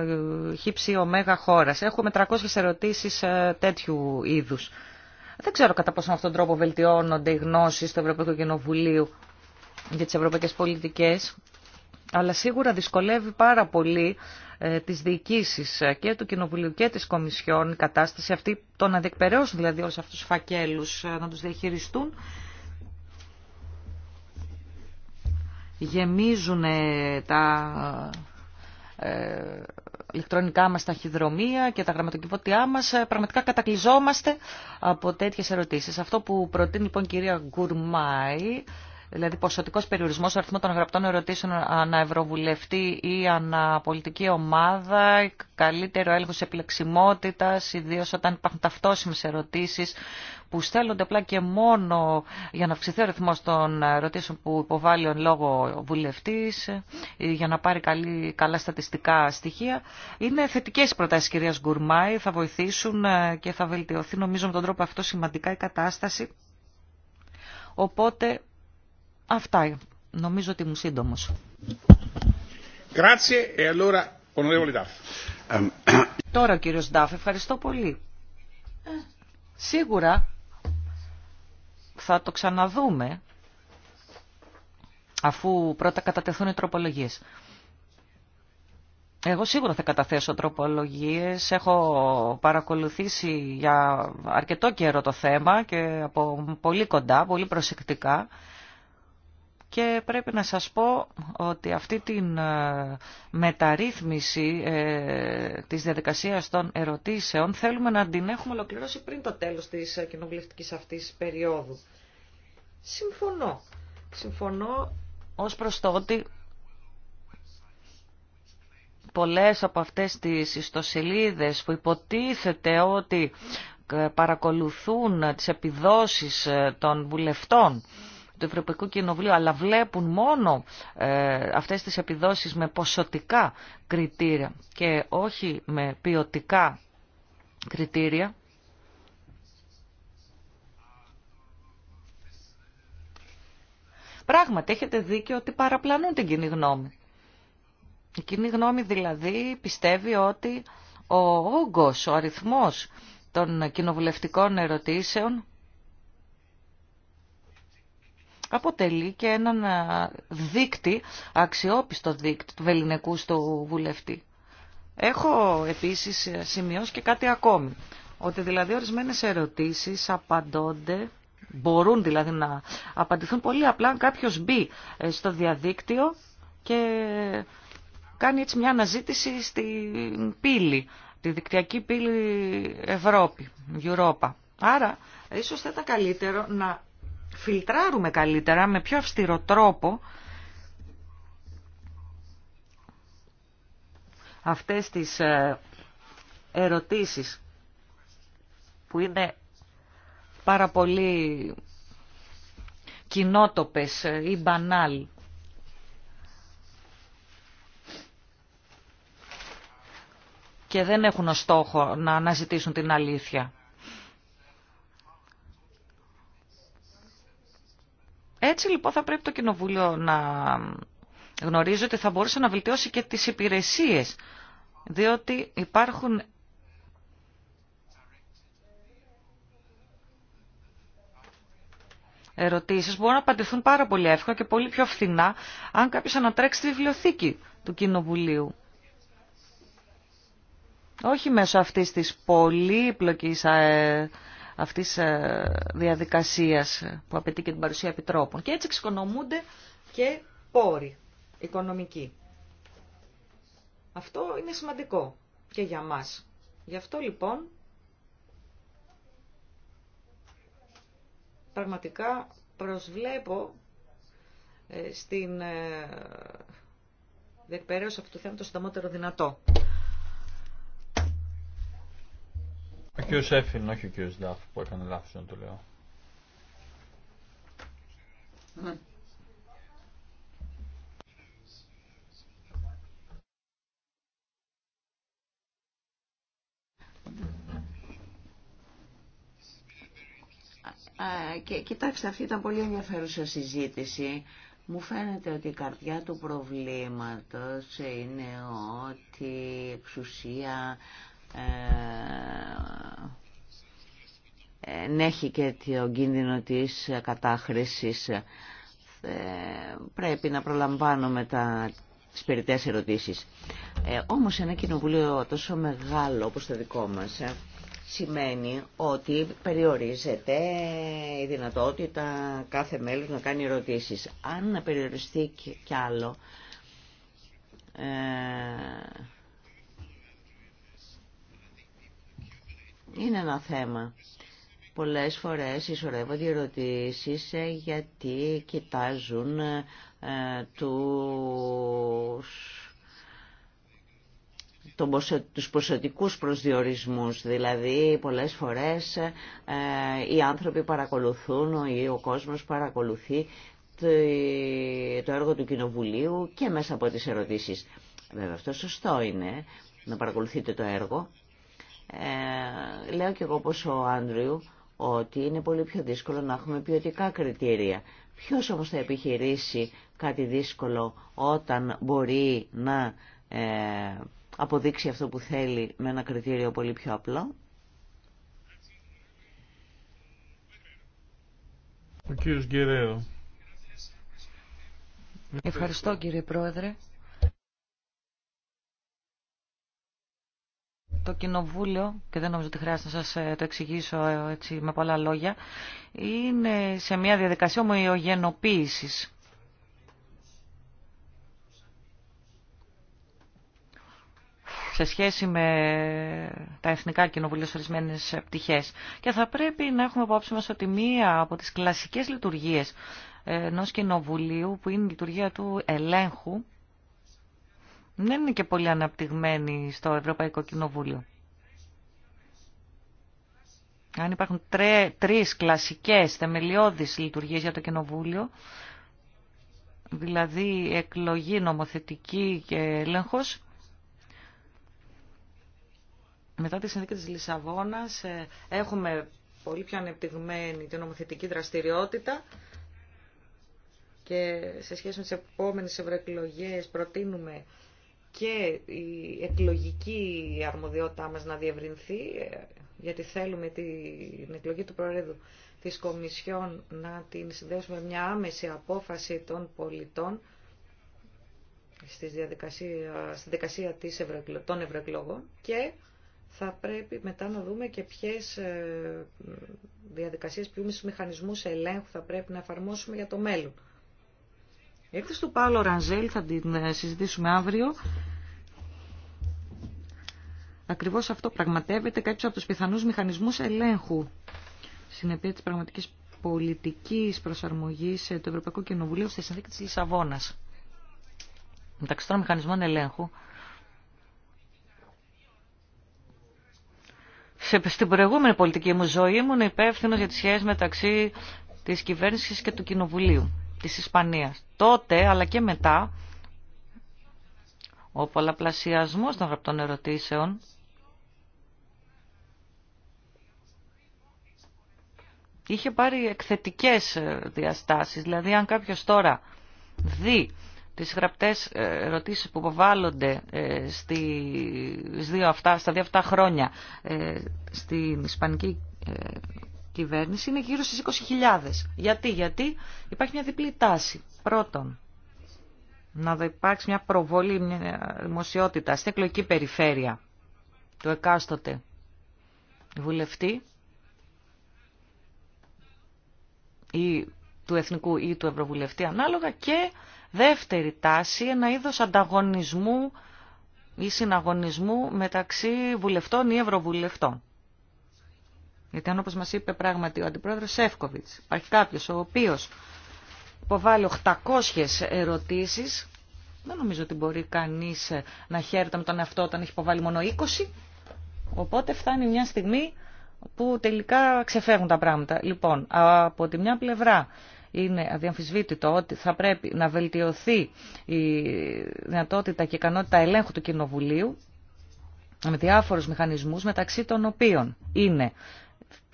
χύψη ομέγα χώρας. Έχουμε 300 ερωτήσεις τέτοιου είδους. Δεν ξέρω κατά πόσο με αυτόν τον τρόπο βελτιώνονται οι γνώσεις του Ευρωπαϊκού Κοινοβουλίου για τις ευρωπαϊκές πολιτικές, αλλά σίγουρα δυσκολεύει πάρα πολύ ε, τις διοικήσεις ε, και του Κοινοβουλίου και της Κομισιόν η κατάσταση αυτή, το να διεκπαιρεώσουν δηλαδή όλους αυτούς τους φακέλους, ε, να τους διαχειριστούν. Γεμίζουν τα ε, ηλεκτρονικά μας ταχυδρομεία και τα γραμματοκιβώτιά μας, πραγματικά κατακλυζόμαστε από τέτοιες ερωτήσεις. Αυτό που προτείνει λοιπόν η κυρία Γκουρμάη δηλαδή ποσοτικός περιορισμό στο των γραπτών ερωτήσεων ανά ή αναπολιτική ομάδα, καλύτερο έλεγχο επιλεξιμότητα, ιδίω όταν υπάρχουν ταυτόσιμε ερωτήσει που στέλνονται απλά και μόνο για να αυξηθεί ο αριθμό των ερωτήσεων που υποβάλλει ο λόγο ή για να πάρει καλή, καλά στατιστικά στοιχεία. Είναι θετικέ οι προτάσεις κυρία Γκουρμάη, θα βοηθήσουν ε, και θα βελτιωθεί νομίζω με τον τρόπο αυτό σημαντικά η κατάσταση. Οπότε Αυτά. Νομίζω ότι μου σύντομος. E Τώρα ο κύριος Ντάφ, ευχαριστώ πολύ. Σίγουρα θα το ξαναδούμε αφού πρώτα κατατεθούν οι τροπολογίες. Εγώ σίγουρα θα καταθέσω τροπολογίες. Έχω παρακολουθήσει για αρκετό καιρό το θέμα και από πολύ κοντά, πολύ προσεκτικά. Και πρέπει να σας πω ότι αυτή την ε, μεταρρύθμιση ε, της διαδικασίας των ερωτήσεων θέλουμε να την έχουμε ολοκληρώσει πριν το τέλος της ε, κοινοβουλευτικής αυτής περίοδου. Συμφωνώ. Συμφωνώ ως προς το ότι πολλές από αυτές τις ιστοσελίδες που υποτίθεται ότι παρακολουθούν τις επιδόσεις των βουλευτών του Ευρωπαϊκού Κοινοβουλίου, αλλά βλέπουν μόνο ε, αυτές τις επιδόσεις με ποσοτικά κριτήρια και όχι με ποιοτικά κριτήρια, Πράγματι, έχετε δίκιο ότι παραπλανούν την κοινή γνώμη. Η κοινή γνώμη δηλαδή πιστεύει ότι ο όγκος, ο αριθμός των κοινοβουλευτικών ερωτήσεων αποτελεί και έναν δίκτυ, αξιόπιστο δείκτη του Βελινεκού στο βουλευτή. Έχω επίσης ε, σημειώσει και κάτι ακόμη, ότι δηλαδή ορισμένες ερωτήσεις απαντώνται, μπορούν δηλαδή να απαντηθούν πολύ απλά αν κάποιος μπει ε, στο διαδίκτυο και κάνει έτσι μια αναζήτηση στην πύλη, τη δικτυακή πύλη Ευρώπη, Europa. Άρα, ίσως θα ήταν καλύτερο να φιλτράρουμε καλύτερα, με πιο αυστηρό τρόπο, αυτές τις ε, ερωτήσεις που είναι πάρα πολύ κοινότοπες ε, ή μπανάλ. και δεν έχουν στόχο να αναζητήσουν την αλήθεια. Έτσι λοιπόν θα πρέπει το Κοινοβούλιο να γνωρίζει ότι θα μπορούσε να βελτιώσει και τις υπηρεσίες, διότι υπάρχουν ερωτήσεις μπορούν να απαντηθούν πάρα πολύ εύκολα και πολύ πιο φθηνά αν κάποιο ανατρέξει τη βιβλιοθήκη του Κοινοβουλίου. Όχι μέσω αυτής της πολύπλοκης ε, αυτής της ε, διαδικασίας που απαιτεί και την παρουσία επιτρόπων. Και έτσι εξοικονομούνται και πόροι οικονομικοί. Αυτό είναι σημαντικό και για μας. Γι' αυτό λοιπόν πραγματικά προσβλέπω ε, στην ε, διεκπαιρέωση αυτού του θέματος το συντομότερο δυνατό. Ο κ. Σέφιν, όχι ο κ. Νταφ που έκανε λάθος να το λέω. κοιτάξτε, αυτή ήταν πολύ ενδιαφέρουσα συζήτηση. Μου φαίνεται ότι η καρδιά του προβλήματος είναι ότι η εξουσία ε, ε, νέχει και ο κίνδυνο της κατάχρησης. Ε, πρέπει να προλαμβάνουμε τα σπεριτές ερωτήσεις. Ε, όμως ένα κοινοβούλιο τόσο μεγάλο όπως το δικό μας σημαίνει ότι περιορίζεται η δυνατότητα κάθε μέλη να κάνει ερωτήσεις. Αν να περιοριστεί κι άλλο... είναι ένα θέμα. Πολλές φορές ισορεύονται ερωτήσεις ε, γιατί κοιτάζουν ε, τους τους ποσοτικούς προσδιορισμούς. Δηλαδή, πολλές φορές ε, οι άνθρωποι παρακολουθούν ή ο κόσμος παρακολουθεί το έργο του Κοινοβουλίου και μέσα από τις ερωτήσεις. Βέβαια, αυτό σωστό είναι να παρακολουθείτε το έργο, ε, λέω και εγώ πως ο Άντριου ότι είναι πολύ πιο δύσκολο να έχουμε ποιοτικά κριτήρια. Ποιος όμως θα επιχειρήσει κάτι δύσκολο όταν μπορεί να ε, αποδείξει αυτό που θέλει με ένα κριτήριο πολύ πιο απλό. κύριος Ευχαριστώ κύριε Πρόεδρε. το Κοινοβούλιο, και δεν νομίζω ότι χρειάζεται να σας ε, το εξηγήσω ε, έτσι με πολλά λόγια, είναι σε μια διαδικασία ομοιογενοποίησης. σε σχέση με τα εθνικά κοινοβουλία σε ορισμένε πτυχέ. Και θα πρέπει να έχουμε υπόψη μα ότι μία από τι κλασικέ λειτουργίε ε, ενό κοινοβουλίου, που είναι η λειτουργία του ελέγχου, δεν είναι και πολύ αναπτυγμένη στο Ευρωπαϊκό Κοινοβούλιο. Αν υπάρχουν τρε, τρεις κλασικές θεμελιώδεις λειτουργίες για το Κοινοβούλιο, δηλαδή εκλογή, νομοθετική και έλεγχος, μετά τη συνθήκη της Λισαβόνας ε, έχουμε πολύ πιο ανεπτυγμένη την νομοθετική δραστηριότητα και σε σχέση με τις επόμενες ευρωεκλογές προτείνουμε και η εκλογική αρμοδιότητά μας να διευρυνθεί, γιατί θέλουμε την εκλογή του Προέδρου της Κομισιόν να την συνδέσουμε μια άμεση απόφαση των πολιτών στις διαδικασία, στη δικασία της ευρωεκλο, των ευρωεκλογών και θα πρέπει μετά να δούμε και ποιες ε, διαδικασίες, ποιους μηχανισμούς ελέγχου θα πρέπει να εφαρμόσουμε για το μέλλον. Η έκθεση του Πάολο Ρανζέλ θα την ε, συζητήσουμε αύριο. Ακριβώς αυτό πραγματεύεται κάποιος από τους πιθανούς μηχανισμούς ελέγχου. Συνεπία της πραγματικής πολιτικής προσαρμογής ε, του Ευρωπαϊκού Κοινοβουλίου στη συνθήκη της Λισαβόνας. Μεταξύ των μηχανισμών ελέγχου, στην προηγούμενη πολιτική μου ζωή ήμουν υπεύθυνο για τις σχέσεις μεταξύ της κυβέρνησης και του Κοινοβουλίου της Ισπανίας. Τότε αλλά και μετά ο πολλαπλασιασμός των γραπτών ερωτήσεων είχε πάρει εκθετικές ε, διαστάσεις. Δηλαδή αν κάποιος τώρα δει τις γραπτές ε, ερωτήσεις που βάλλονται ε, στις αυτά, στα δύο αυτά χρόνια στην Ισπανική κυβέρνηση είναι γύρω στις 20.000. Γιατί, γιατί υπάρχει μια διπλή τάση. Πρώτον, να υπάρξει μια προβολή μια δημοσιότητα στην εκλογική περιφέρεια του εκάστοτε βουλευτή ή του εθνικού ή του ευρωβουλευτή ανάλογα και δεύτερη τάση, ένα είδος ανταγωνισμού ή συναγωνισμού μεταξύ βουλευτών ή ευρωβουλευτών. Γιατί αν όπως μας είπε πράγματι ο αντιπρόεδρος Σεύκοβιτς, υπάρχει κάποιος ο οποίος υποβάλλει 800 ερωτήσεις, δεν νομίζω ότι μπορεί κανείς να χαίρεται με τον εαυτό όταν έχει υποβάλει μόνο 20. Οπότε φτάνει μια στιγμή που τελικά ξεφεύγουν τα πράγματα. Λοιπόν, από τη μια πλευρά είναι αδιαμφισβήτητο ότι θα πρέπει να βελτιωθεί η δυνατότητα και ικανότητα ελέγχου του Κοινοβουλίου με διάφορους μηχανισμούς μεταξύ των οποίων είναι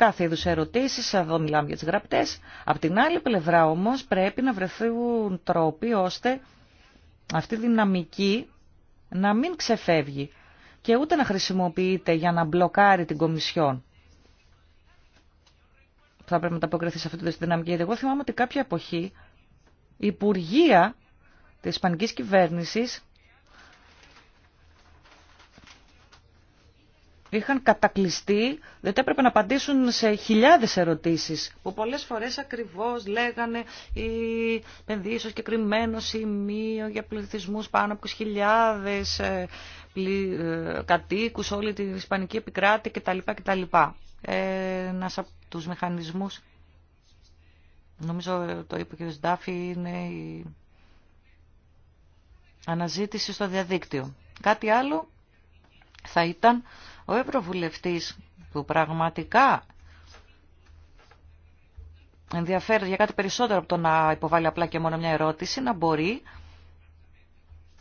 κάθε είδους ερωτήσεις, εδώ μιλάμε για τις γραπτές. Απ' την άλλη πλευρά όμως πρέπει να βρεθούν τρόποι ώστε αυτή η δυναμική να μην ξεφεύγει και ούτε να χρησιμοποιείται για να μπλοκάρει την Κομισιόν. Θα πρέπει να ταποκριθεί σε αυτή τη δυναμική. Γιατί εγώ θυμάμαι ότι κάποια εποχή η Υπουργεία της Ισπανικής Κυβέρνησης είχαν κατακλειστεί, διότι έπρεπε να απαντήσουν σε χιλιάδες ερωτήσεις, που πολλές φορές ακριβώς λέγανε η επενδύει στο συγκεκριμένο σημείο για πληθυσμούς πάνω από χιλιάδε, ε, ε, κατοίκους, όλη την Ισπανική επικράτη κτλ. κτλ. να από τους μηχανισμούς, νομίζω το είπε ο κ. Ντάφη, είναι η αναζήτηση στο διαδίκτυο. Κάτι άλλο θα ήταν ο Ευρωβουλευτής που πραγματικά ενδιαφέρεται για κάτι περισσότερο από το να υποβάλει απλά και μόνο μια ερώτηση, να μπορεί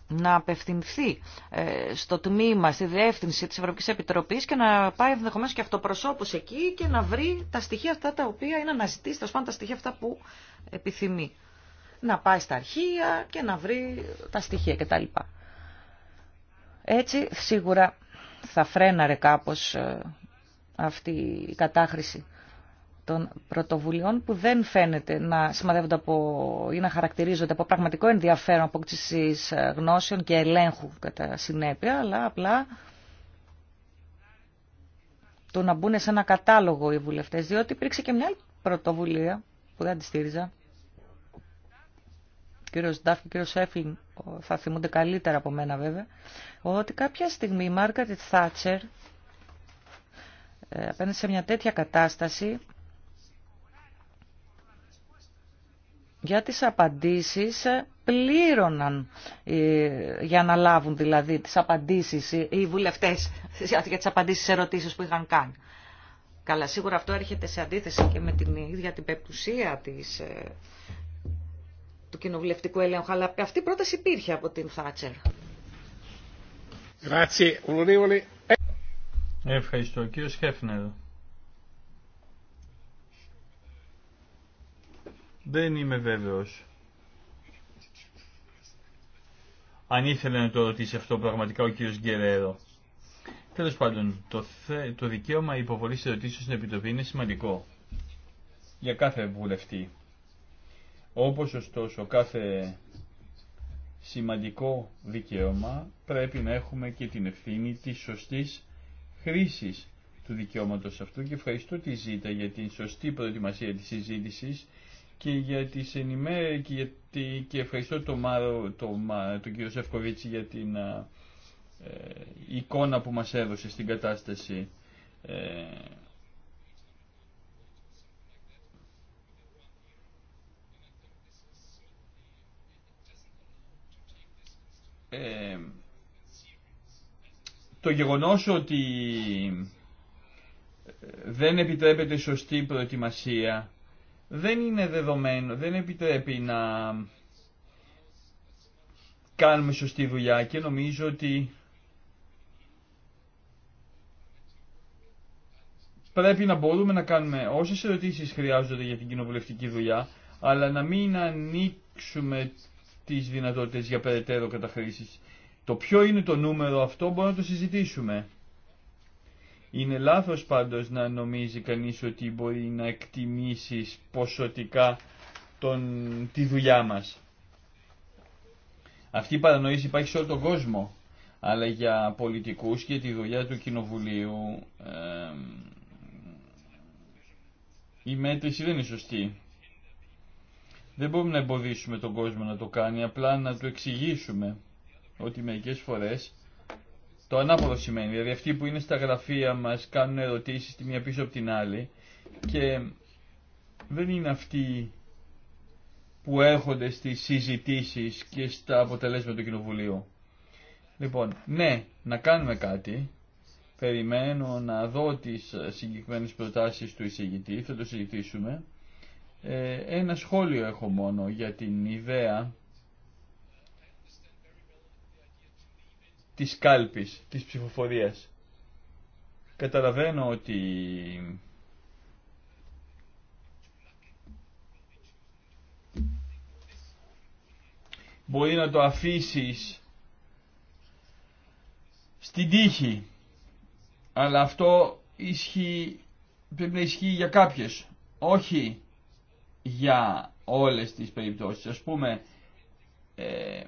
να απευθυνθεί ε, στο τμήμα, στη διεύθυνση της Ευρωπαϊκής Επιτροπής και να πάει ενδεχομένω και αυτοπροσώπους εκεί και να βρει τα στοιχεία αυτά τα οποία είναι αναζητήσει, τα τα στοιχεία αυτά που επιθυμεί. Να πάει στα αρχεία και να βρει τα στοιχεία κτλ. Έτσι σίγουρα θα φρέναρε κάπως ε, αυτή η κατάχρηση των πρωτοβουλειών που δεν φαίνεται να σημαδεύονται από, ή να χαρακτηρίζονται από πραγματικό ενδιαφέρον απόκτηση ε, γνώσεων και ελέγχου κατά συνέπεια, αλλά απλά το να μπουν σε ένα κατάλογο οι βουλευτές, διότι υπήρξε και μια άλλη πρωτοβουλία που δεν τη κύριος Ντάφ και ο κύριος Σέφιν θα θυμούνται καλύτερα από μένα βέβαια, ότι κάποια στιγμή η Μάρκαριτ Θάτσερ ε, απέναντι σε μια τέτοια κατάσταση για τις απαντήσεις ε, πλήρωναν ε, για να λάβουν δηλαδή τις απαντήσεις οι βουλευτές για τις απαντήσεις σε που είχαν κάνει. Καλά, σίγουρα αυτό έρχεται σε αντίθεση και με την ίδια την πεπτουσία της του κοινοβουλευτικού έλεγχου, αλλά αυτή η πρόταση υπήρχε από την Θάτσερ. Ευχαριστώ. Κύριο Σχέφνερ Δεν είμαι βέβαιος. Αν ήθελε να το ρωτήσει αυτό πραγματικά ο κύριος Γκερέρο. Τέλος πάντων, το, το δικαίωμα υποβολής ερωτήσεων στην Επιτροπή είναι σημαντικό για κάθε βουλευτή. Όπως ωστόσο κάθε σημαντικό δικαίωμα πρέπει να έχουμε και την ευθύνη της σωστής χρήσης του δικαιώματος αυτού και ευχαριστώ τη Ζήτα για την σωστή προετοιμασία της συζήτηση και για τις και, για τη... και ευχαριστώ τον, κύριο Σευκοβίτση για την ε, εικόνα που μας έδωσε στην κατάσταση. Ε, Ε, το γεγονός ότι ε, δεν επιτρέπεται σωστή προετοιμασία δεν είναι δεδομένο, δεν επιτρέπει να κάνουμε σωστή δουλειά και νομίζω ότι πρέπει να μπορούμε να κάνουμε όσες ερωτήσεις χρειάζονται για την κοινοβουλευτική δουλειά αλλά να μην ανοίξουμε τις δυνατότητες για περαιτέρω καταχρήσεις. Το ποιο είναι το νούμερο αυτό μπορούμε να το συζητήσουμε. Είναι λάθος πάντως να νομίζει κανείς ότι μπορεί να εκτιμήσεις ποσοτικά τον, τη δουλειά μας. Αυτή η παρανοήση υπάρχει σε όλο τον κόσμο, αλλά για πολιτικούς και τη δουλειά του Κοινοβουλίου ε, η μέτρηση δεν είναι σωστή. Δεν μπορούμε να εμποδίσουμε τον κόσμο να το κάνει, απλά να του εξηγήσουμε ότι μερικέ φορές το ανάποδο σημαίνει. Δηλαδή αυτοί που είναι στα γραφεία μας κάνουν ερωτήσει τη μία πίσω από την άλλη και δεν είναι αυτοί που έρχονται στις συζητήσεις και στα αποτελέσματα του Κοινοβουλίου. Λοιπόν, ναι, να κάνουμε κάτι. Περιμένω να δω τις συγκεκριμένες προτάσεις του εισηγητή, θα το συζητήσουμε. Ε, ένα σχόλιο έχω μόνο για την ιδέα της κάλπης, της ψηφοφορίας. Καταλαβαίνω ότι μπορεί να το αφήσεις στην τύχη, αλλά αυτό ισχύει, πρέπει να ισχύει για κάποιες. Όχι για όλες τις περιπτώσεις. Ας πούμε, ε,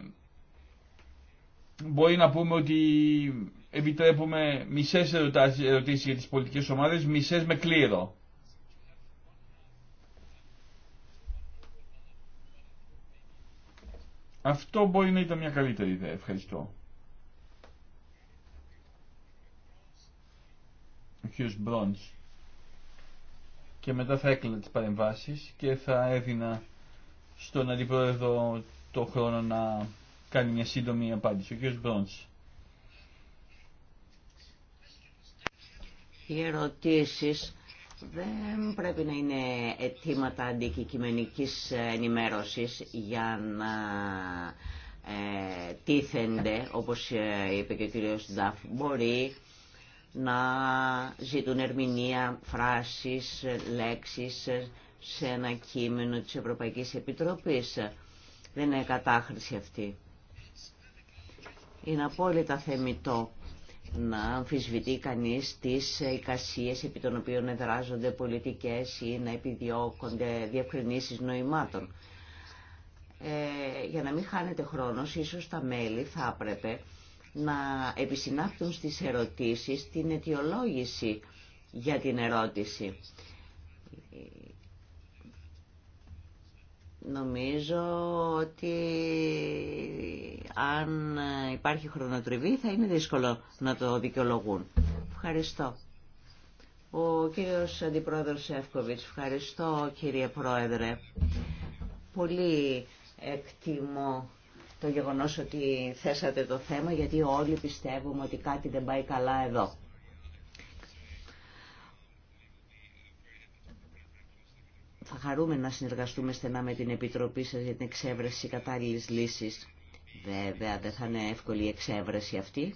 μπορεί να πούμε ότι επιτρέπουμε μισές ερωτήσεις για τις πολιτικές ομάδες, μισές με κλήρο. Αυτό μπορεί να ήταν μια καλύτερη ιδέα. Ευχαριστώ. Ο Μπρόντς και μετά θα έκλεινα τις παρεμβάσεις και θα έδινα στον Αντιπρόεδρο το χρόνο να κάνει μια σύντομη απάντηση. Ο κ. Μπρόντς. Οι ερωτήσεις δεν πρέπει να είναι αιτήματα αντικειμενικής ενημέρωσης για να ε, τίθενται, όπως ε, είπε και ο κ. Νταφ, μπορεί να ζητούν ερμηνεία, φράσεις, λέξεις σε ένα κείμενο της Ευρωπαϊκής Επιτροπής. Δεν είναι κατάχρηση αυτή. Είναι απόλυτα θεμητό να αμφισβητεί κανείς τις εικασίες επί των οποίων εδράζονται πολιτικές ή να επιδιώκονται διευκρινήσεις νοημάτων. Ε, για να μην χάνετε χρόνος, ίσως τα μέλη θα έπρεπε να επισυνάπτουν στις ερωτήσεις την αιτιολόγηση για την ερώτηση. Νομίζω ότι αν υπάρχει χρονοτριβή θα είναι δύσκολο να το δικαιολογούν. Ευχαριστώ. Ο κύριος Αντιπρόεδρος Εύκοβιτς, ευχαριστώ κύριε Πρόεδρε. Πολύ εκτιμώ το γεγονός ότι θέσατε το θέμα γιατί όλοι πιστεύουμε ότι κάτι δεν πάει καλά εδώ. Θα χαρούμε να συνεργαστούμε στενά με την Επιτροπή σας για την εξέβρεση κατάλληλης λύσης. Βέβαια δεν θα είναι εύκολη η εξέβρεση αυτή,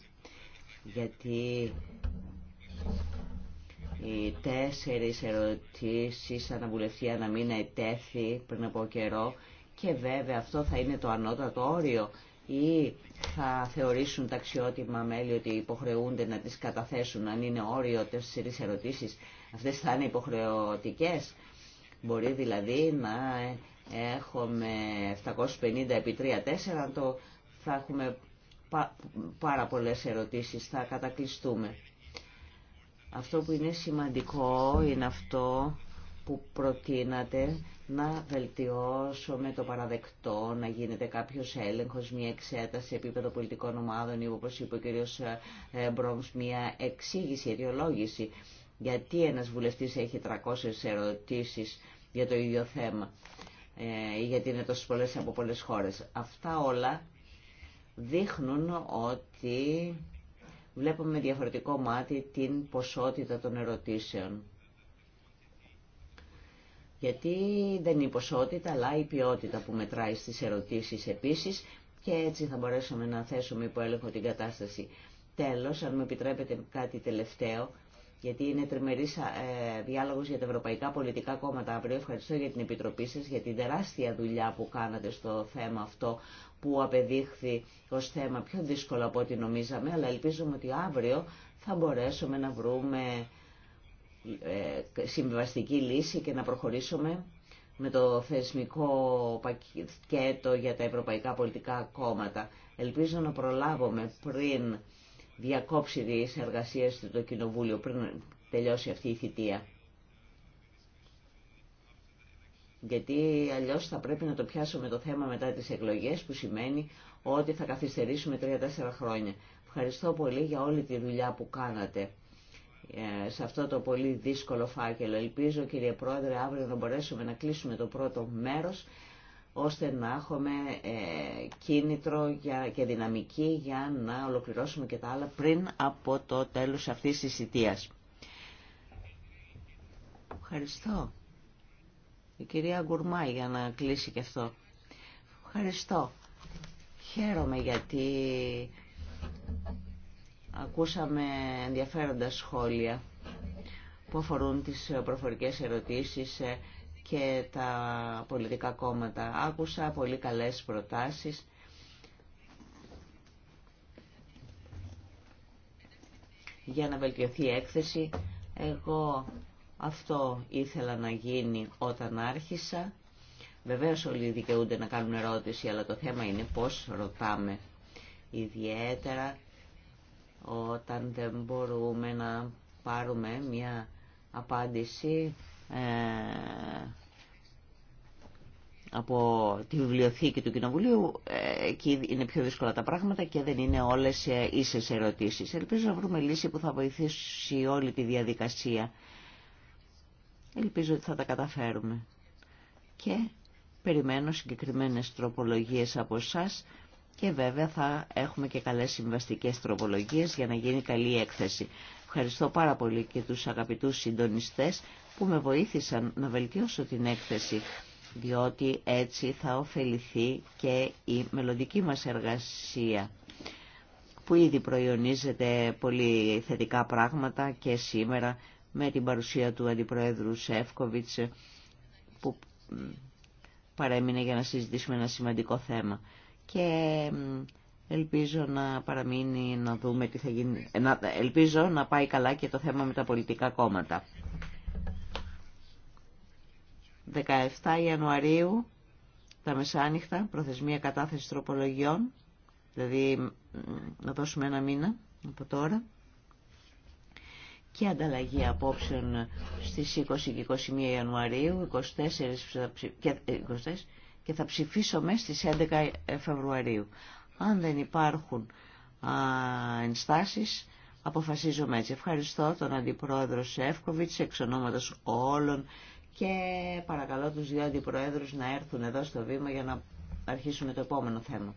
γιατί οι τέσσερις ερωτήσεις αναβουλευτή ένα μήνα ετέθη πριν από καιρό και βέβαια αυτό θα είναι το ανώτατο όριο ή θα θεωρήσουν τα αξιότιμα μέλη ότι υποχρεούνται να τις καταθέσουν αν είναι όριο τέσσερις ερωτήσεις. Αυτές θα είναι υποχρεωτικές. Μπορεί δηλαδή να έχουμε 750 επί 3-4, το θα έχουμε πάρα πολλές ερωτήσεις, θα κατακλειστούμε. Αυτό που είναι σημαντικό είναι αυτό που προτείνατε να βελτιώσουμε το παραδεκτό, να γίνεται κάποιος έλεγχος, μια εξέταση επίπεδο πολιτικών ομάδων ή όπως είπε ο κ. Ε, ε, Μπρόμς, μια εξήγηση, αιτιολόγηση. Γιατί ένας βουλευτής έχει 300 ερωτήσεις για το ίδιο θέμα ε, ή γιατί είναι τόσες πολλές από πολλές χώρες. Αυτά όλα δείχνουν ότι βλέπουμε με διαφορετικό μάτι την ποσότητα των ερωτήσεων γιατί δεν είναι η ποσότητα αλλά η ποιότητα που μετράει στις ερωτήσεις επίσης και έτσι θα μπορέσουμε να θέσουμε υπό έλεγχο την κατάσταση. Τέλος, αν μου επιτρέπετε κάτι τελευταίο, γιατί είναι τριμερής ε, διάλογος για τα ευρωπαϊκά πολιτικά κόμματα αύριο. Ευχαριστώ για την Επιτροπή σας, για την τεράστια δουλειά που κάνατε στο θέμα αυτό, που απεδείχθη ως θέμα πιο δύσκολο από ό,τι νομίζαμε, αλλά ελπίζουμε ότι αύριο θα μπορέσουμε να βρούμε ε, συμβιβαστική λύση και να προχωρήσουμε με το θεσμικό πακέτο για τα ευρωπαϊκά πολιτικά κόμματα. Ελπίζω να προλάβουμε πριν διακόψει τι εργασίε του το Κοινοβούλιο, πριν τελειώσει αυτή η θητεία. Γιατί αλλιώς θα πρέπει να το πιάσουμε το θέμα μετά τις εκλογές, που σημαίνει ότι θα καθυστερήσουμε 3-4 χρόνια. Ευχαριστώ πολύ για όλη τη δουλειά που κάνατε. Ε, σε αυτό το πολύ δύσκολο φάκελο. Ελπίζω κύριε Πρόεδρε αύριο να μπορέσουμε να κλείσουμε το πρώτο μέρος ώστε να έχουμε ε, κίνητρο και δυναμική για να ολοκληρώσουμε και τα άλλα πριν από το τέλος αυτής της θητείας. Ευχαριστώ. Η κυρία Γκουρμά για να κλείσει και αυτό. Ευχαριστώ. Χαίρομαι γιατί Ακούσαμε ενδιαφέροντα σχόλια που αφορούν τις προφορικές ερωτήσεις ε, και τα πολιτικά κόμματα. Άκουσα πολύ καλές προτάσεις. για να βελτιωθεί η έκθεση. Εγώ αυτό ήθελα να γίνει όταν άρχισα. Βεβαίως όλοι δικαιούνται να κάνουν ερώτηση, αλλά το θέμα είναι πώς ρωτάμε. Ιδιαίτερα όταν δεν μπορούμε να πάρουμε μια απάντηση ε, από τη βιβλιοθήκη του Κοινοβουλίου. Ε, εκεί είναι πιο δύσκολα τα πράγματα και δεν είναι όλες ε, ίσες ερωτήσεις. Ελπίζω να βρούμε λύση που θα βοηθήσει όλη τη διαδικασία. Ελπίζω ότι θα τα καταφέρουμε. Και περιμένω συγκεκριμένες τροπολογίες από εσάς και βέβαια θα έχουμε και καλές συμβαστικές τροπολογίες για να γίνει καλή έκθεση. Ευχαριστώ πάρα πολύ και τους αγαπητούς συντονιστές που με βοήθησαν να βελτιώσω την έκθεση διότι έτσι θα ωφεληθεί και η μελλοντική μας εργασία που ήδη προϊονίζεται πολύ θετικά πράγματα και σήμερα με την παρουσία του Αντιπροέδρου Σεύκοβιτς που παρέμεινε για να συζητήσουμε ένα σημαντικό θέμα και ελπίζω να παραμείνει να δούμε τι θα γίνει. ελπίζω να πάει καλά και το θέμα με τα πολιτικά κόμματα. 17 Ιανουαρίου, τα μεσάνυχτα, προθεσμία κατάθεση τροπολογιών, δηλαδή να δώσουμε ένα μήνα από τώρα και ανταλλαγή απόψεων στις 20 και 21 Ιανουαρίου, 24, και και θα ψηφίσουμε στις 11 Φεβρουαρίου. Αν δεν υπάρχουν α, ενστάσεις, αποφασίζουμε έτσι. Ευχαριστώ τον Αντιπρόεδρο Σεύκοβιτς, εξ ονόματος όλων και παρακαλώ τους δύο Αντιπροέδρους να έρθουν εδώ στο βήμα για να αρχίσουμε το επόμενο θέμα.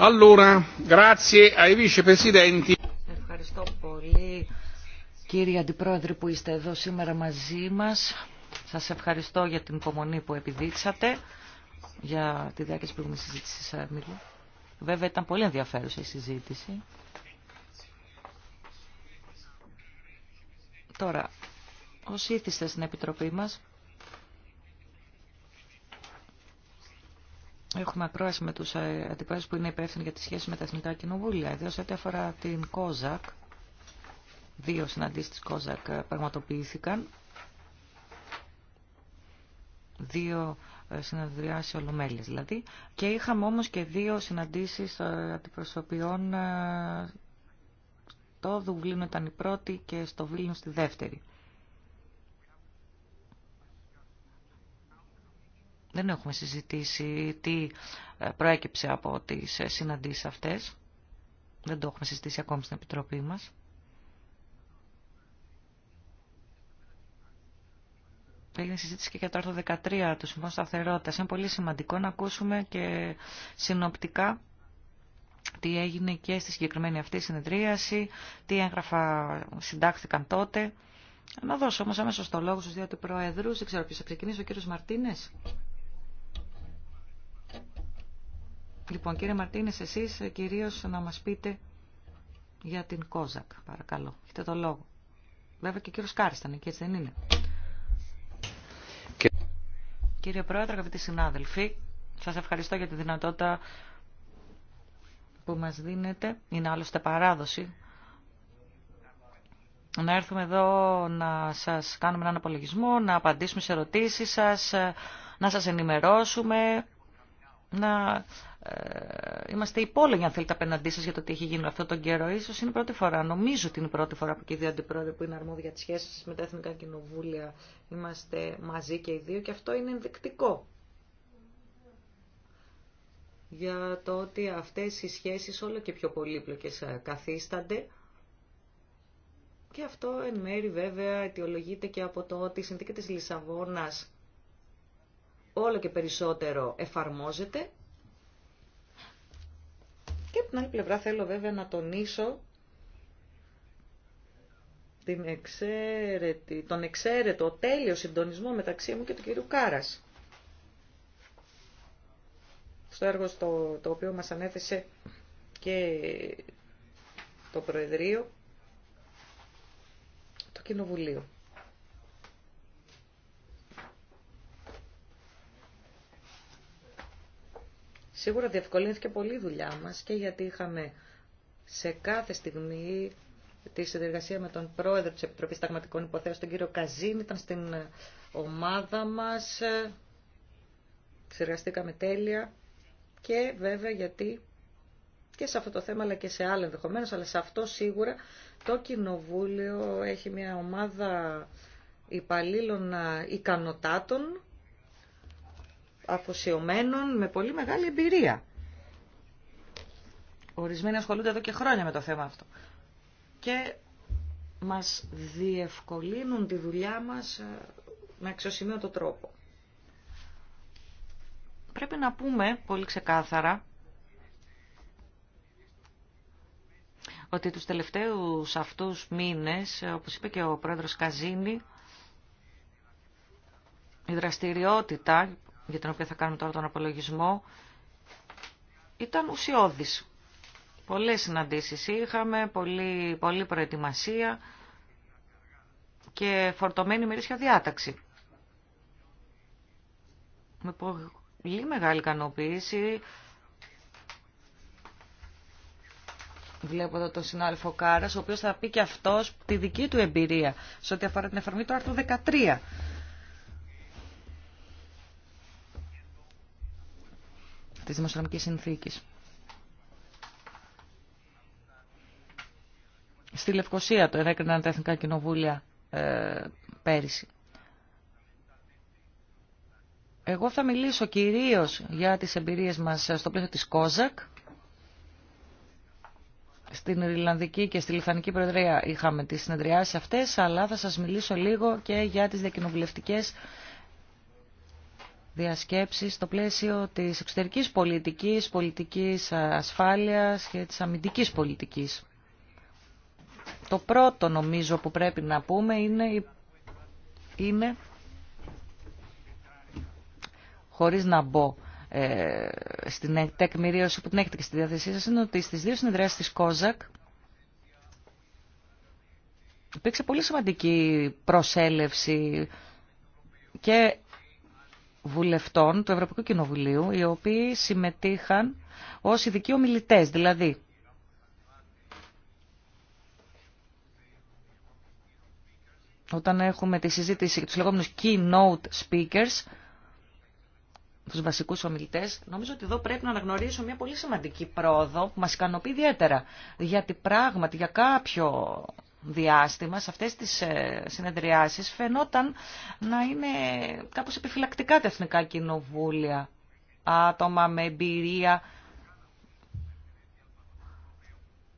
Ευχαριστώ πολύ κύριε Αντιπρόεδρε που είστε εδώ σήμερα μαζί μας. Σας ευχαριστώ για την υπομονή που επιδείξατε για τη διάρκεια της προηγούμενης συζήτησης. Ε, Βέβαια ήταν πολύ ενδιαφέρουσα η συζήτηση. Τώρα, ως ήθιστε στην Επιτροπή μας, Έχουμε ακρόαση με τους ε, αντιπρόεδρους που είναι υπεύθυνοι για τη σχέση με τα εθνικά κοινοβούλια. Ιδίως ό,τι αφορά την ΚΟΖΑΚ, δύο συναντήσεις της ΚΟΖΑΚ ε, πραγματοποιήθηκαν. Δύο ε, συνεδριάσει ολομέλειες δηλαδή. Και είχαμε όμως και δύο συναντήσεις αντιπροσωπιών. Το Δουβλίνο ήταν η πρώτη και στο Βίλνιο στη δεύτερη. Δεν έχουμε συζητήσει τι ε, προέκυψε από τις ε, συναντήσεις αυτές. Δεν το έχουμε συζητήσει ακόμη στην Επιτροπή μας. Έγινε συζήτηση και για το άρθρο 13 του Συμφώνου Σταθερότητας. Είναι πολύ σημαντικό να ακούσουμε και συνοπτικά τι έγινε και στη συγκεκριμένη αυτή συνεδρίαση, τι έγγραφα συντάχθηκαν τότε. Να δώσω όμως αμέσως το λόγο στους δύο του Πρόεδρου. Δεν ξέρω ποιος θα ξεκινήσει, ο κύριος Μαρτίνες. Λοιπόν, κύριε Μαρτίνες, εσείς ε, κυρίως να μας πείτε για την Κόζακ, παρακαλώ. Έχετε το λόγο. Βέβαια και ο κύριος Κάρης ήταν εκεί, έτσι δεν είναι. Και... Κύριε Πρόεδρε, αγαπητοί συνάδελφοι, σας ευχαριστώ για τη δυνατότητα που μας δίνετε. Είναι άλλωστε παράδοση να έρθουμε εδώ να σας κάνουμε έναν απολογισμό, να απαντήσουμε σε ερωτήσεις σας, να σας ενημερώσουμε, να ε, είμαστε υπόλογοι αν θέλετε απέναντί σας για το τι έχει γίνει αυτόν τον καιρό. Ίσως είναι η πρώτη φορά, νομίζω ότι είναι η πρώτη φορά που και οι δύο αντιπρόεδροι που είναι αρμόδια για σχέσης σχέσεις με τα Εθνικά Κοινοβούλια είμαστε μαζί και οι δύο και αυτό είναι ενδεικτικό για το ότι αυτές οι σχέσεις όλο και πιο πολύπλοκες ε, καθίστανται και αυτό εν μέρη βέβαια αιτιολογείται και από το ότι η συνθήκη της Λισαβόνας όλο και περισσότερο εφαρμόζεται. Και από την άλλη πλευρά θέλω βέβαια να τονίσω την εξαίρετη, τον εξαίρετο τέλειο συντονισμό μεταξύ μου και του κυρίου Κάρας. Στο έργο στο, το οποίο μας ανέθεσε και το Προεδρείο, το Κοινοβουλίο. Σίγουρα διευκολύνθηκε πολύ η δουλειά μας και γιατί είχαμε σε κάθε στιγμή τη συνεργασία με τον πρόεδρο της Επιτροπής Σταγματικών Υποθέσεων, τον κύριο Καζίν, ήταν στην ομάδα μας, συνεργαστήκαμε τέλεια και βέβαια γιατί και σε αυτό το θέμα αλλά και σε άλλα ενδεχομένω, αλλά σε αυτό σίγουρα το Κοινοβούλιο έχει μια ομάδα υπαλλήλων ε, ικανοτάτων αφοσιωμένων με πολύ μεγάλη εμπειρία. Ορισμένοι ασχολούνται εδώ και χρόνια με το θέμα αυτό. Και μας διευκολύνουν τη δουλειά μας ε, με αξιοσημείωτο τρόπο. Πρέπει να πούμε πολύ ξεκάθαρα ότι τους τελευταίους αυτούς μήνες, ε, όπως είπε και ο πρόεδρος Καζίνη, η δραστηριότητα για την οποία θα κάνουμε τώρα τον απολογισμό, ήταν ουσιώδης. Πολλές συναντήσεις είχαμε, πολλή, πολύ προετοιμασία και φορτωμένη μερίσια διάταξη. Με πολύ μεγάλη ικανοποίηση βλέπω εδώ τον συνάδελφο Κάρας ο οποίος θα πει και αυτός τη δική του εμπειρία σε ό,τι αφορά την εφαρμογή του άρθρου 13 της Δημοσιονομικής Συνθήκης. Στη Λευκοσία το ενέκριναν τα Εθνικά Κοινοβούλια ε, πέρυσι. Εγώ θα μιλήσω κυρίως για τις εμπειρίες μας στο πλαίσιο της ΚΟΖΑΚ. Στην Ιρλανδική και στη Λιθανική Προεδρία είχαμε τις συνεδριάσεις αυτές, αλλά θα σας μιλήσω λίγο και για τις διακοινοβουλευτικές διασκέψεις στο πλαίσιο της εξωτερικής πολιτικής, πολιτικής ασφάλειας και της αμυντικής πολιτικής. Το πρώτο νομίζω που πρέπει να πούμε είναι, είναι χωρίς να μπω ε, στην τεκμηρίωση που την έχετε και στη διάθεσή σας, είναι ότι στις δύο συνεδρίες της ΚΟΖΑΚ υπήρξε πολύ σημαντική προσέλευση και βουλευτών του Ευρωπαϊκού Κοινοβουλίου, οι οποίοι συμμετείχαν ως ειδικοί ομιλητές, δηλαδή όταν έχουμε τη συζήτηση για τους λεγόμενους keynote speakers, τους βασικούς ομιλητές, νομίζω ότι εδώ πρέπει να αναγνωρίσω μια πολύ σημαντική πρόοδο που μας ικανοποιεί ιδιαίτερα. Γιατί πράγματι για κάποιο διάστημα, σε αυτές τις ε, συνεδριάσεις φαινόταν να είναι κάπως επιφυλακτικά τα εθνικά κοινοβούλια, άτομα με εμπειρία,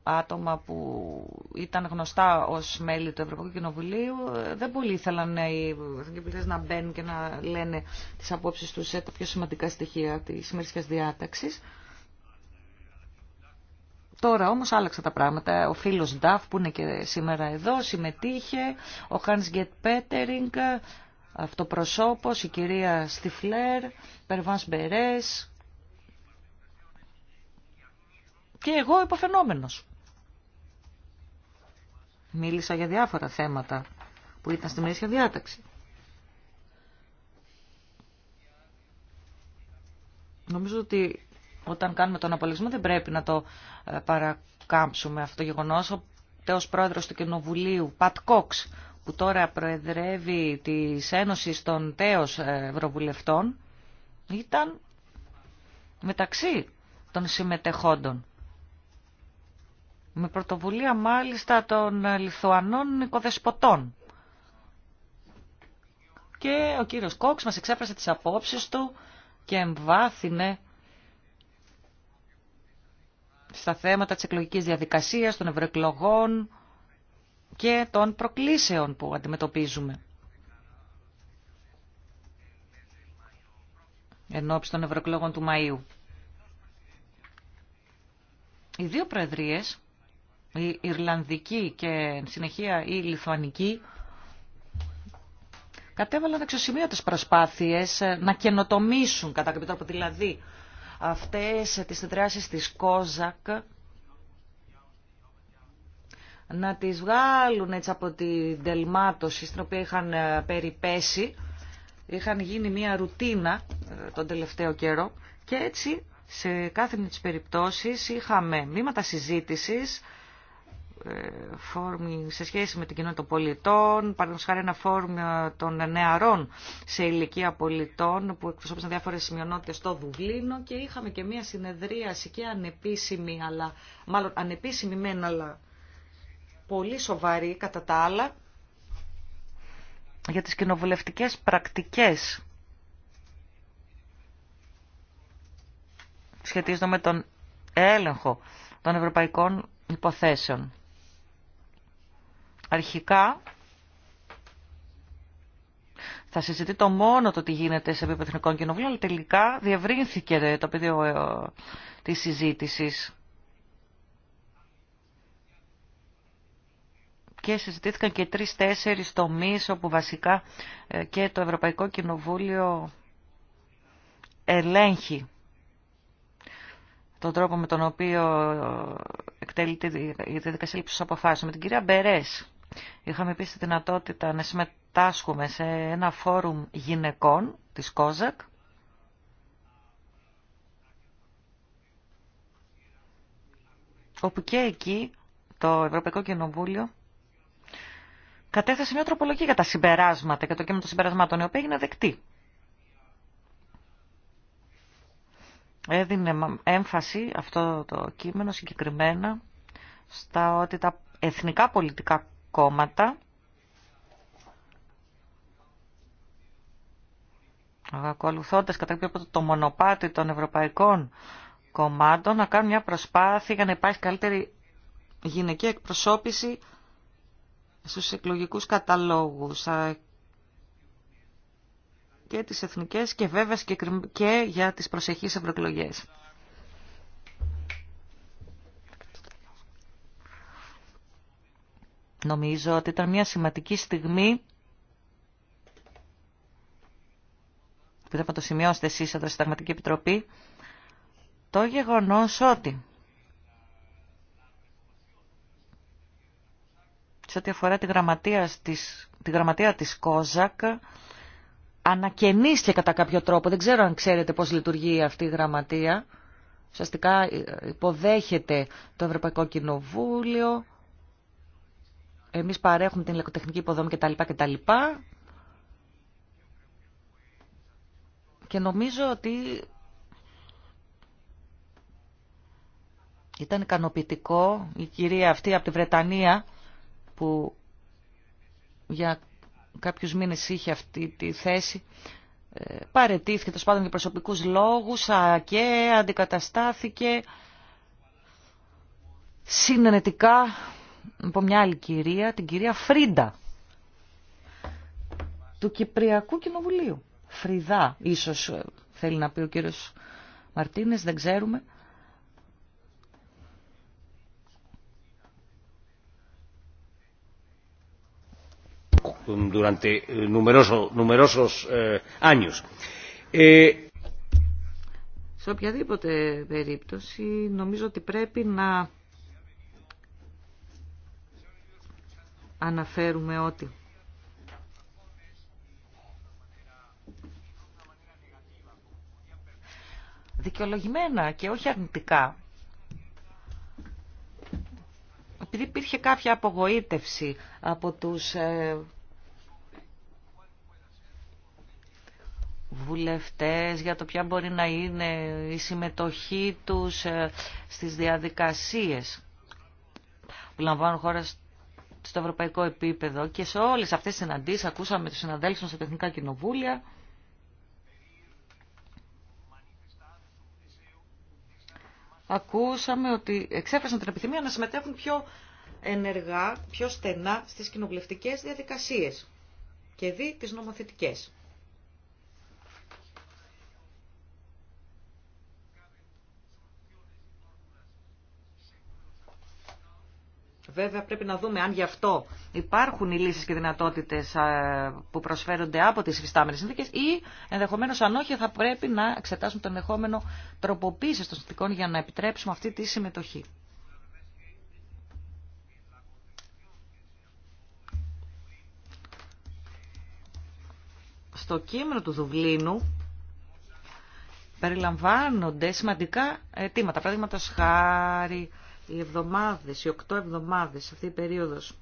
άτομα που ήταν γνωστά ως μέλη του Ευρωπαϊκού Κοινοβουλίου ε, δεν πολύ ήθελαν ε, οι εθνικοί να μπαίνουν και να λένε τις απόψεις τους σε τα πιο σημαντικά στοιχεία της σημερισιάς διάταξης. Τώρα όμως άλλαξα τα πράγματα. Ο φίλος Νταφ που είναι και σήμερα εδώ συμμετείχε, ο Hans Γκέτ Πέτερινγκ, αυτοπροσώπος, η κυρία Στιφλέρ, Περβάνς Μπερές και εγώ υποφαινόμενος. Μίλησα για διάφορα θέματα που ήταν στη μέση διάταξη. Νομίζω ότι όταν κάνουμε τον απολογισμό δεν πρέπει να το ε, παρακάμψουμε αυτό το γεγονός. Ο τέος πρόεδρος του Κοινοβουλίου, Πατ Κόξ, που τώρα προεδρεύει τη Ένωση των τέος ε, Ευρωβουλευτών, ήταν μεταξύ των συμμετεχόντων. Με πρωτοβουλία μάλιστα των ε, Λιθουανών οικοδεσποτών. Και ο κύριος Κόξ μας εξέφρασε τις απόψεις του και εμβάθυνε στα θέματα της εκλογικής διαδικασίας, των ευρωεκλογών και των προκλήσεων που αντιμετωπίζουμε. Ενώπιση των ευρωεκλογών του Μαΐου. Οι δύο προεδρίες, η Ιρλανδική και συνεχεία η Λιθουανική, κατέβαλαν εξωσημείωτες προσπάθειες να καινοτομήσουν κατά κάποιο τρόπο δηλαδή αυτές τις δράσεις της ΚΟΖΑΚ να τις βγάλουν έτσι από την τελμάτωση στην οποία είχαν ε, περιπέσει, είχαν γίνει μια ρουτίνα ε, τον τελευταίο καιρό και έτσι σε κάθε μια της περιπτώσεις είχαμε μήματα συζήτησης φόρμη σε σχέση με την κοινότητα των πολιτών, παραδείγματο χάρη ένα φόρμ ε, των νεαρών σε ηλικία πολιτών που εκπροσώπησαν διάφορες σημειονότητες στο Δουβλίνο και είχαμε και μία συνεδρίαση και ανεπίσημη, αλλά μάλλον ανεπίσημη μεν, αλλά πολύ σοβαρή κατά τα άλλα, για τις κοινοβουλευτικές πρακτικές σχετίζονται με τον έλεγχο των ευρωπαϊκών υποθέσεων. Αρχικά θα συζητεί το μόνο το τι γίνεται σε επίπεδο εθνικών κοινοβουλίων, αλλά τελικά διευρύνθηκε το πεδίο ε, της συζήτησης. και συζητήθηκαν και τρεις-τέσσερις τομείς όπου βασικά ε, και το Ευρωπαϊκό Κοινοβούλιο ελέγχει τον τρόπο με τον οποίο ε, εκτελείται η διαδικασία λήψης αποφάσεων. Με την κυρία Μπερές Είχαμε επίσης τη δυνατότητα να συμμετάσχουμε σε ένα φόρουμ γυναικών της ΚΟΖΑΚ. Όπου και εκεί το Ευρωπαϊκό Κοινοβούλιο κατέθεσε μια τροπολογία για τα συμπεράσματα και το κείμενο των συμπερασμάτων, η οποία έγινε δεκτή. Έδινε έμφαση αυτό το κείμενο συγκεκριμένα στα ότι τα εθνικά πολιτικά κόμματα, ακολουθώντας κατά κάποιο το μονοπάτι των ευρωπαϊκών κομμάτων, να κάνουν μια προσπάθεια για να υπάρχει καλύτερη γυναική εκπροσώπηση στους εκλογικούς καταλόγους και τις εθνικές και βέβαια και για τις προσεχείς ευρωεκλογές. Νομίζω ότι ήταν μια σημαντική στιγμή που δεν θα το σημειώσετε εσείς εδώ στη Σταγματική Επιτροπή το γεγονός ότι σε ό,τι αφορά τη γραμματεία της, τη γραμματεία της ΚΟΖΑΚ ανακαινίστηκε κατά κάποιο τρόπο. Δεν ξέρω αν ξέρετε πώς λειτουργεί αυτή η γραμματεία. Ουσιαστικά ε, υποδέχεται το Ευρωπαϊκό Κοινοβούλιο, εμείς παρέχουμε την ηλεκτροτεχνική υποδομή κτλ. Και νομίζω ότι ήταν ικανοποιητικό η κυρία αυτή από τη Βρετανία που για κάποιους μήνες είχε αυτή τη θέση ε, παρετήθηκε το πάντων για προσωπικούς λόγους και αντικαταστάθηκε συνενετικά από μια άλλη κυρία, την κυρία Φρίντα, του Κυπριακού Κοινοβουλίου. Φριδά, ίσως ε, θέλει να πει ο κύριος Μαρτίνες, δεν ξέρουμε. durante numerosos ε, años. Ε, Σε οποιαδήποτε περίπτωση νομίζω ότι πρέπει να αναφέρουμε ότι δικαιολογημένα και όχι αρνητικά επειδή υπήρχε κάποια απογοήτευση από τους ε, βουλευτές για το ποια μπορεί να είναι η συμμετοχή τους ε, στις διαδικασίες που λαμβάνουν χώρα στο ευρωπαϊκό επίπεδο και σε όλες αυτές τις συναντήσεις ακούσαμε τους συναδέλφους μας στα τεχνικά κοινοβούλια ακούσαμε ότι εξέφρασαν την επιθυμία να συμμετέχουν πιο ενεργά, πιο στενά στις κοινοβουλευτικές διαδικασίες και δι' τις νομοθετικές. Βέβαια πρέπει να δούμε αν γι' αυτό υπάρχουν οι λύσεις και δυνατότητες που προσφέρονται από τις υφιστάμενες συνθήκες ή ενδεχομένως αν όχι θα πρέπει να εξετάσουμε το ενδεχόμενο τροποποίηση των συνθήκων για να επιτρέψουμε αυτή τη συμμετοχή. Στο κείμενο του Δουβλίνου περιλαμβάνονται σημαντικά αιτήματα, παραδείγματος χάρη οι εβδομάδες, οι οκτώ εβδομάδες, αυτή η περίοδος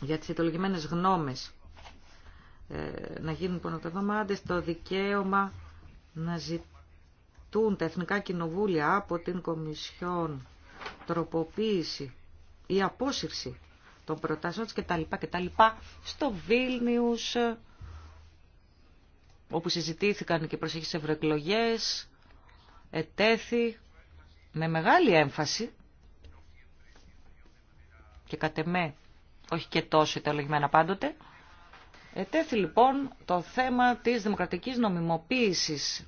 για τις ιτολογημένες γνώμες ε, να γίνουν εβδομάδες το δικαίωμα να ζητούν τα εθνικά κοινοβούλια από την Κομισιόν τροποποίηση ή απόσυρση των προτάσεων της κτλ. κτλ στο Βίλνιους, όπου συζητήθηκαν και προσεχείς ευρωεκλογέ, ετέθη με μεγάλη έμφαση και κατ' εμέ, όχι και τόσο ιταλογημένα πάντοτε, ετέθη λοιπόν το θέμα της δημοκρατικής νομιμοποίησης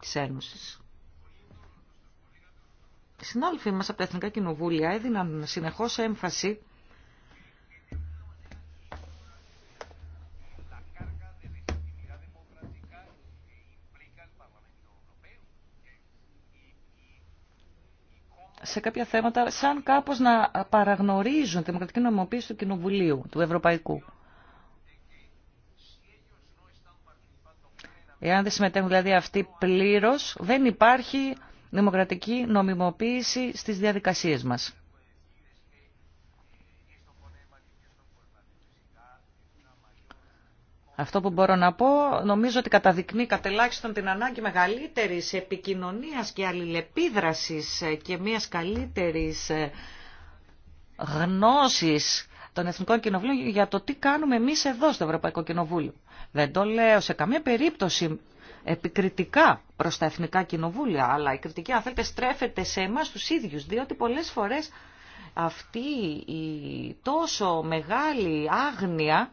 της Ένωσης. Οι συνάδελφοί μας από τα Εθνικά Κοινοβούλια έδιναν συνεχώς έμφαση σε κάποια θέματα σαν κάπως να παραγνωρίζουν τη δημοκρατική νομιμοποίηση του Κοινοβουλίου, του Ευρωπαϊκού. Εάν δεν συμμετέχουν δηλαδή αυτοί πλήρως, δεν υπάρχει δημοκρατική νομιμοποίηση στις διαδικασίες μας. Αυτό που μπορώ να πω, νομίζω ότι καταδεικνύει κατελάχιστον την ανάγκη μεγαλύτερης επικοινωνίας και αλληλεπίδρασης ε, και μιας καλύτερης ε, γνώσης των Εθνικών Κοινοβουλίων για το τι κάνουμε εμείς εδώ στο Ευρωπαϊκό Κοινοβούλιο. Δεν το λέω σε καμία περίπτωση επικριτικά προς τα Εθνικά Κοινοβούλια, αλλά η κριτική αν θέλετε στρέφεται σε εμάς τους ίδιους, διότι πολλές φορές αυτή η τόσο μεγάλη άγνοια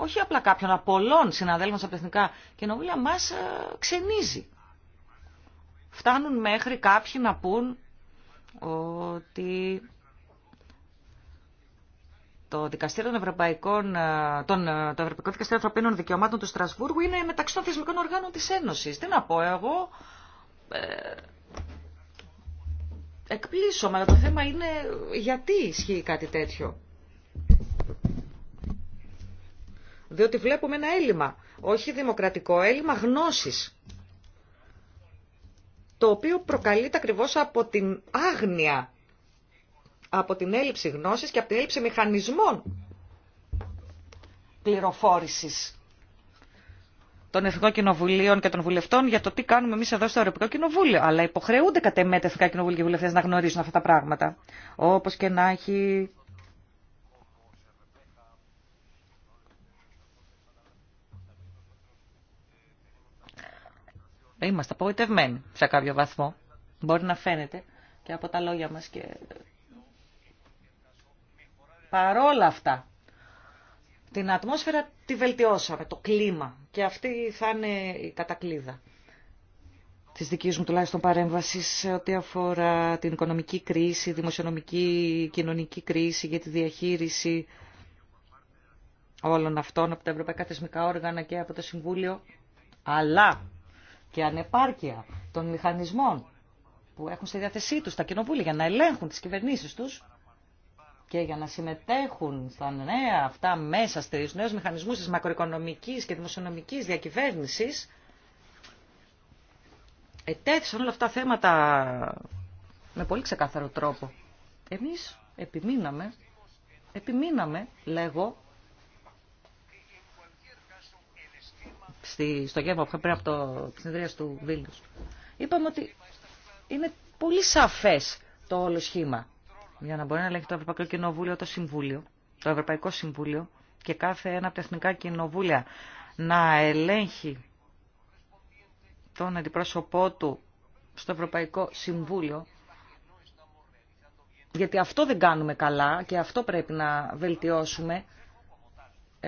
όχι απλά κάποιον από πολλών συναδέλφων από τα εθνικά κοινοβούλια, μας ε, ξενίζει. Φτάνουν μέχρι κάποιοι να πούν ότι το Δικαστήριο των Ευρωπαϊκών, ε, τον, ε, το Ευρωπαϊκό Δικαστήριο Ανθρωπίνων Δικαιωμάτων του Στρασβούργου είναι μεταξύ των θεσμικών οργάνων της Ένωσης. Τι να πω εγώ, εκπλήσω, αλλά το θέμα είναι γιατί ισχύει κάτι τέτοιο. Διότι βλέπουμε ένα έλλειμμα, όχι δημοκρατικό έλλειμμα γνώσης, το οποίο προκαλείται ακριβώς από την άγνοια, από την έλλειψη γνώσης και από την έλλειψη μηχανισμών πληροφόρησης των Εθνικών Κοινοβουλίων και των Βουλευτών για το τι κάνουμε εμεί εδώ στο Ευρωπαϊκό Κοινοβούλιο. Αλλά υποχρεούνται κατ' εμέ τα Εθνικά Κοινοβούλια και βουλευτέ να γνωρίζουν αυτά τα πράγματα. Όπω και να έχει, Είμαστε απογοητευμένοι σε κάποιο βαθμό. Μπορεί να φαίνεται και από τα λόγια μας και παρόλα αυτά. Την ατμόσφαιρα τη βελτιώσαμε, το κλίμα. Και αυτή θα είναι η κατακλίδα της δικής μου τουλάχιστον παρέμβαση σε ό,τι αφορά την οικονομική κρίση, δημοσιονομική, κοινωνική κρίση για τη διαχείριση όλων αυτών από τα ευρωπαϊκά θεσμικά όργανα και από το Συμβούλιο. Αλλά και ανεπάρκεια των μηχανισμών που έχουν στη διάθεσή τους τα κοινοβούλια για να ελέγχουν τις κυβερνήσεις τους και για να συμμετέχουν στα νέα αυτά μέσα, στους νέους μηχανισμούς της μακροοικονομικής και δημοσιονομικής διακυβέρνησης, ετέθησαν όλα αυτά τα θέματα με πολύ ξεκάθαρο τρόπο. Εμείς επιμείναμε, επιμείναμε, λέγω, στο γεύμα που είχα πριν από το συνεδρία του Βίλντος. είπαμε ότι είναι πολύ σαφές το όλο σχήμα. Για να μπορεί να ελέγχει το Ευρωπαϊκό Κοινοβούλιο, το Συμβούλιο, το Ευρωπαϊκό Συμβούλιο και κάθε ένα από τα εθνικά κοινοβούλια να ελέγχει τον αντιπρόσωπό του στο Ευρωπαϊκό Συμβούλιο, γιατί αυτό δεν κάνουμε καλά και αυτό πρέπει να βελτιώσουμε,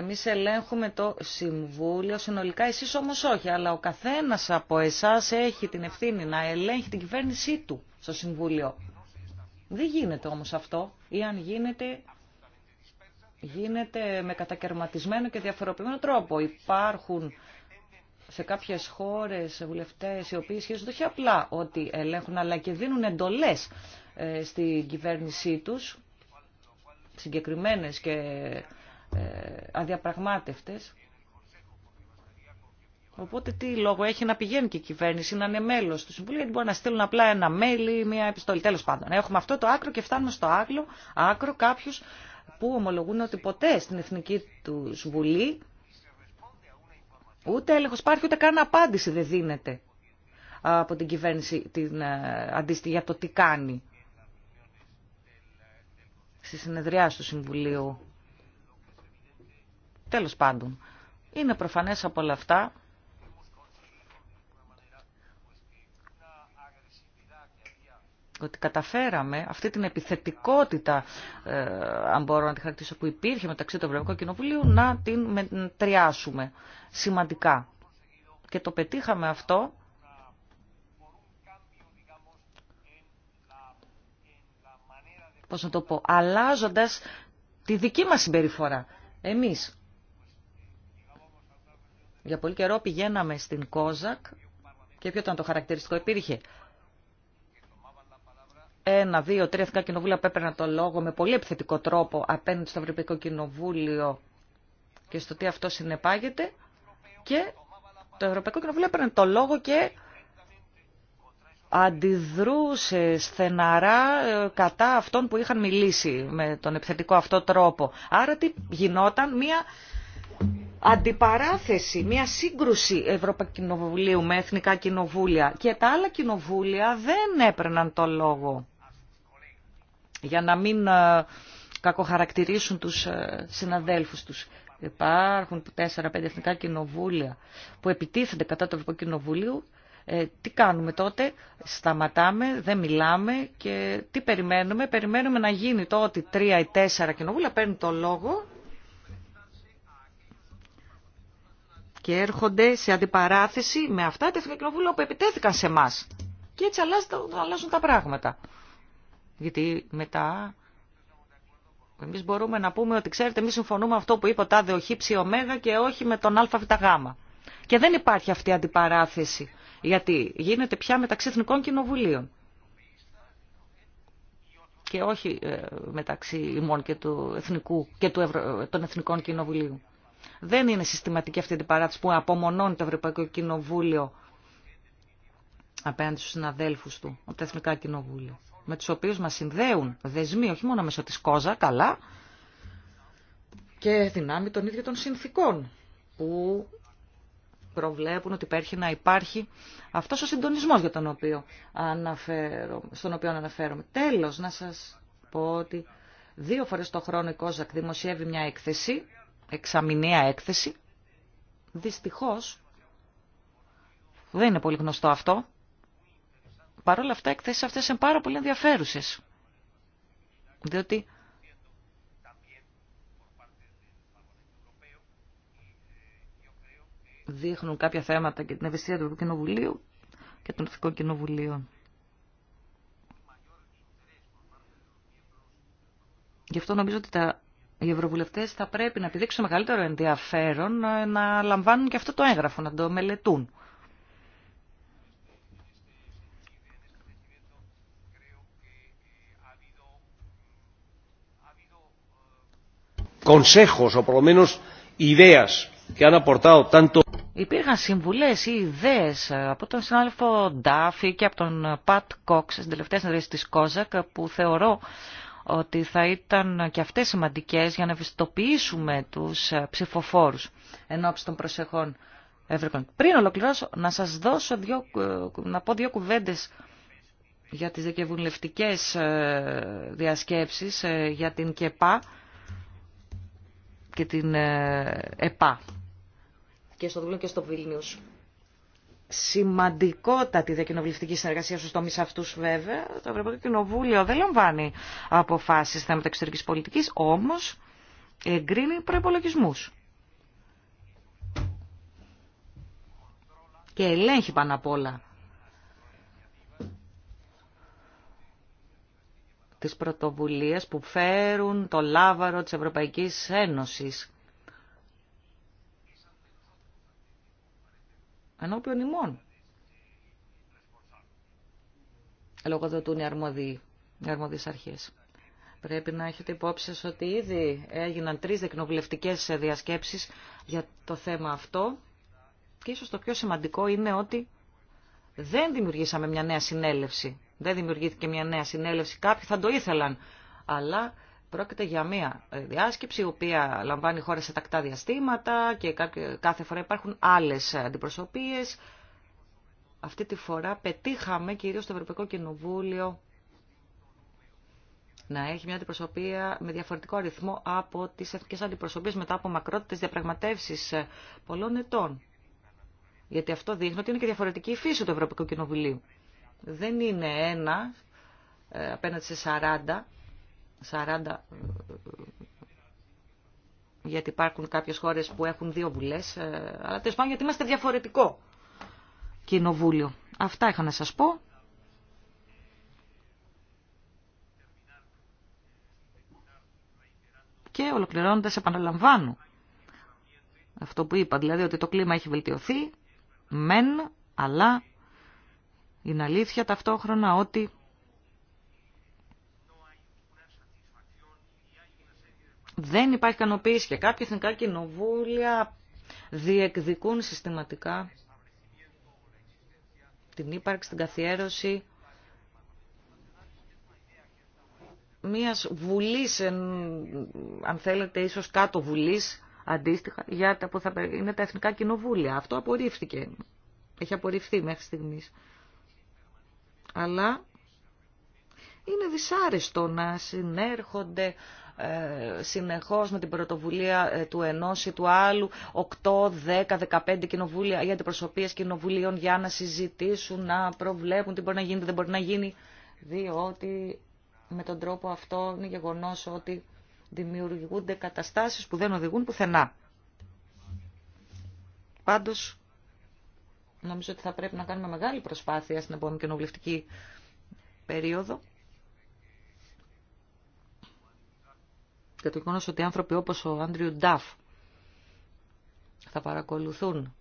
εμείς ελέγχουμε το Συμβούλιο συνολικά, εσείς όμως όχι, αλλά ο καθένας από εσάς έχει την ευθύνη να ελέγχει την κυβέρνησή του στο Συμβούλιο. Δεν γίνεται όμως αυτό, ή αν γίνεται, γίνεται με κατακαιρματισμένο και διαφοροποιημένο τρόπο. Υπάρχουν σε κάποιες χώρες βουλευτές οι οποίοι σχέσονται όχι απλά ότι ελέγχουν, αλλά και δίνουν εντολές ε, στην κυβέρνησή τους, συγκεκριμένες και ε, αδιαπραγμάτευτες. Οπότε τι λόγο έχει να πηγαίνει και η κυβέρνηση, να είναι μέλο του Συμβουλίου, γιατί μπορεί να στείλουν απλά ένα mail ή μια επιστολή. Τέλο πάντων, έχουμε αυτό το άκρο και φτάνουμε στο άκρο, άκρο κάποιου που ομολογούν ότι ποτέ στην Εθνική του Βουλή ούτε έλεγχο υπάρχει, ούτε καν απάντηση δεν δίνεται από την κυβέρνηση την ε, για το τι κάνει στη συνεδριά του Συμβουλίου. Τέλος πάντων, είναι προφανές από όλα αυτά ότι καταφέραμε αυτή την επιθετικότητα, ε, αν μπορώ να τη χαρακτήσω, που υπήρχε μεταξύ του Ευρωπαϊκού Κοινοβουλίου, να την μετριάσουμε σημαντικά. Και το πετύχαμε αυτό πώς να το πω, αλλάζοντας τη δική μας συμπεριφορά. Εμείς για πολύ καιρό πηγαίναμε στην Κόζακ και ποιο ήταν το χαρακτηριστικό. Υπήρχε ένα, δύο, τρία εθνικά κοινοβούλια που έπαιρναν το λόγο με πολύ επιθετικό τρόπο απέναντι στο Ευρωπαϊκό Κοινοβούλιο και στο τι αυτό συνεπάγεται και το Ευρωπαϊκό Κοινοβούλιο έπαιρνε το λόγο και αντιδρούσε στεναρά ε, κατά αυτών που είχαν μιλήσει με τον επιθετικό αυτό τρόπο. Άρα τι γινόταν, μια αντιπαράθεση, μια σύγκρουση Ευρωπαϊκού Κοινοβουλίου με εθνικά κοινοβούλια και τα άλλα κοινοβούλια δεν έπαιρναν το λόγο για να μην ε, κακοχαρακτηρίσουν τους ε, συναδέλφους τους. Υπάρχουν 4-5 εθνικά κοινοβούλια που επιτίθενται κατά το Ευρωπαϊκού Κοινοβουλίου. Ε, τι κάνουμε τότε, σταματάμε, δεν μιλάμε και τι περιμένουμε. Περιμένουμε να γίνει το ότι 3 ή 4 κοινοβούλια παίρνουν το λόγο και έρχονται σε αντιπαράθεση με αυτά τα Εθνικά Κοινοβούλια που επιτέθηκαν σε εμά. Και έτσι αλλάζουν, τα πράγματα. Γιατί μετά εμεί μπορούμε να πούμε ότι ξέρετε, εμεί συμφωνούμε αυτό που είπε ο Τάδε Οχύψη Ωμέγα και όχι με τον ΑΒΓ. Και δεν υπάρχει αυτή η αντιπαράθεση. Γιατί γίνεται πια μεταξύ Εθνικών Κοινοβουλίων. Και όχι ε, μεταξύ ημών και του Εθνικού και του Ευρω... των Εθνικών Κοινοβουλίων. Δεν είναι συστηματική αυτή την παράτηση που απομονώνει το Ευρωπαϊκό Κοινοβούλιο απέναντι στους συναδέλφους του, από τα Εθνικά Κοινοβούλια, με τους οποίους μας συνδέουν δεσμοί, όχι μόνο μέσω της κόζα, καλά, και δυνάμει των ίδιων των συνθήκων, που προβλέπουν ότι υπέρχει να υπάρχει αυτός ο συντονισμός για τον οποίο στον οποίο αναφέρομαι. Τέλος, να σας πω ότι δύο φορές το χρόνο η Κόζακ δημοσιεύει μια έκθεση εξαμηνία έκθεση. Δυστυχώς, δεν είναι πολύ γνωστό αυτό. Παρ' όλα αυτά, οι εκθέσεις αυτές είναι πάρα πολύ ενδιαφέρουσες. Διότι δείχνουν κάποια θέματα και την ευαισθησία του Κοινοβουλίου και των Εθνικών Κοινοβουλίων. Γι' αυτό νομίζω ότι τα οι ευρωβουλευτέ θα πρέπει να επιδείξουν μεγαλύτερο ενδιαφέρον ε, να λαμβάνουν και αυτό το έγγραφο, να το μελετούν. Υπήρχαν συμβουλές ή ιδέες ε, από τον συνάδελφο Ντάφη και από τον Πατ Κόξ στην τελευταία συνεδρίαση της Κόζακ που θεωρώ ότι θα ήταν και αυτές σημαντικές για να ευαισθητοποιήσουμε τους ε, ψηφοφόρους εν των προσεχών ευρωπαϊκών. Πριν ολοκληρώσω, να σας δώσω δύο, ε, να πω δύο κουβέντες για τις δικαιοβουλευτικές ε, διασκέψεις για την ΚΕΠΑ και την ΕΠΑ και στο Δουλό και στο Βιλνιούς σημαντικότατη διακοινοβουλευτική συνεργασία στου τομεί αυτού, βέβαια. Το Ευρωπαϊκό Κοινοβούλιο δεν λαμβάνει αποφάσει θέματα εξωτερική πολιτική, όμω εγκρίνει προπολογισμού. Και ελέγχει πάνω απ' όλα τις πρωτοβουλίες που φέρουν το λάβαρο της Ευρωπαϊκής Ένωσης ενώπιον ημών. Λογοδοτούν οι αρμόδιοι, οι αρμόδιες αρχές. Πρέπει να έχετε υπόψη ότι ήδη έγιναν τρεις δεκνοβουλευτικές διασκέψεις για το θέμα αυτό και ίσως το πιο σημαντικό είναι ότι δεν δημιουργήσαμε μια νέα συνέλευση. Δεν δημιουργήθηκε μια νέα συνέλευση. Κάποιοι θα το ήθελαν, αλλά Πρόκειται για μία ε, διάσκεψη, η οποία λαμβάνει χώρα σε τακτά διαστήματα και κάθε φορά υπάρχουν άλλες αντιπροσωπείες. Αυτή τη φορά πετύχαμε κυρίως στο Ευρωπαϊκό Κοινοβούλιο να έχει μια αντιπροσωπεία με διαφορετικό αριθμό από τις εθνικές αντιπροσωπείες μετά από μακρότητες διαπραγματεύσεις ε, πολλών ετών. Γιατί αυτό δείχνει ότι είναι και διαφορετική η φύση του Ευρωπαϊκού Κοινοβουλίου. Δεν είναι ένα ε, απέναντι σε 40 40 γιατί υπάρχουν κάποιες χώρες που έχουν δύο βουλές, ε, αλλά τέλος πάντων γιατί είμαστε διαφορετικό κοινοβούλιο. Αυτά είχα να σας πω. Και ολοκληρώνοντας επαναλαμβάνω αυτό που είπα, δηλαδή ότι το κλίμα έχει βελτιωθεί, μεν, αλλά είναι αλήθεια ταυτόχρονα ότι δεν υπάρχει ικανοποίηση και κάποια εθνικά κοινοβούλια διεκδικούν συστηματικά την ύπαρξη, την καθιέρωση μιας βουλής, αν θέλετε ίσως κάτω βουλής, αντίστοιχα, για τα που θα είναι τα εθνικά κοινοβούλια. Αυτό απορρίφθηκε. Έχει απορριφθεί μέχρι στιγμής. Αλλά είναι δυσάρεστο να συνέρχονται ε, συνεχώς με την πρωτοβουλία ε, του ενός ή του άλλου 8, 10, 15 κοινοβούλια ή αντιπροσωπείες κοινοβουλίων για να συζητήσουν, να προβλέπουν τι μπορεί να γίνει, τι δεν μπορεί να γίνει, διότι με τον τρόπο αυτό είναι γεγονός ότι δημιουργούνται καταστάσεις που δεν οδηγούν πουθενά. Πάντως, νομίζω ότι θα πρέπει να κάνουμε μεγάλη προσπάθεια στην επόμενη κοινοβουλευτική περίοδο Και το γεγονό ότι άνθρωποι όπω ο Άντριου Νταφ θα παρακολουθούν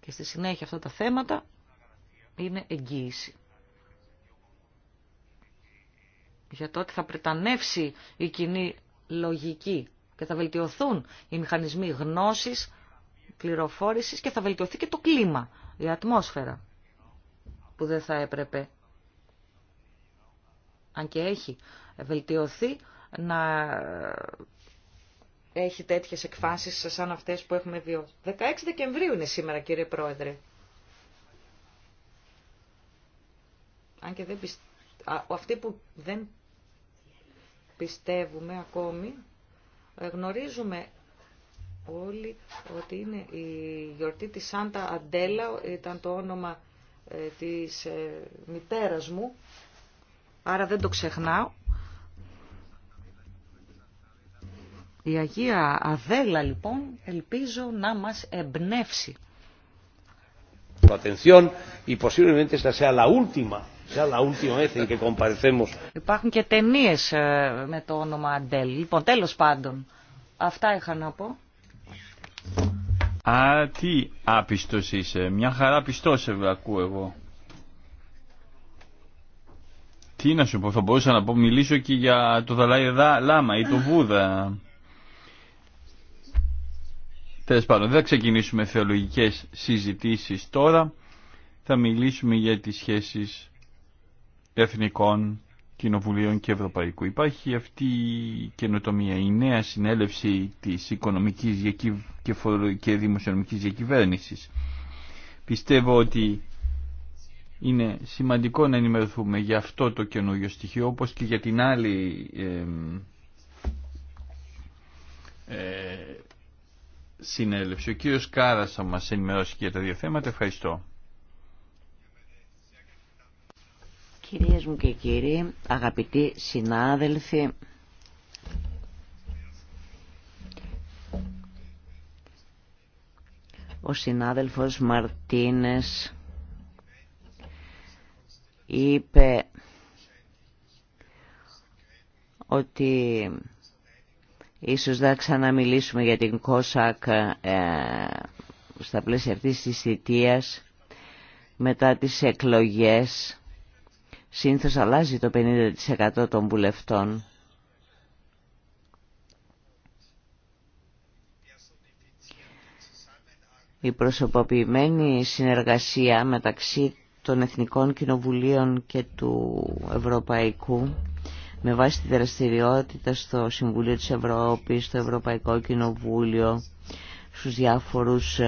και στη συνέχεια αυτά τα θέματα είναι εγγύηση. Για το ότι θα πρετανεύσει η κοινή λογική και θα βελτιωθούν οι μηχανισμοί γνώσης, πληροφόρηση και θα βελτιωθεί και το κλίμα, η ατμόσφαιρα που δεν θα έπρεπε. Αν και έχει βελτιωθεί, να ε, έχει τέτοιες εκφάσεις σαν αυτές που έχουμε βιώσει. 16 Δεκεμβρίου είναι σήμερα κύριε Πρόεδρε. Αν και δεν πιστε... αυτοί που δεν πιστεύουμε ακόμη, ε, γνωρίζουμε όλοι ότι είναι η γιορτή της Σάντα Αντέλα, ήταν το όνομα ε, της μητέρας μου, άρα δεν το ξεχνάω. Η Αγία Αδέλα λοιπόν ελπίζω να μας εμπνεύσει. Υπάρχουν και ταινίε ε, με το όνομα Αντέλ. Λοιπόν, τέλο πάντων, αυτά είχα να πω. Α, τι άπιστο είσαι. Μια χαρά πιστό σε ακούω εγώ. Τι να σου πω, θα μπορούσα να πω, μιλήσω και για το Δαλάι Λάμα ή το Βούδα. Τέλο πάντων, δεν θα ξεκινήσουμε θεολογικές συζητήσεις τώρα. Θα μιλήσουμε για τις σχέσεις εθνικών κοινοβουλίων και ευρωπαϊκού. Υπάρχει αυτή η καινοτομία, η νέα συνέλευση της οικονομικής και δημοσιονομικής διακυβέρνησης. Πιστεύω ότι είναι σημαντικό να ενημερωθούμε για αυτό το καινούριο στοιχείο όπως και για την άλλη ε, συνέλευση. Ο κύριος Κάρας θα μας ενημερώσει και για τα δύο θέματα. Ευχαριστώ. Κυρίες μου και κύριοι, αγαπητοί συνάδελφοι, ο συνάδελφος Μαρτίνες είπε ότι Ίσως θα ξαναμιλήσουμε για την ΚΟΣΑΚ ε, στα πλαίσια αυτής της θητείας μετά τις εκλογές. Σύνθως αλλάζει το 50% των βουλευτών. Η προσωποποιημένη συνεργασία μεταξύ των Εθνικών Κοινοβουλίων και του Ευρωπαϊκού με βάση τη δραστηριότητα στο Συμβούλιο της Ευρώπης, στο Ευρωπαϊκό Κοινοβούλιο, στους διάφορους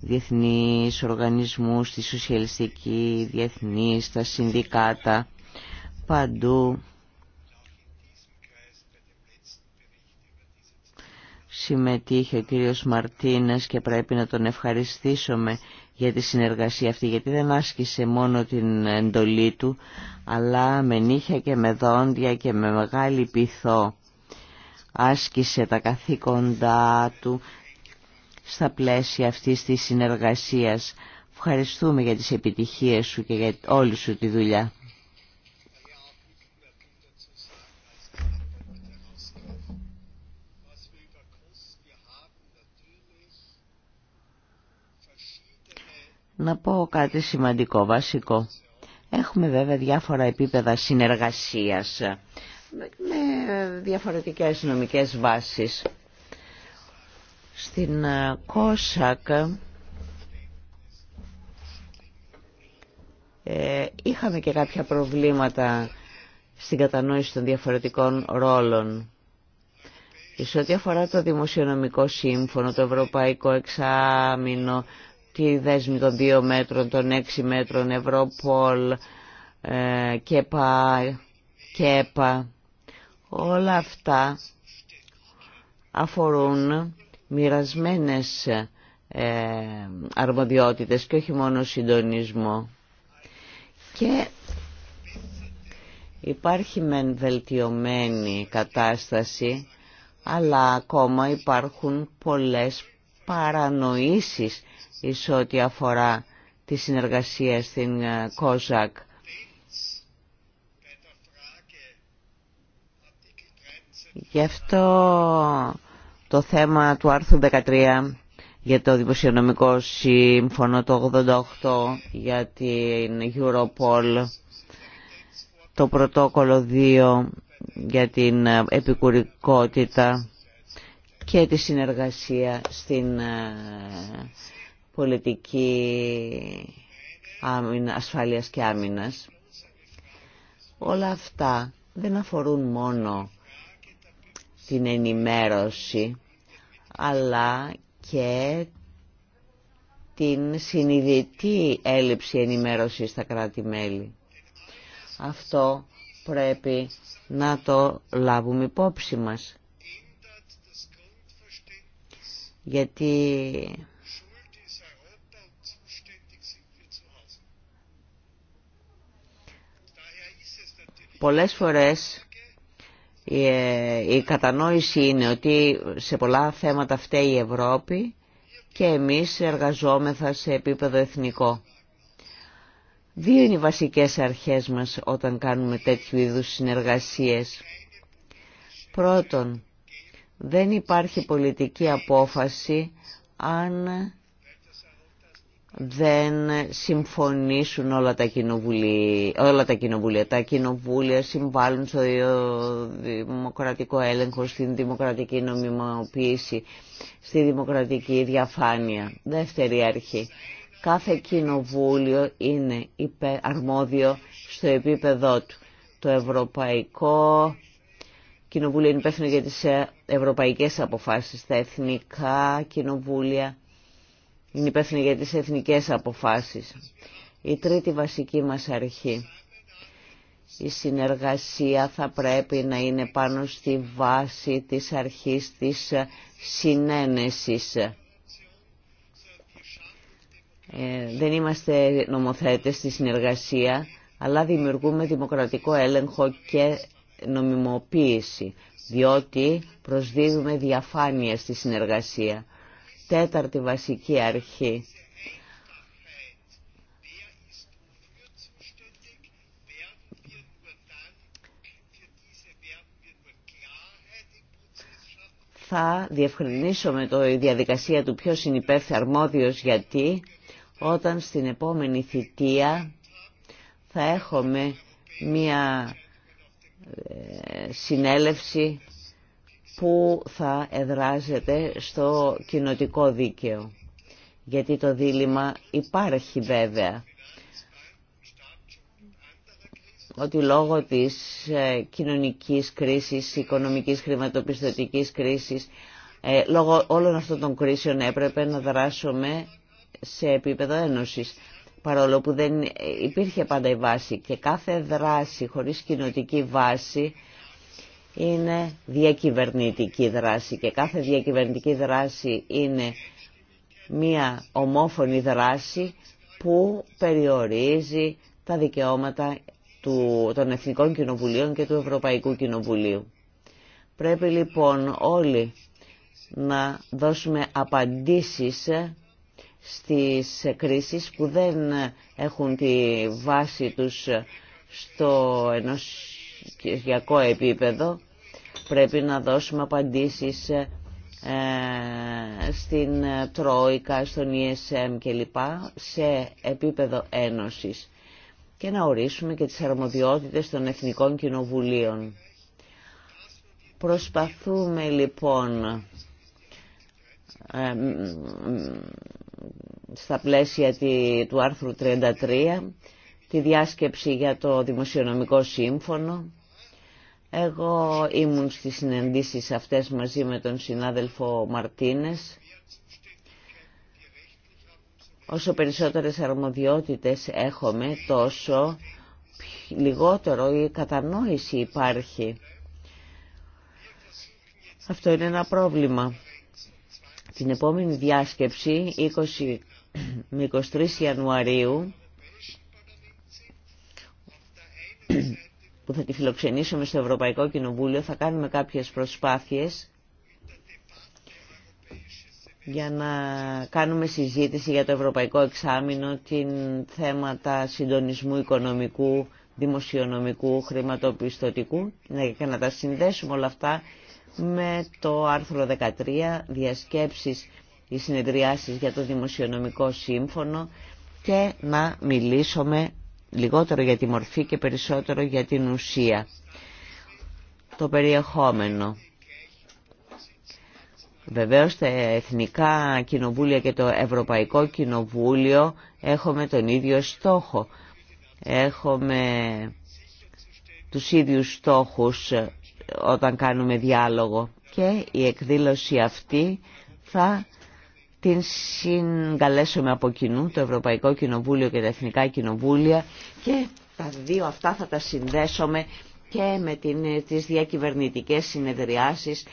διεθνείς οργανισμούς, στη σοσιαλιστική διεθνή, στα συνδικάτα, παντού. Συμμετείχε ο κύριος Μαρτίνας και πρέπει να τον ευχαριστήσουμε για τη συνεργασία αυτή, γιατί δεν άσκησε μόνο την εντολή του, αλλά με νύχια και με δόντια και με μεγάλη πειθό άσκησε τα καθήκοντά του στα πλαίσια αυτής της συνεργασίας. Ευχαριστούμε για τις επιτυχίες σου και για όλη σου τη δουλειά. να πω κάτι σημαντικό, βασικό. Έχουμε βέβαια διάφορα επίπεδα συνεργασίας με διαφορετικές νομικές βάσεις. Στην ε, Κόσακ ε, είχαμε και κάποια προβλήματα στην κατανόηση των διαφορετικών ρόλων. Σε ό,τι αφορά το Δημοσιονομικό Σύμφωνο, το Ευρωπαϊκό Εξάμεινο, τη δέσμη των δύο μέτρων, των έξι μέτρων, Ευρωπόλ, ε, ΚΕΠΑ, Όλα αυτά αφορούν μοιρασμένες ε, αρμοδιότητες και όχι μόνο συντονισμό. Και υπάρχει μεν βελτιωμένη κατάσταση, αλλά ακόμα υπάρχουν πολλές παρανοήσεις εις ό,τι αφορά τη συνεργασία στην ε, ΚΟΖΑΚ. Γι' αυτό το θέμα του άρθρου 13 για το Δημοσιονομικό Σύμφωνο, το 88 για την Europol, το πρωτόκολλο 2 για την ε, επικουρικότητα και τη συνεργασία στην ε, πολιτική ασφάλειας και άμυνας. Όλα αυτά δεν αφορούν μόνο την ενημέρωση, αλλά και την συνειδητή έλλειψη ενημέρωσης στα κράτη-μέλη. Αυτό πρέπει να το λάβουμε υπόψη μας. Γιατί Πολλές φορές ε, η κατανόηση είναι ότι σε πολλά θέματα φταίει η Ευρώπη και εμείς εργαζόμεθα σε επίπεδο εθνικό. Δύο είναι οι βασικές αρχές μας όταν κάνουμε τέτοιου είδους συνεργασίες. Πρώτον, δεν υπάρχει πολιτική απόφαση αν δεν συμφωνήσουν όλα τα κοινοβουλία. Όλα τα, κοινοβουλία. τα κοινοβούλια συμβάλλουν στο δημοκρατικό έλεγχο, στην δημοκρατική νομιμοποίηση, στη δημοκρατική διαφάνεια. Δεύτερη αρχή. Κάθε κοινοβούλιο είναι αρμόδιο στο επίπεδό του. Το Ευρωπαϊκό Κοινοβούλιο είναι υπεύθυνο για τις ε, ευρωπαϊκές αποφάσεις, τα εθνικά κοινοβούλια είναι υπεύθυνη για τις εθνικές αποφάσεις. Η τρίτη βασική μας αρχή. Η συνεργασία θα πρέπει να είναι πάνω στη βάση της αρχής της συνένεσης. Ε, δεν είμαστε νομοθέτες στη συνεργασία, αλλά δημιουργούμε δημοκρατικό έλεγχο και νομιμοποίηση, διότι προσδίδουμε διαφάνεια στη συνεργασία τέταρτη βασική αρχή. Θα διευκρινίσουμε το, η διαδικασία του ποιος είναι υπεύθυνο αρμόδιος γιατί όταν στην επόμενη θητεία θα έχουμε μία ε, συνέλευση που θα εδράζεται στο κοινοτικό δίκαιο. Γιατί το δίλημα υπάρχει βέβαια ότι λόγω της ε, κοινωνικής κρίσης, οικονομικής, χρηματοπιστωτικής κρίσης, ε, λόγω όλων αυτών των κρίσεων έπρεπε να δράσουμε σε επίπεδο ένωσης, παρόλο που δεν ε, υπήρχε πάντα η βάση και κάθε δράση χωρίς κοινοτική βάση είναι διακυβερνητική δράση και κάθε διακυβερνητική δράση είναι μία ομόφωνη δράση που περιορίζει τα δικαιώματα του, των Εθνικών Κοινοβουλίων και του Ευρωπαϊκού Κοινοβουλίου. Πρέπει λοιπόν όλοι να δώσουμε απαντήσεις στις κρίσεις που δεν έχουν τη βάση τους στο ενός ...κυριακό επίπεδο πρέπει να δώσουμε απαντήσεις ε, στην ε, Τρόικα, στον ESM κλπ. σε επίπεδο ένωσης και να ορίσουμε και τις αρμοδιότητες των Εθνικών Κοινοβουλίων. Προσπαθούμε λοιπόν ε, στα πλαίσια του άρθρου 33 τη διάσκεψη για το Δημοσιονομικό Σύμφωνο. Εγώ ήμουν στις συναντήσεις αυτές μαζί με τον συνάδελφο Μαρτίνες. Όσο περισσότερες αρμοδιότητες έχουμε, τόσο λιγότερο η κατανόηση υπάρχει. Αυτό είναι ένα πρόβλημα. Την επόμενη διάσκεψη, 20 με 23 Ιανουαρίου, που θα τη φιλοξενήσουμε στο Ευρωπαϊκό Κοινοβούλιο, θα κάνουμε κάποιες προσπάθειες για να κάνουμε συζήτηση για το Ευρωπαϊκό Εξάμεινο, την θέματα συντονισμού οικονομικού, δημοσιονομικού, χρηματοπιστωτικού και να τα συνδέσουμε όλα αυτά με το άρθρο 13, διασκέψεις ή συνεδριάσεις για το Δημοσιονομικό Σύμφωνο και να μιλήσουμε λιγότερο για τη μορφή και περισσότερο για την ουσία. Το περιεχόμενο. Βεβαίως τα Εθνικά Κοινοβούλια και το Ευρωπαϊκό Κοινοβούλιο έχουμε τον ίδιο στόχο. Έχουμε τους ίδιους στόχους όταν κάνουμε διάλογο και η εκδήλωση αυτή θα την συγκαλέσουμε από κοινού, το Ευρωπαϊκό Κοινοβούλιο και τα Εθνικά Κοινοβούλια και τα δύο αυτά θα τα συνδέσουμε και με την, τις διακυβερνητικές συνεδριάσεις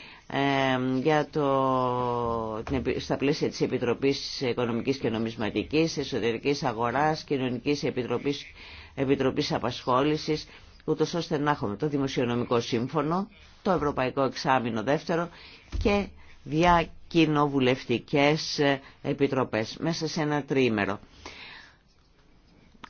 για το, την, στα πλαίσια της Επιτροπής Οικονομικής και Νομισματικής, Εσωτερικής Αγοράς, Κοινωνικής Επιτροπής, Επιτροπής Απασχόλησης, ούτως ώστε να έχουμε το Δημοσιονομικό Σύμφωνο, το Ευρωπαϊκό Εξάμεινο Δεύτερο και διακοινοβουλευτικές επιτροπές μέσα σε ένα τρίμερο.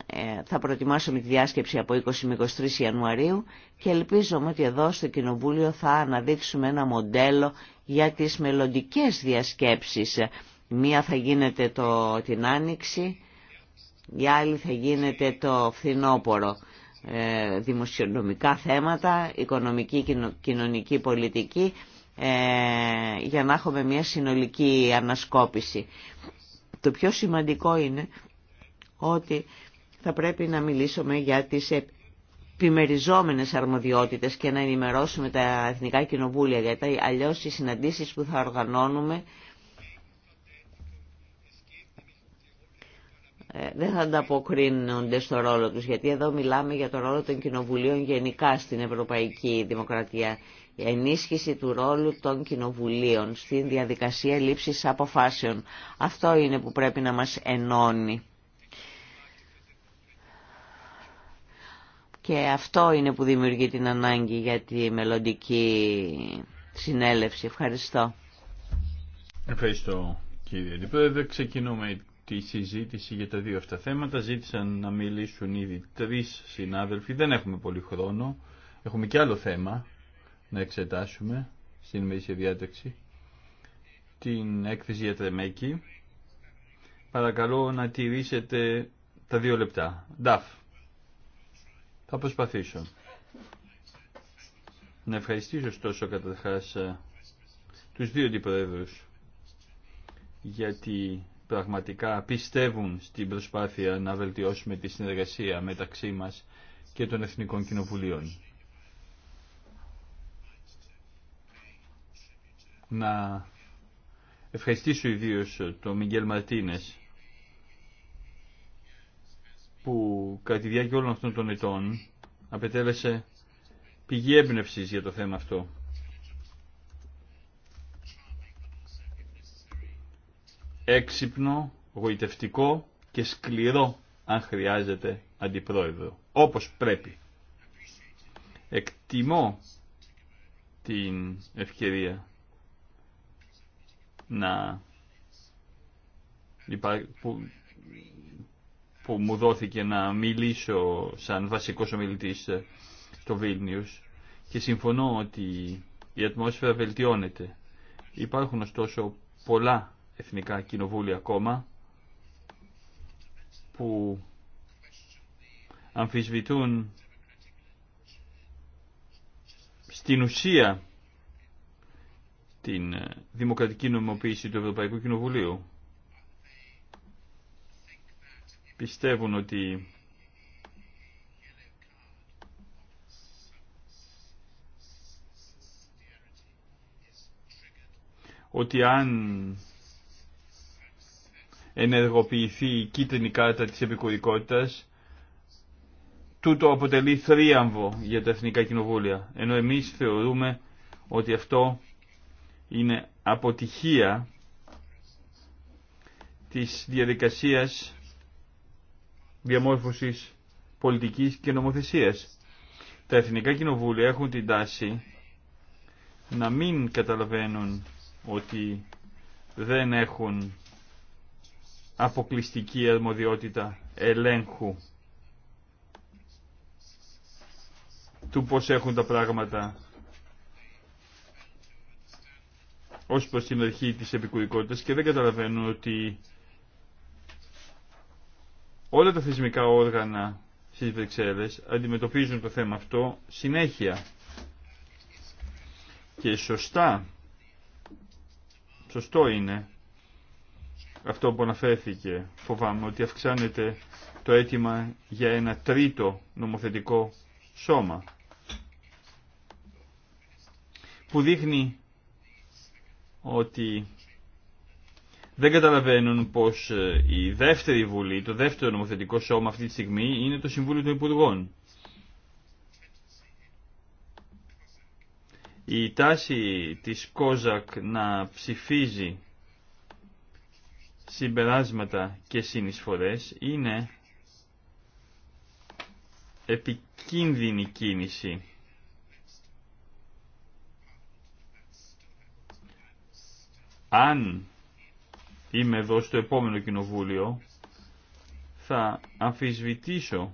Ε, θα προετοιμάσουμε τη διάσκεψη από 20 με 23 Ιανουαρίου και ελπίζομαι ότι εδώ στο Κοινοβούλιο θα αναδείξουμε ένα μοντέλο για τις μελλοντικέ διασκέψεις. Μία θα γίνεται το, την Άνοιξη, η άλλη θα γίνεται το φθινόπωρο. Ε, δημοσιονομικά θέματα, οικονομική, κοινωνική πολιτική ε, για να έχουμε μια συνολική ανασκόπηση. Το πιο σημαντικό είναι ότι θα πρέπει να μιλήσουμε για τις επιμεριζόμενες αρμοδιότητες και να ενημερώσουμε τα Εθνικά Κοινοβούλια, γιατί αλλιώς οι συναντήσεις που θα οργανώνουμε ε, δεν θα ανταποκρίνονται στο ρόλο τους, γιατί εδώ μιλάμε για το ρόλο των κοινοβουλίων γενικά στην Ευρωπαϊκή Δημοκρατία η ενίσχυση του ρόλου των κοινοβουλίων στην διαδικασία λήψης αποφάσεων. Αυτό είναι που πρέπει να μας ενώνει. Και αυτό είναι που δημιουργεί την ανάγκη για τη μελλοντική συνέλευση. Ευχαριστώ. Ευχαριστώ κύριε Αντιπρόεδρε. Ξεκινούμε τη συζήτηση για τα δύο αυτά θέματα. Ζήτησαν να μιλήσουν ήδη τρεις συνάδελφοι. Δεν έχουμε πολύ χρόνο. Έχουμε και άλλο θέμα να εξετάσουμε στην μέση διάταξη την έκθεση για τρεμέκη. Παρακαλώ να τηρήσετε τα δύο λεπτά. Νταφ. Θα προσπαθήσω. Να ευχαριστήσω τόσο καταρχάς ε, τους δύο αντιπροέδρους γιατί πραγματικά πιστεύουν στην προσπάθεια να βελτιώσουμε τη συνεργασία μεταξύ μας και των Εθνικών Κοινοβουλίων. να ευχαριστήσω ιδίω το Μιγγέλ Μαρτίνες που κατά τη διάρκεια όλων αυτών των ετών απετέλεσε πηγή έμπνευση για το θέμα αυτό. Έξυπνο, γοητευτικό και σκληρό αν χρειάζεται αντιπρόεδρο, όπως πρέπει. Εκτιμώ την ευκαιρία να που, που μου δόθηκε να μιλήσω σαν βασικός ομιλητής ε, στο Βίλνιους και συμφωνώ ότι η ατμόσφαιρα βελτιώνεται. Υπάρχουν ωστόσο πολλά εθνικά κοινοβούλια ακόμα που αμφισβητούν στην ουσία την ε, δημοκρατική νομιμοποίηση του Ευρωπαϊκού Κοινοβουλίου. Πιστεύουν ότι ότι αν ενεργοποιηθεί η κίτρινη κάρτα της επικουρικότητας, τούτο αποτελεί θρίαμβο για τα εθνικά κοινοβούλια, ενώ εμείς θεωρούμε ότι αυτό είναι αποτυχία της διαδικασίας διαμόρφωσης πολιτικής και νομοθεσίας. Τα εθνικά κοινοβούλια έχουν την τάση να μην καταλαβαίνουν ότι δεν έχουν αποκλειστική αρμοδιότητα ελέγχου του πώς έχουν τα πράγματα ως προς την αρχή της επικουρικότητας και δεν καταλαβαίνω ότι όλα τα θεσμικά όργανα στις Βρυξέλλες αντιμετωπίζουν το θέμα αυτό συνέχεια και σωστά σωστό είναι αυτό που αναφέρθηκε φοβάμαι ότι αυξάνεται το αίτημα για ένα τρίτο νομοθετικό σώμα που δείχνει ότι δεν καταλαβαίνουν πως ε, η δεύτερη βουλή, το δεύτερο νομοθετικό σώμα αυτή τη στιγμή είναι το Συμβούλιο των Υπουργών. Η τάση της Κόζακ να ψηφίζει συμπεράσματα και συνεισφορές είναι επικίνδυνη κίνηση αν είμαι εδώ στο επόμενο κοινοβούλιο, θα αμφισβητήσω,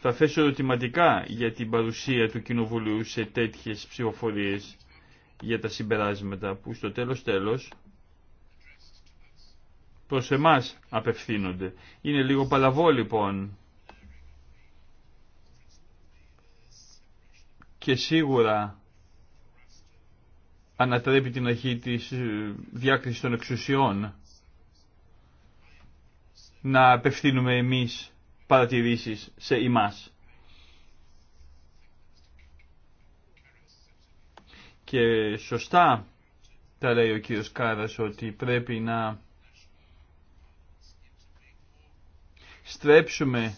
θα θέσω ερωτηματικά για την παρουσία του κοινοβουλίου σε τέτοιες ψηφοφορίες για τα συμπεράσματα που στο τέλος τέλος προς εμάς απευθύνονται. Είναι λίγο παλαβό λοιπόν και σίγουρα ανατρέπει την αρχή της ε, διάκρισης των εξουσιών να απευθύνουμε εμείς παρατηρήσεις σε εμάς. Και σωστά τα λέει ο κύριος Κάρας ότι πρέπει να στρέψουμε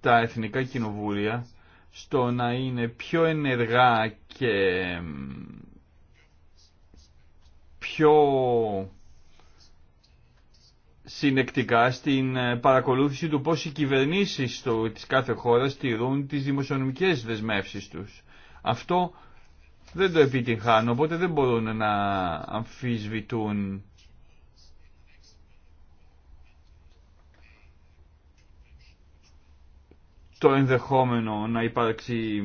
τα εθνικά κοινοβούλια στο να είναι πιο ενεργά και πιο συνεκτικά στην ε, παρακολούθηση του πώς οι κυβερνήσεις του, της κάθε χώρας τηρούν τις δημοσιονομικές δεσμεύσεις τους. Αυτό δεν το επιτυγχάνω, οπότε δεν μπορούν να αμφισβητούν το ενδεχόμενο να υπάρξει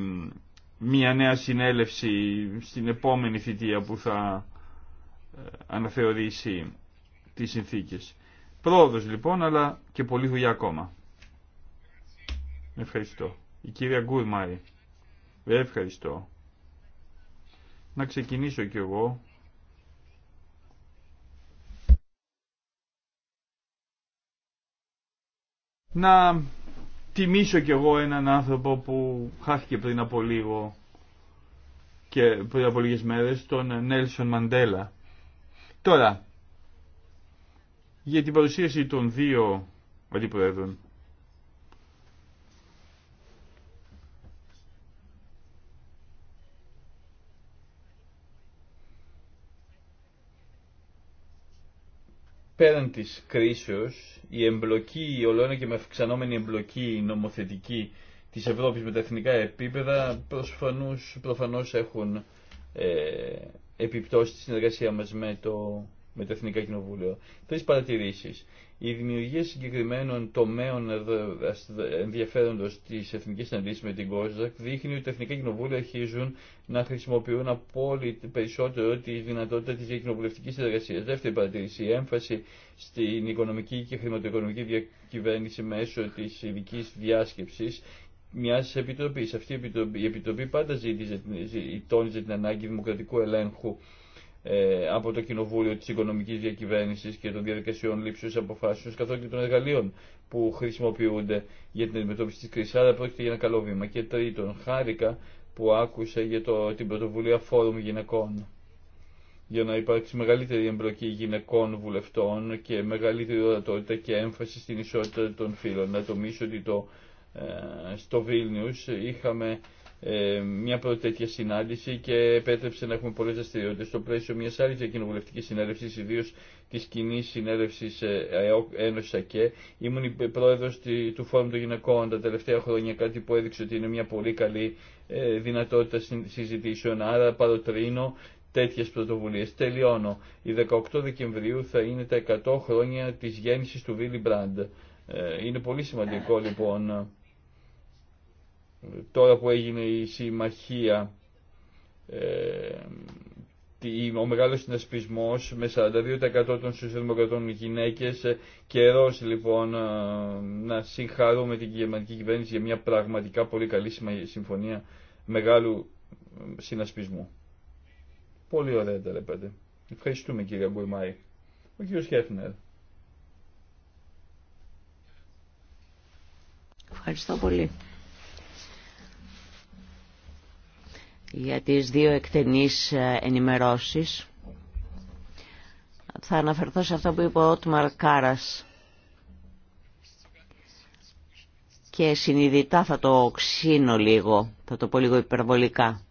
μια νέα συνέλευση στην επόμενη θητεία που θα ε, αναθεωρήσει τις συνθήκες. Πρόοδος λοιπόν, αλλά και πολλή δουλειά ακόμα. Ευχαριστώ. Η κυρία Γκουρμάρη. Ευχαριστώ. Να ξεκινήσω κι εγώ. Να τιμήσω κι εγώ έναν άνθρωπο που χάθηκε πριν από λίγο και πριν από λίγες μέρες, τον Νέλσον Μαντέλα Τώρα, για την παρουσίαση των δύο αντιπροέδρων. Πέραν της κρίσεως, η εμπλοκή, η και με αυξανόμενη εμπλοκή νομοθετική της Ευρώπης με τα εθνικά επίπεδα προφανώς έχουν ε, επιπτώσει τη συνεργασία μας με το, με το Εθνικά Κοινοβούλιο. Τρεις παρατηρήσεις. Η δημιουργία συγκεκριμένων τομέων ενδιαφέροντος της Εθνικής Συναντήσης με την ΚΟΖΑΚ δείχνει ότι τα Εθνικά Κοινοβούλια αρχίζουν να χρησιμοποιούν απόλυτα περισσότερο τη δυνατότητα της διακοινοβουλευτικής συνεργασία. Δεύτερη παρατήρηση, η έμφαση στην οικονομική και χρηματοοικονομική διακυβέρνηση μέσω της ειδική διάσκεψης μιας επιτροπής. Αυτή η επιτροπή, η επιτροπή πάντα ζήτησε, τόνιζε την ανάγκη δημοκρατικού ελέγχου ε, από το Κοινοβούλιο τη οικονομική διακυβέρνηση και των διαδικασιών λήψης αποφάσεων καθώ και των εργαλείων που χρησιμοποιούνται για την αντιμετώπιση τη κρίση. Άρα πρόκειται για ένα καλό βήμα. Και τρίτον, χάρηκα που άκουσα για το, την πρωτοβουλία Φόρουμ Γυναικών για να υπάρξει μεγαλύτερη εμπλοκή γυναικών βουλευτών και μεγαλύτερη ορατότητα και έμφαση στην ισότητα των φύλων. Να τομίσω ότι το ε, στο Βίλνιους είχαμε ε, μια πρώτη τέτοια συνάντηση και επέτρεψε να έχουμε πολλέ δραστηριότητε στο πλαίσιο μιας άλλη κοινοβουλευτική συνέλευσης, ιδίω τη κοινή συνέλευσης ε, Ένωση ΑΚΕ. Ήμουν πρόεδρο του Φόρουμ των Γυναικών τα τελευταία χρόνια, κάτι που έδειξε ότι είναι μια πολύ καλή δυνατότητα συζητήσεων, άρα παροτρύνω τέτοιε πρωτοβουλίε. Τελειώνω. Η 18 Δεκεμβρίου θα είναι τα 100 χρόνια τη γέννηση του Βίλι Μπραντ. Είναι πολύ σημαντικό λοιπόν τώρα που έγινε η συμμαχία ε, ο μεγάλος συνασπισμός με 42% των σοσιαλδημοκρατών γυναίκες ε, καιρός λοιπόν ε, να συγχαρούμε την κυβερνητική κυβέρνηση για μια πραγματικά πολύ καλή συμφωνία μεγάλου συνασπισμού. Πολύ ωραία τα λέπατε Ευχαριστούμε κύριε Μπουρμάη. Ο κύριος Χέφνερ. Ευχαριστώ πολύ. για τις δύο εκτενείς ε, ενημερώσεις. Θα αναφερθώ σε αυτό που είπε ο Ότμαρ Κάρας και συνειδητά θα το ξύνω λίγο, θα το πω λίγο υπερβολικά.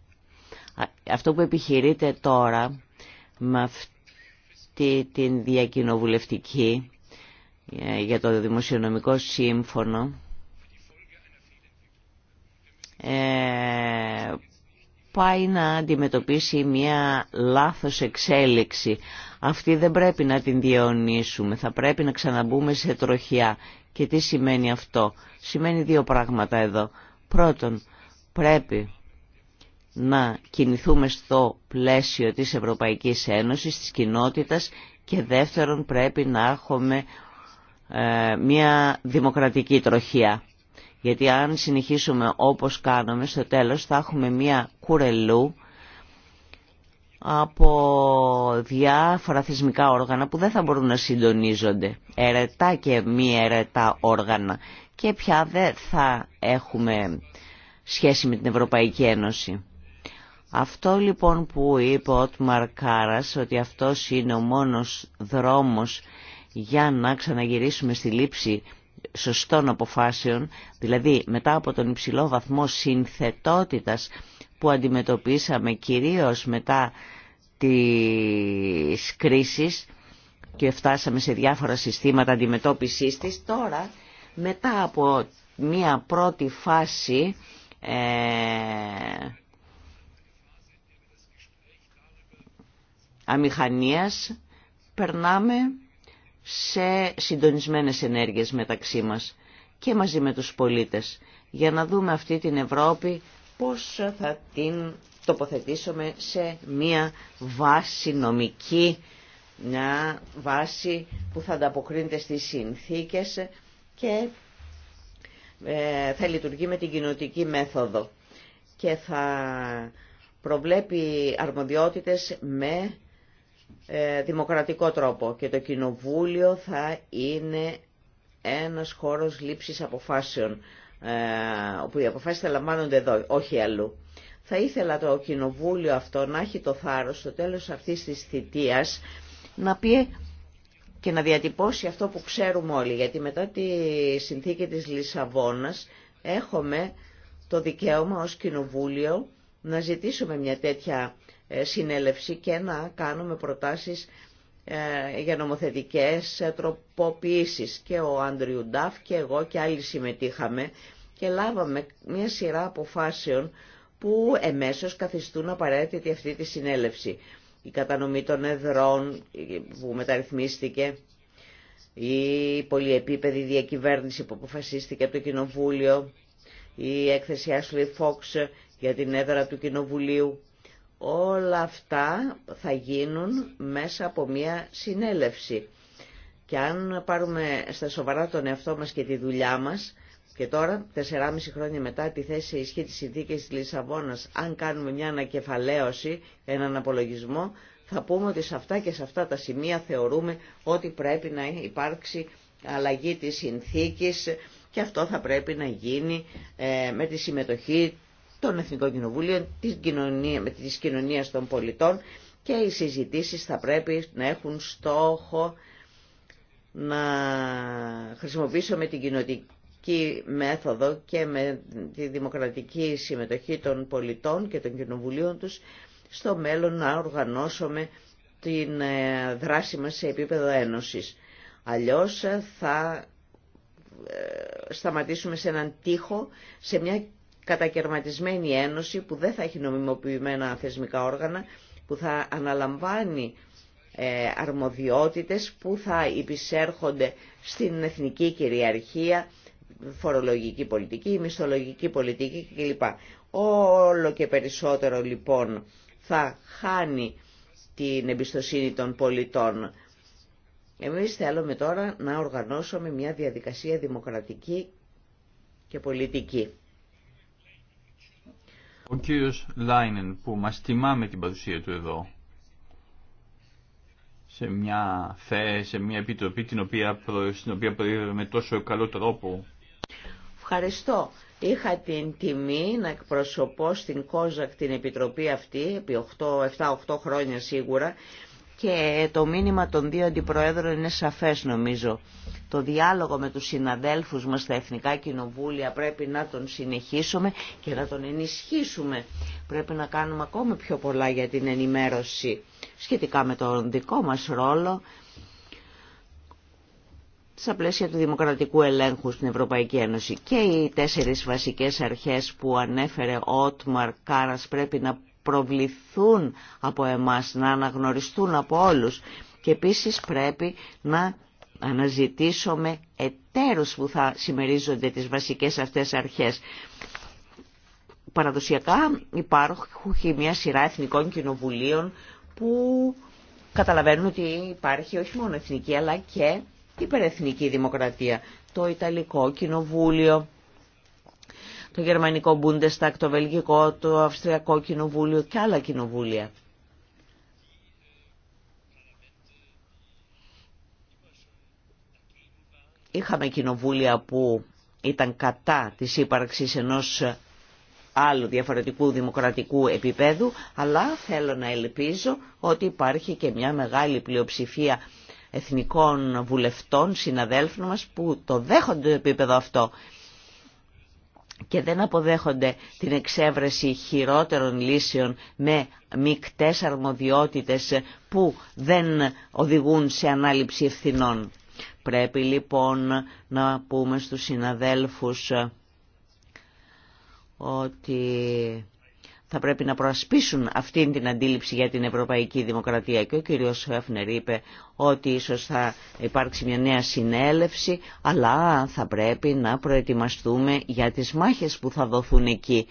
Αυτό που επιχειρείται τώρα με αυτή την διακοινοβουλευτική ε, για το δημοσιονομικό σύμφωνο ε, πάει να αντιμετωπίσει μια λάθος εξέλιξη. Αυτή δεν πρέπει να την διαιωνίσουμε, θα πρέπει να ξαναμπούμε σε τροχιά. Και τι σημαίνει αυτό. Σημαίνει δύο πράγματα εδώ. Πρώτον, πρέπει να κινηθούμε στο πλαίσιο της Ευρωπαϊκής Ένωσης, της κοινότητας και δεύτερον πρέπει να έχουμε ε, μια δημοκρατική τροχιά γιατί αν συνεχίσουμε όπως κάνουμε στο τέλος θα έχουμε μία κουρελού από διάφορα θεσμικά όργανα που δεν θα μπορούν να συντονίζονται ερετά και μη ερετά όργανα και πια δεν θα έχουμε σχέση με την Ευρωπαϊκή Ένωση. Αυτό λοιπόν που είπε ο Ότμαρ ότι αυτός είναι ο μόνος δρόμος για να ξαναγυρίσουμε στη λήψη σωστών αποφάσεων, δηλαδή μετά από τον υψηλό βαθμό συνθετότητας που αντιμετωπίσαμε κυρίως μετά τις κρίσεις και φτάσαμε σε διάφορα συστήματα αντιμετώπισης της, τώρα μετά από μία πρώτη φάση ε, αμηχανίας περνάμε σε συντονισμένες ενέργειες μεταξύ μας και μαζί με τους πολίτες για να δούμε αυτή την Ευρώπη πώς θα την τοποθετήσουμε σε μία βάση νομική, μια βάση που θα ανταποκρίνεται στις συνθήκες και ε, θα λειτουργεί με την κοινωτική μέθοδο και θα προβλέπει αρμοδιότητες με ε, δημοκρατικό τρόπο και το κοινοβούλιο θα είναι ένας χώρος λήψης αποφάσεων ε, όπου οι αποφάσεις θα λαμβάνονται εδώ, όχι αλλού. Θα ήθελα το κοινοβούλιο αυτό να έχει το θάρρος στο τέλος αυτής της θητείας να πει και να διατυπώσει αυτό που ξέρουμε όλοι, γιατί μετά τη συνθήκη της Λισαβόνας έχουμε το δικαίωμα ως κοινοβούλιο να ζητήσουμε μια τέτοια ε, συνέλευση και να κάνουμε προτάσεις ε, για νομοθετικές ε, τροποποιήσεις. Και ο Άντριου Νταφ και εγώ και άλλοι συμμετείχαμε και λάβαμε μια σειρά αποφάσεων που εμέσως καθιστούν απαραίτητη αυτή τη συνέλευση. Η κατανομή των εδρών που μεταρρυθμίστηκε, η πολυεπίπεδη διακυβέρνηση που αποφασίστηκε από το Κοινοβούλιο, η έκθεση Ashley Fox για την έδρα του Κοινοβουλίου, Όλα αυτά θα γίνουν μέσα από μια συνέλευση. Και αν πάρουμε στα σοβαρά τον εαυτό μας και τη δουλειά μας, και τώρα, 4,5 χρόνια μετά τη θέση ισχύ της συνθήκης της Λισαβόνας, αν κάνουμε μια ανακεφαλαίωση, έναν απολογισμό, θα πούμε ότι σε αυτά και σε αυτά τα σημεία θεωρούμε ότι πρέπει να υπάρξει αλλαγή της συνθήκης και αυτό θα πρέπει να γίνει ε, με τη συμμετοχή των Εθνικών Κοινοβουλίων, της κοινωνίας, των πολιτών και οι συζητήσεις θα πρέπει να έχουν στόχο να χρησιμοποιήσουμε την κοινοτική μέθοδο και με τη δημοκρατική συμμετοχή των πολιτών και των κοινοβουλίων τους στο μέλλον να οργανώσουμε την ε, δράση μας σε επίπεδο ένωσης. Αλλιώς θα ε, σταματήσουμε σε έναν τοίχο, σε μια κατακαιρματισμένη ένωση που δεν θα έχει νομιμοποιημένα θεσμικά όργανα, που θα αναλαμβάνει ε, αρμοδιότητες που θα υπησέρχονται στην εθνική κυριαρχία, φορολογική πολιτική, μισθολογική πολιτική κλπ. Όλο και περισσότερο λοιπόν θα χάνει την εμπιστοσύνη των πολιτών. Εμείς θέλουμε τώρα να οργανώσουμε μια διαδικασία δημοκρατική και πολιτική. Ο κύριος Λάινεν που μας τιμά με την παρουσία του εδώ σε μια θέση, σε μια επιτροπή την οποία, στην οποία προείδευε με τόσο καλό τρόπο. Ευχαριστώ. Είχα την τιμή να εκπροσωπώ στην Κόζακ την επιτροπή αυτή επί 7-8 χρόνια σίγουρα και το μήνυμα των δύο αντιπροέδρων είναι σαφές νομίζω. Το διάλογο με τους συναδέλφους μας στα Εθνικά Κοινοβούλια πρέπει να τον συνεχίσουμε και να τον ενισχύσουμε. Πρέπει να κάνουμε ακόμη πιο πολλά για την ενημέρωση σχετικά με τον δικό μας ρόλο στα πλαίσια του δημοκρατικού ελέγχου στην Ευρωπαϊκή Ένωση. Και οι τέσσερις βασικές αρχές που ανέφερε ο Ότμαρ Κάρας πρέπει να προβληθούν από εμάς, να αναγνωριστούν από όλους. Και επίσης πρέπει να αναζητήσουμε εταίρους που θα συμμερίζονται τις βασικές αυτές αρχές. Παραδοσιακά υπάρχει μια σειρά εθνικών κοινοβουλίων που καταλαβαίνουν ότι υπάρχει όχι μόνο εθνική αλλά και υπερεθνική δημοκρατία. Το Ιταλικό Κοινοβούλιο το γερμανικό Bundestag, το βελγικό, το αυστριακό κοινοβούλιο και άλλα κοινοβούλια. Είχαμε κοινοβούλια που ήταν κατά της ύπαρξης ενός άλλου διαφορετικού δημοκρατικού επίπεδου, αλλά θέλω να ελπίζω ότι υπάρχει και μια μεγάλη πλειοψηφία εθνικών βουλευτών, συναδέλφων μας που το δέχονται το επίπεδο αυτό και δεν αποδέχονται την εξέβρεση χειρότερων λύσεων με μικτές αρμοδιότητες που δεν οδηγούν σε ανάληψη ευθυνών. Πρέπει λοιπόν να πούμε στους συναδέλφους ότι θα πρέπει να προασπίσουν αυτήν την αντίληψη για την ευρωπαϊκή δημοκρατία. Και ο κύριος Χέφνερ είπε ότι ίσως θα υπάρξει μια νέα συνέλευση, αλλά θα πρέπει να προετοιμαστούμε για τις μάχες που θα δοθούν εκεί.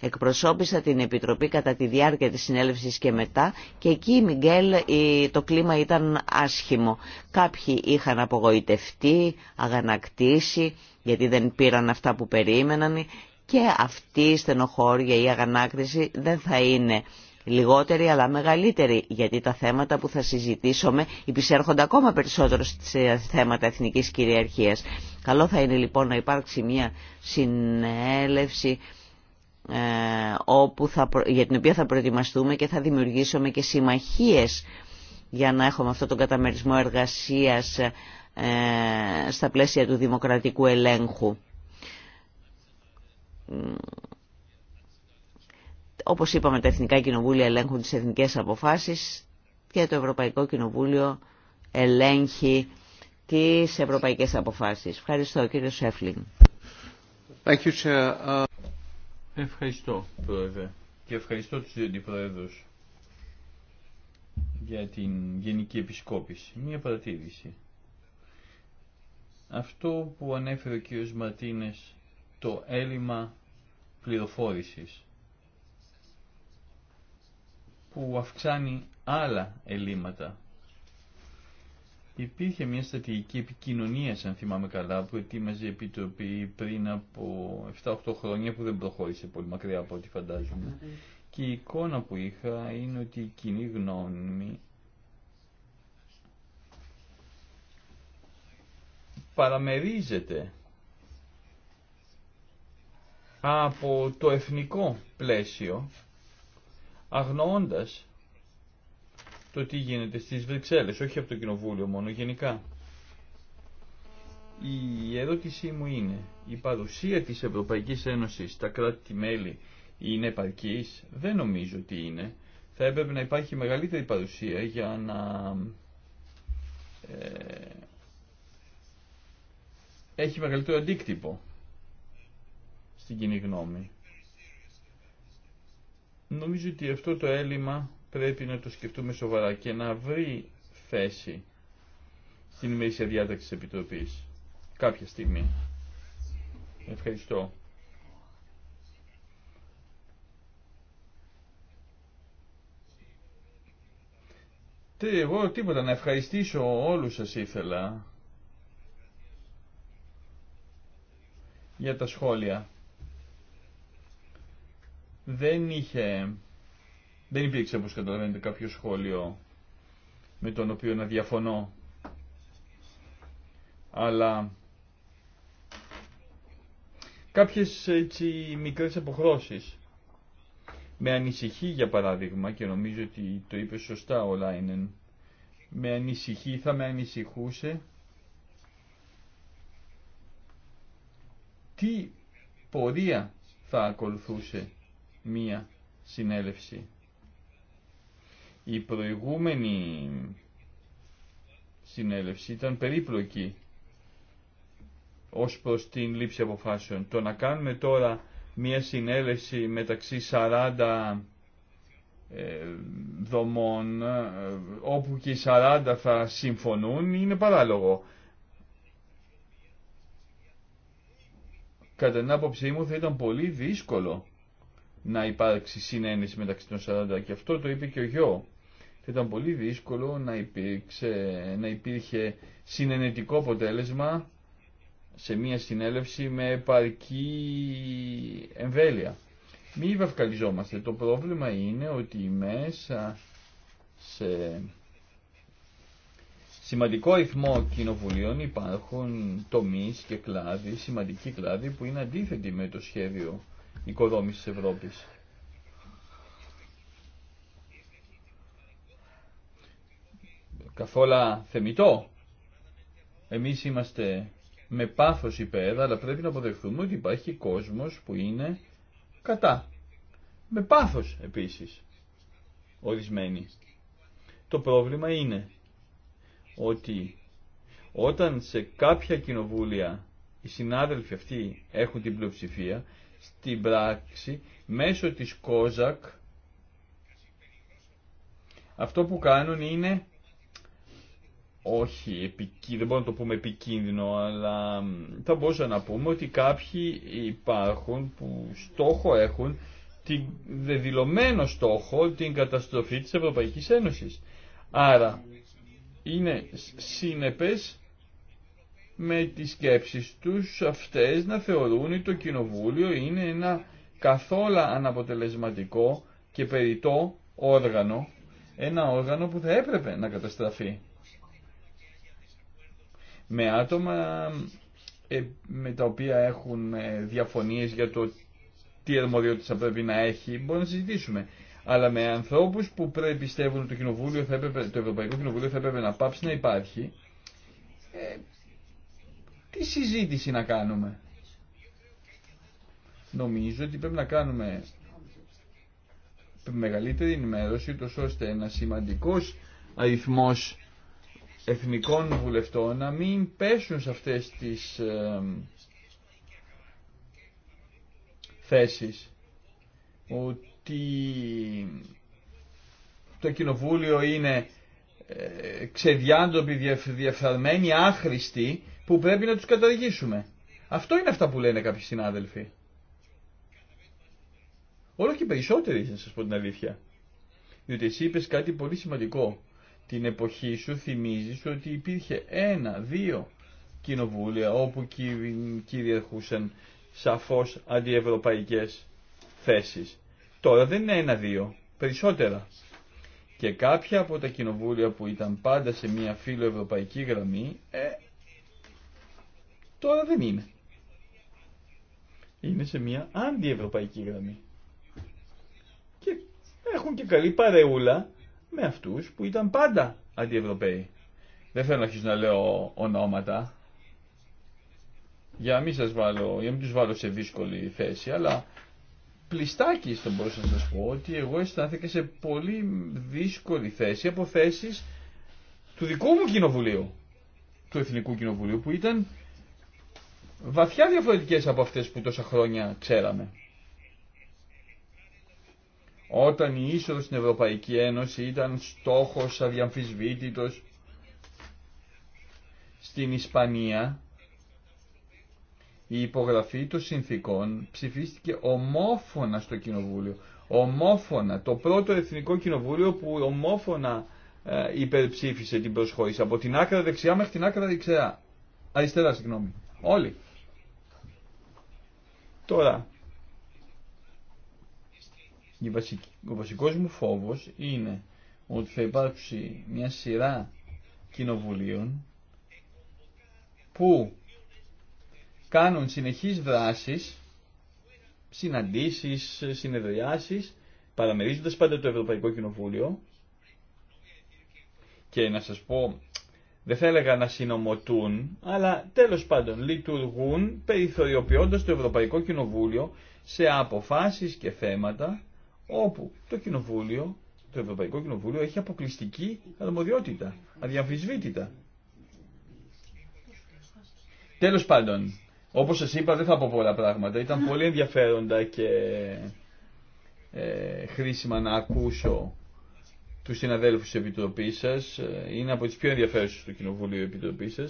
Εκπροσώπησα την Επιτροπή κατά τη διάρκεια της συνέλευσης και μετά και εκεί, Μιγκέλ, το κλίμα ήταν άσχημο. Κάποιοι είχαν απογοητευτεί, αγανακτήσει, γιατί δεν πήραν αυτά που περίμεναν και αυτή η στενοχώρια ή η αγανάκτηση δεν θα είναι λιγότερη αλλά μεγαλύτερη γιατί τα θέματα που θα συζητήσουμε υπησέρχονται ακόμα περισσότερο σε θέματα εθνικής κυριαρχίας. Καλό θα είναι λοιπόν να υπάρξει μια συνέλευση ε, όπου θα, για την οποία θα προετοιμαστούμε και θα δημιουργήσουμε και συμμαχίες για να έχουμε αυτό τον καταμερισμό εργασίας ε, στα πλαίσια του δημοκρατικού ελέγχου όπως είπαμε τα Εθνικά Κοινοβούλια ελέγχουν τις εθνικές αποφάσεις και το Ευρωπαϊκό Κοινοβούλιο ελέγχει τις ευρωπαϊκές αποφάσεις. Ευχαριστώ κύριε Σέφλιν. Ε, ευχαριστώ πρόεδρε και ευχαριστώ τους δύο για την Γενική Επισκόπηση. Μία παρατήρηση. Αυτό που ανέφερε ο κύριος Μαρτίνες, το έλλειμμα πληροφόρησης που αυξάνει άλλα ελλείμματα. Υπήρχε μια στρατηγική επικοινωνία, αν θυμάμαι καλά, που ετοίμαζε η Επιτροπή πριν από 7-8 χρόνια που δεν προχώρησε πολύ μακριά από ό,τι φαντάζομαι. Και η εικόνα που είχα είναι ότι η κοινή γνώμη παραμερίζεται από το εθνικό πλαίσιο, αγνοώντας το τι γίνεται στις Βρυξέλλες, όχι από το Κοινοβούλιο μόνο, γενικά. Η ερώτησή μου είναι, η παρουσία της Ευρωπαϊκής Ένωσης στα κράτη-μέλη είναι επαρκής, δεν νομίζω ότι είναι. Θα έπρεπε να υπάρχει μεγαλύτερη παρουσία για να ε, έχει μεγαλύτερο αντίκτυπο στην κοινή γνώμη. Νομίζω ότι αυτό το έλλειμμα πρέπει να το σκεφτούμε σοβαρά και να βρει θέση στην ημερήσια διάταξη της Επιτροπής κάποια στιγμή. Ευχαριστώ. Τι, εγώ τίποτα, να ευχαριστήσω όλους σας ήθελα για τα σχόλια δεν είχε, δεν υπήρξε όπως καταλαβαίνετε κάποιο σχόλιο με τον οποίο να διαφωνώ, αλλά κάποιες έτσι μικρές αποχρώσεις. Με ανησυχεί για παράδειγμα και νομίζω ότι το είπε σωστά ο Λάινεν, με ανησυχεί, θα με ανησυχούσε τι πορεία θα ακολουθούσε μία συνέλευση. Η προηγούμενη συνέλευση ήταν περίπλοκη ως προς την λήψη αποφάσεων. Το να κάνουμε τώρα μία συνέλευση μεταξύ 40 ε, δομών ε, όπου και οι 40 θα συμφωνούν είναι παράλογο. Κατά την άποψή μου θα ήταν πολύ δύσκολο να υπάρξει συνένεση μεταξύ των 40 και αυτό το είπε και ο Γιώ. Θα ήταν πολύ δύσκολο να, να υπήρχε συνενετικό αποτέλεσμα σε μια συνέλευση με επαρκή εμβέλεια. Μη βαυκαλιζόμαστε. Το πρόβλημα είναι ότι μέσα σε σημαντικό αριθμό κοινοβουλίων υπάρχουν τομείς και κλάδοι, σημαντικοί κλάδοι που είναι αντίθετοι με το σχέδιο οικοδόμηση της Ευρώπης. Καθόλα θεμητό. Εμείς είμαστε με πάθος υπέρ, αλλά πρέπει να αποδεχθούμε ότι υπάρχει κόσμος που είναι κατά. Με πάθος επίσης, ορισμένοι. Το πρόβλημα είναι ότι όταν σε κάποια κοινοβούλια οι συνάδελφοι αυτοί έχουν την πλειοψηφία, στην πράξη μέσω της ΚΟΖΑΚ αυτό που κάνουν είναι όχι, επικίνδυνο, δεν μπορούμε να το πούμε επικίνδυνο, αλλά θα μπορούσα να πούμε ότι κάποιοι υπάρχουν που στόχο έχουν την δεδηλωμένο στόχο την καταστροφή της Ευρωπαϊκής Ένωσης. Άρα είναι σύνεπες με τις σκέψεις τους αυτές να θεωρούν ότι το Κοινοβούλιο είναι ένα καθόλου αναποτελεσματικό και περιττό όργανο, ένα όργανο που θα έπρεπε να καταστραφεί. Με άτομα ε, με τα οποία έχουν ε, διαφωνίες για το τι ερμοδιότητα πρέπει να έχει, μπορούμε να συζητήσουμε. Αλλά με ανθρώπους που πρέπει πιστεύουν ότι το, το Ευρωπαϊκό Κοινοβούλιο θα έπρεπε να πάψει να υπάρχει, ε, τι συζήτηση να κάνουμε. Νομίζω ότι πρέπει να κάνουμε μεγαλύτερη ενημέρωση, Τόσο ώστε ένα σημαντικός αριθμός εθνικών βουλευτών να μην πέσουν σε αυτές τις ε, θέσεις. Ότι το κοινοβούλιο είναι ε, ξεδιάντοπη, διεφθαρμένοι, που πρέπει να τους καταργήσουμε. Αυτό είναι αυτά που λένε κάποιοι συνάδελφοι. Όλο και περισσότεροι, να σας πω την αλήθεια. Διότι εσύ είπες κάτι πολύ σημαντικό. Την εποχή σου θυμίζεις ότι υπήρχε ένα, δύο κοινοβούλια όπου κυριαρχούσαν σαφώς αντιευρωπαϊκές θέσεις. Τώρα δεν είναι ένα-δύο, περισσότερα. Και κάποια από τα κοινοβούλια που ήταν πάντα σε μια φιλοευρωπαϊκή γραμμή ε, Τώρα δεν είναι. Είναι σε μια αντιευρωπαϊκή γραμμή. Και έχουν και καλή παρεούλα με αυτούς που ήταν πάντα αντιευρωπαίοι. Δεν θέλω να αρχίσω να λέω ονόματα, για να μην σας βάλω, για να τους βάλω σε δύσκολη θέση, αλλά πλιστάκι στον μπορούσα να σας πω ότι εγώ αισθάνθηκα σε πολύ δύσκολη θέση από θέσεις του δικού μου κοινοβουλίου, του Εθνικού Κοινοβουλίου, που ήταν βαθιά διαφορετικές από αυτές που τόσα χρόνια ξέραμε. Όταν η είσοδος στην Ευρωπαϊκή Ένωση ήταν στόχος αδιαμφισβήτητος στην Ισπανία, η υπογραφή των συνθήκων ψηφίστηκε ομόφωνα στο Κοινοβούλιο. Ομόφωνα, το πρώτο Εθνικό Κοινοβούλιο που ομόφωνα ε, υπερψήφισε την προσχώρηση από την άκρα δεξιά μέχρι την άκρα δεξιά. Αριστερά, συγγνώμη. Όλοι. Τώρα, ο βασικός μου φόβος είναι ότι θα υπάρξει μια σειρά κοινοβουλίων που κάνουν συνεχείς δράσεις, συναντήσεις, συνεδριάσεις, παραμερίζοντας πάντα το Ευρωπαϊκό Κοινοβούλιο και να σας πω δεν θα έλεγα να συνομωτούν, αλλά τέλος πάντων λειτουργούν περιθωριοποιώντας το Ευρωπαϊκό Κοινοβούλιο σε αποφάσεις και θέματα όπου το Κοινοβούλιο, το Ευρωπαϊκό Κοινοβούλιο έχει αποκλειστική αρμοδιότητα, αδιαμφισβήτητα. Τέλος πάντων, όπως σας είπα δεν θα πω πολλά πράγματα, ήταν πολύ ενδιαφέροντα και ε, χρήσιμα να ακούσω του συναδέλφου τη Επιτροπή σα, ε, Είναι από τι πιο ενδιαφέρουσε του Κοινοβουλίου Επιτροπή σα.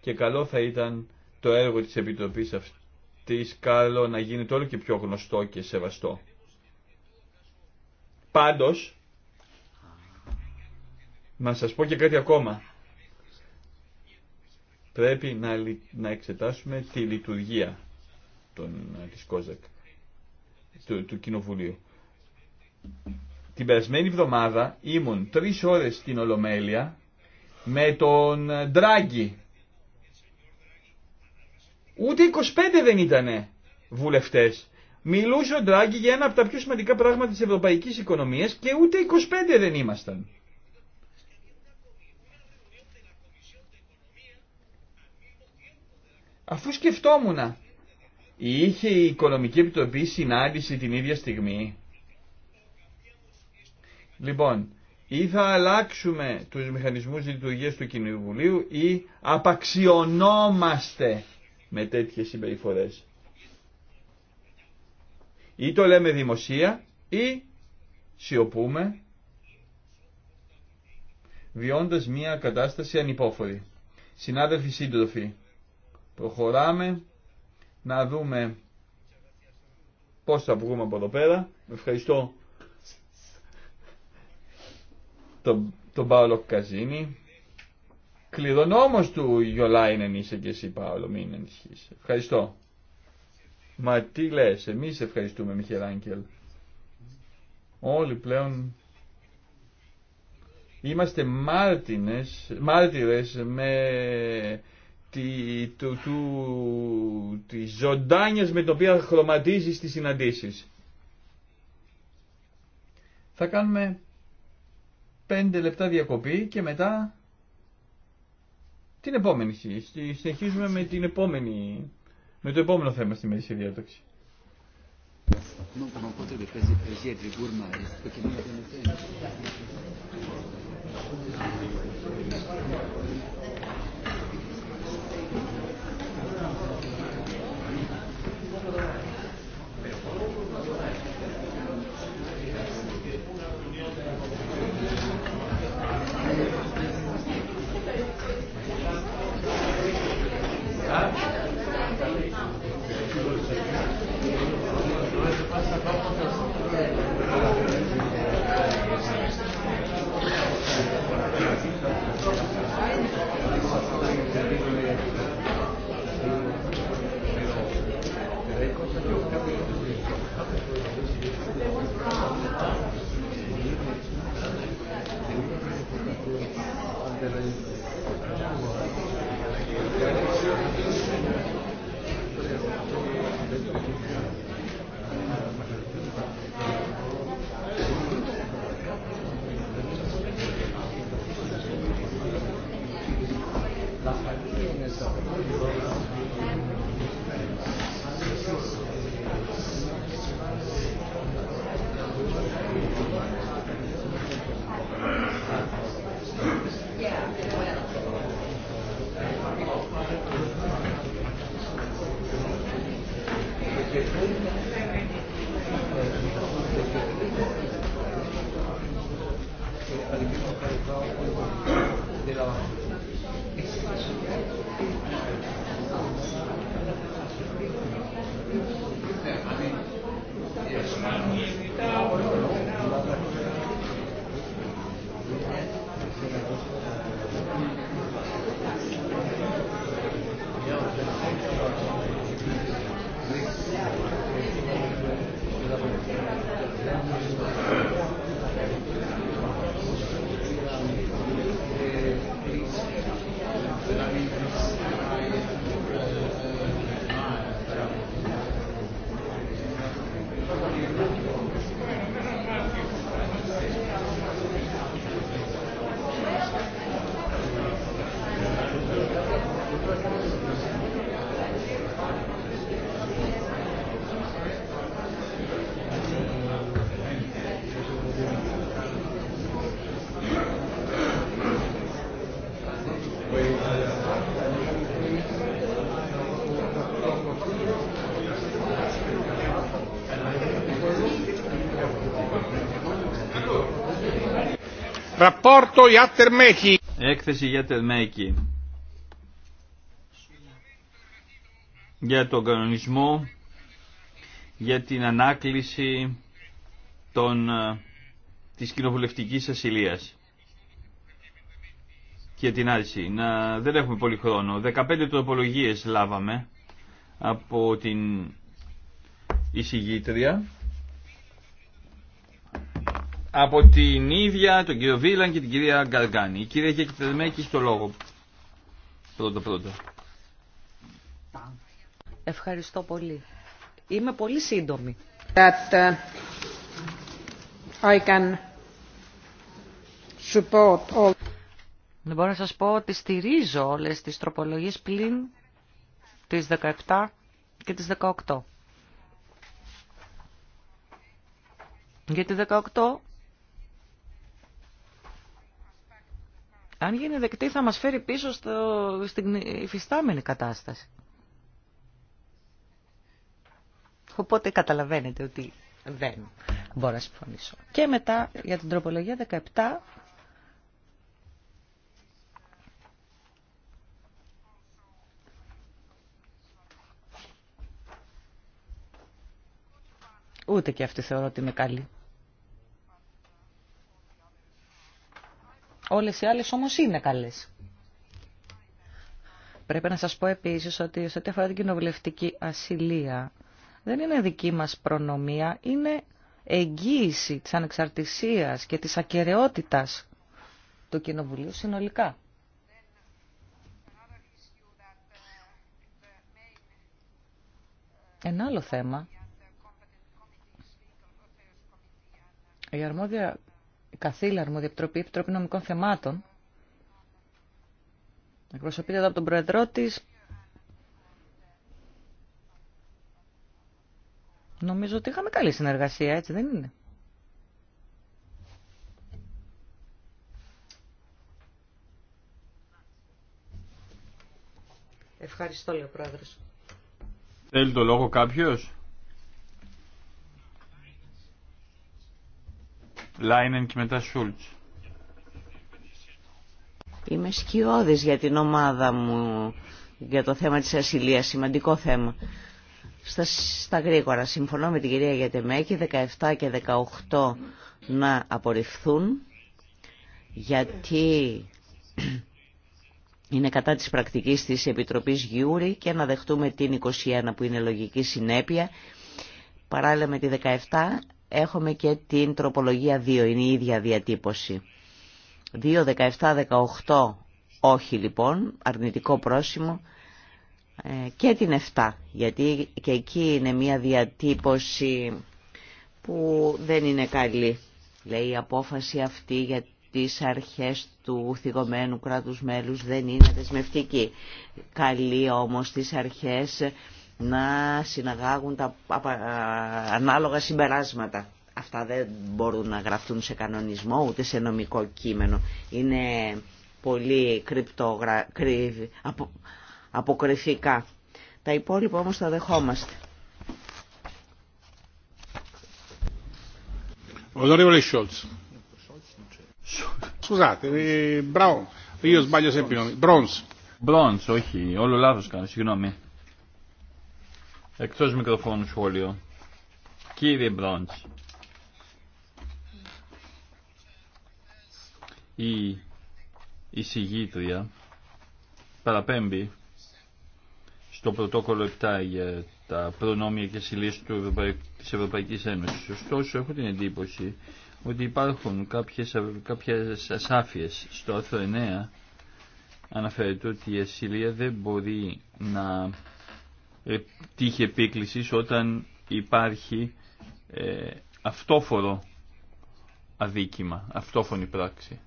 και καλό θα ήταν το έργο της επιτροπή αυτή, καλό να γίνεται όλο και πιο γνωστό και σεβαστό. Πάντω, να σα πω και κάτι ακόμα. Πρέπει να, να εξετάσουμε τη λειτουργία των, ε, της ΚΟΖΑΚ, του Κοινοβουλίου την περασμένη εβδομάδα ήμουν τρει ώρε στην Ολομέλεια με τον ε, Ντράγκη. Ούτε 25 δεν ήτανε βουλευτές. Μιλούσε ο Ντράγκη για ένα από τα πιο σημαντικά πράγματα της ευρωπαϊκής οικονομίας και ούτε 25 δεν ήμασταν. Αφού σκεφτόμουν, είχε η Οικονομική Επιτροπή συνάντηση την ίδια στιγμή. Λοιπόν, ή θα αλλάξουμε τους μηχανισμούς λειτουργίας του Κοινοβουλίου ή απαξιωνόμαστε με τέτοιες συμπεριφορές. Ή το λέμε δημοσία ή σιωπούμε βιώντας μια κατάσταση ανυπόφορη. Συνάδελφοι σύντροφοι, προχωράμε να δούμε πώς θα βγούμε από εδώ πέρα. Ευχαριστώ τον, τον Καζίνη. Κλειδονόμος του Γιολάινεν είσαι και εσύ Παύλο, μην ανησυχείς. Ευχαριστώ. Μα τι λες, εμείς ευχαριστούμε Μιχελάνκελ. Όλοι πλέον είμαστε μάρτινες, μάρτυρες με τη, του, της με το οποία χρωματίζεις τις συναντήσεις. Θα κάνουμε 5 λεπτά διακοπή και μετά την επόμενη συνεχίζουμε με την επόμενη με το επόμενο θέμα στη μέση διάταξη. Rapporto για Έκθεση για Τερμέκη Για τον κανονισμό, για την ανάκληση των, ε, της κοινοβουλευτικής ασυλίας και την άρση. Να, δεν έχουμε πολύ χρόνο. 15 τροπολογίες λάβαμε από την εισηγήτρια από την ίδια τον κύριο Βίλαν και την κυρία Γκαργκάνη. Η κυρία έχει το λόγο. Πρώτο πρώτο. Ευχαριστώ πολύ. Είμαι πολύ σύντομη. That, uh, I can support Δεν μπορώ να σας πω ότι στηρίζω όλες τις τροπολογίες πλην τις 17 και τις 18. Γιατί 18 αν γίνει δεκτή θα μας φέρει πίσω στο, στην υφιστάμενη κατάσταση. Οπότε καταλαβαίνετε ότι δεν μπορώ να συμφωνήσω. Και μετά για την τροπολογία 17... Ούτε και αυτή θεωρώ ότι είναι καλή. Όλες οι άλλες όμως είναι καλές. Πρέπει να σας πω επίσης ότι σε ό,τι αφορά την κοινοβουλευτική ασυλία δεν είναι δική μας προνομία, είναι εγγύηση της ανεξαρτησίας και της ακαιρεότητας του Κοινοβουλίου συνολικά. Ένα άλλο θέμα. Η αρμόδια καθήλα Καθήλαρμο επιτροπή, επιτροπή νομικών θεμάτων, εκπροσωπείται εδώ από τον Προεδρό τη. Νομίζω ότι είχαμε καλή συνεργασία, έτσι δεν είναι. Ευχαριστώ, λέει ο Πρόεδρος. Θέλει το λόγο κάποιος? Λάινεν και μετά Σούλτς. Είμαι σκιώδης για την ομάδα μου, για το θέμα της ασυλίας, σημαντικό θέμα. Στα, στα γρήγορα, συμφωνώ με την κυρία Γιατεμέκη, 17 και 18 να απορριφθούν, γιατί είναι κατά της πρακτικής της Επιτροπής Γιούρη και να δεχτούμε την 21 που είναι λογική συνέπεια. Παράλληλα με τη 17 έχουμε και την τροπολογία 2, είναι η ίδια διατύπωση. 2, 17, 18, όχι λοιπόν, αρνητικό πρόσημο ε, και την 7, γιατί και εκεί είναι μια διατύπωση που δεν είναι καλή. Λέει η απόφαση αυτή για τις αρχές του θυγωμένου κράτους μέλους δεν είναι δεσμευτική. Καλή όμως τις αρχές να συναγάγουν τα ανάλογα συμπεράσματα. Αυτά δεν μπορούν να γραφτούν σε κανονισμό ούτε σε νομικό κείμενο. Είναι πολύ κρυπτογρα... κρυ... απο... αποκρυφικά. Τα υπόλοιπα όμως τα δεχόμαστε. Onorevole Scholz. Scusate, eh, bravo, io sbaglio sempre όχι, όλο λάθος κάνω, συγγνώμη. Εκτός μικροφώνου σχόλιο. Κύριε Μπρόντς, η εισηγήτρια παραπέμπει στο πρωτόκολλο 7 για τα προνόμια και συλλήσεις του της Ευρωπαϊκής Ένωσης. Ωστόσο, έχω την εντύπωση ότι υπάρχουν κάποιες, κάποιες ασάφειες. Στο άρθρο 9 αναφέρεται ότι η ασυλία δεν μπορεί να ε, τύχη επίκλησης όταν υπάρχει ε, αυτόφορο αδίκημα, αυτόφωνη πράξη.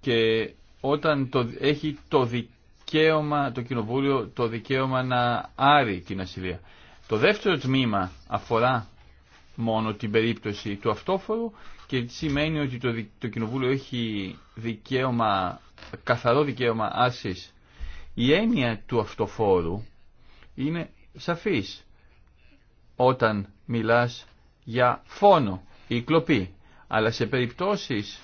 Και όταν το, έχει το δικαίωμα, το κοινοβούλιο, το δικαίωμα να άρει την ασυλία. Το δεύτερο τμήμα αφορά μόνο την περίπτωση του αυτόφορου και σημαίνει ότι το, το κοινοβούλιο έχει δικαίωμα, καθαρό δικαίωμα άσης η έννοια του αυτοφόρου είναι σαφής όταν μιλάς για φόνο ή κλοπή. Αλλά σε περιπτώσεις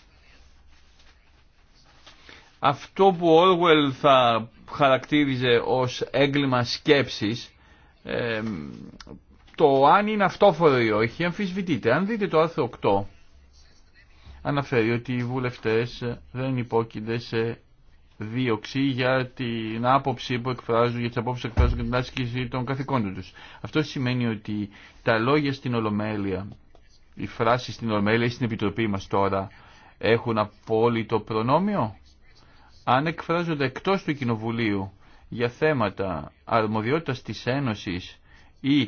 αυτό που ο θα χαρακτήριζε ως έγκλημα σκέψης, το αν είναι αυτόφορο ή όχι αμφισβητείται. Αν δείτε το άρθρο 8, αναφέρει ότι οι βουλευτές δεν υπόκεινται σε δίωξη για την άποψη που εκφράζουν, για τι απόψει που εκφράζουν και την άσκηση των καθηκόντων του. Αυτό σημαίνει ότι τα λόγια στην Ολομέλεια, οι φράσει στην Ολομέλεια ή στην Επιτροπή μας τώρα έχουν απόλυτο προνόμιο. Αν εκφράζονται εκτός του Κοινοβουλίου για θέματα αρμοδιότητας της Ένωσης ή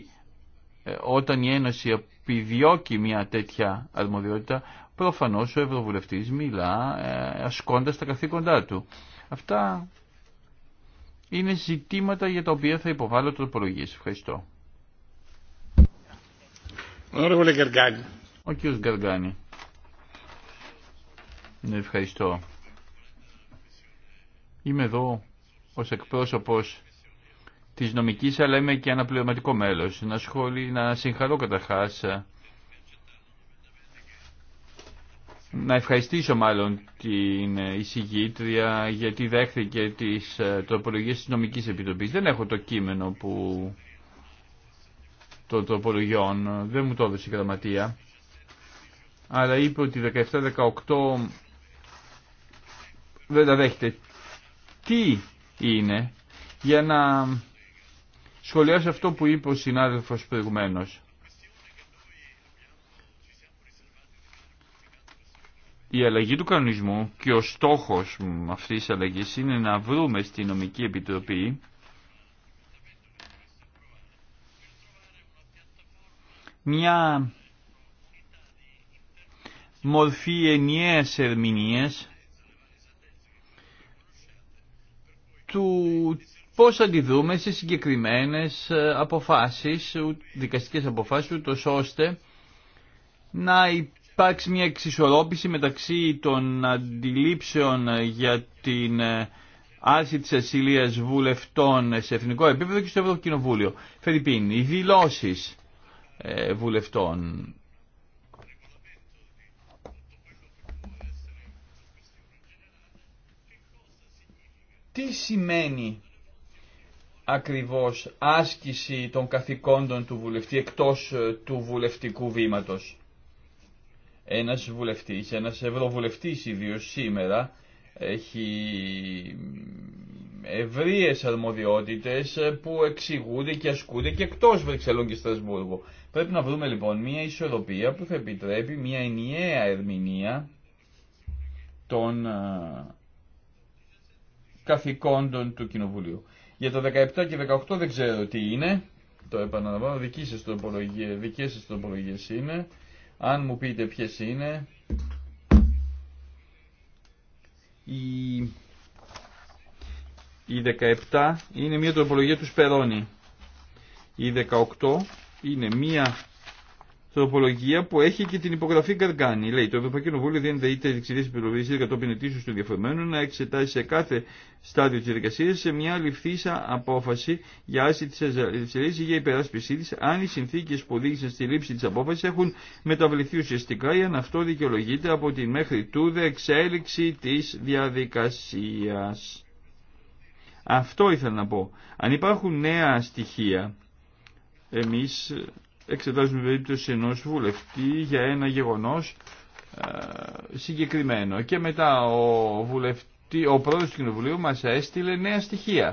ε, όταν η Ένωση κοινοβουλιου για θεματα αρμοδιότητα της ενωσης η οταν η ενωση επιδιωκει μια τέτοια αρμοδιότητα, προφανώς ο Ευρωβουλευτής μιλά ε, ασκώντας τα καθήκοντά του. Αυτά είναι ζητήματα για τα οποία θα υποβάλω τροπολογίες. Ευχαριστώ. Ο κύριος Γκαργάνη. Ναι, ευχαριστώ. Είμαι εδώ ως εκπρόσωπος της νομικής, αλλά είμαι και αναπληρωματικό μέλος. Να, σχολεί, να συγχαρώ καταρχάς να ευχαριστήσω μάλλον την εισηγήτρια γιατί δέχθηκε τις ε, τροπολογίες της νομικής επιτροπής. Δεν έχω το κείμενο που των τροπολογιών, δεν μου το έδωσε η γραμματεία. Αλλά είπε ότι 17-18 δεν τα δέχεται. Τι είναι για να σχολιάσω αυτό που είπε ο συνάδελφος προηγουμένως. η αλλαγή του κανονισμού και ο στόχος αυτής της αλλαγής είναι να βρούμε στη νομική επιτροπή μια μορφή ενιαίας ερμηνείας του πώς αντιδρούμε σε συγκεκριμένες αποφάσεις, δικαστικές αποφάσεις, ούτως ώστε να υπάρξει μια εξισορρόπηση μεταξύ των αντιλήψεων για την ε, άρση της ασυλίας βουλευτών σε εθνικό επίπεδο και στο Ευρωκοινοβούλιο. Φερρυπίν, οι δηλώσεις ε, βουλευτών. Τι σημαίνει ακριβώς άσκηση των καθηκόντων του βουλευτή εκτός ε, του βουλευτικού βήματος ένας βουλευτής, ένας ευρωβουλευτής ιδίω σήμερα, έχει ευρείες αρμοδιότητες που εξηγούνται και ασκούνται και εκτός Βρυξελών και Στρασβούργου. Πρέπει να βρούμε λοιπόν μια ισορροπία που θα επιτρέπει μια ενιαία ερμηνεία των ε, καθηκόντων του Κοινοβουλίου. Για το 17 και 18 δεν ξέρω τι είναι, το επαναλαμβάνω, δικές σας τροπολογίες είναι, αν μου πείτε ποιες είναι, η, 17 είναι μια τροπολογία του Σπερώνη. Η 18 είναι μια τροπολογία που έχει και την υπογραφή Γκαργκάνη. Λέει: Το Ευρωπαϊκό Κοινοβούλιο δίνεται είτε επιλογή για κατόπιν ετήσου του διαφορεμένου να εξετάσει σε κάθε στάδιο τη διαδικασία σε μια ληφθήσα απόφαση για άση τη ελευθερία ή για υπεράσπιση τη, αν οι συνθήκε που οδήγησαν στη λήψη τη απόφαση έχουν μεταβληθεί ουσιαστικά ή αν αυτό δικαιολογείται από τη μέχρι τούδε εξέλιξη τη διαδικασία. Αυτό ήθελα να πω. Αν υπάρχουν νέα στοιχεία, εμείς εξετάζουμε περίπτωση ενό βουλευτή για ένα γεγονός ε, συγκεκριμένο και μετά ο, βουλευτή, ο πρόεδρος του Κοινοβουλίου μα έστειλε νέα στοιχεία.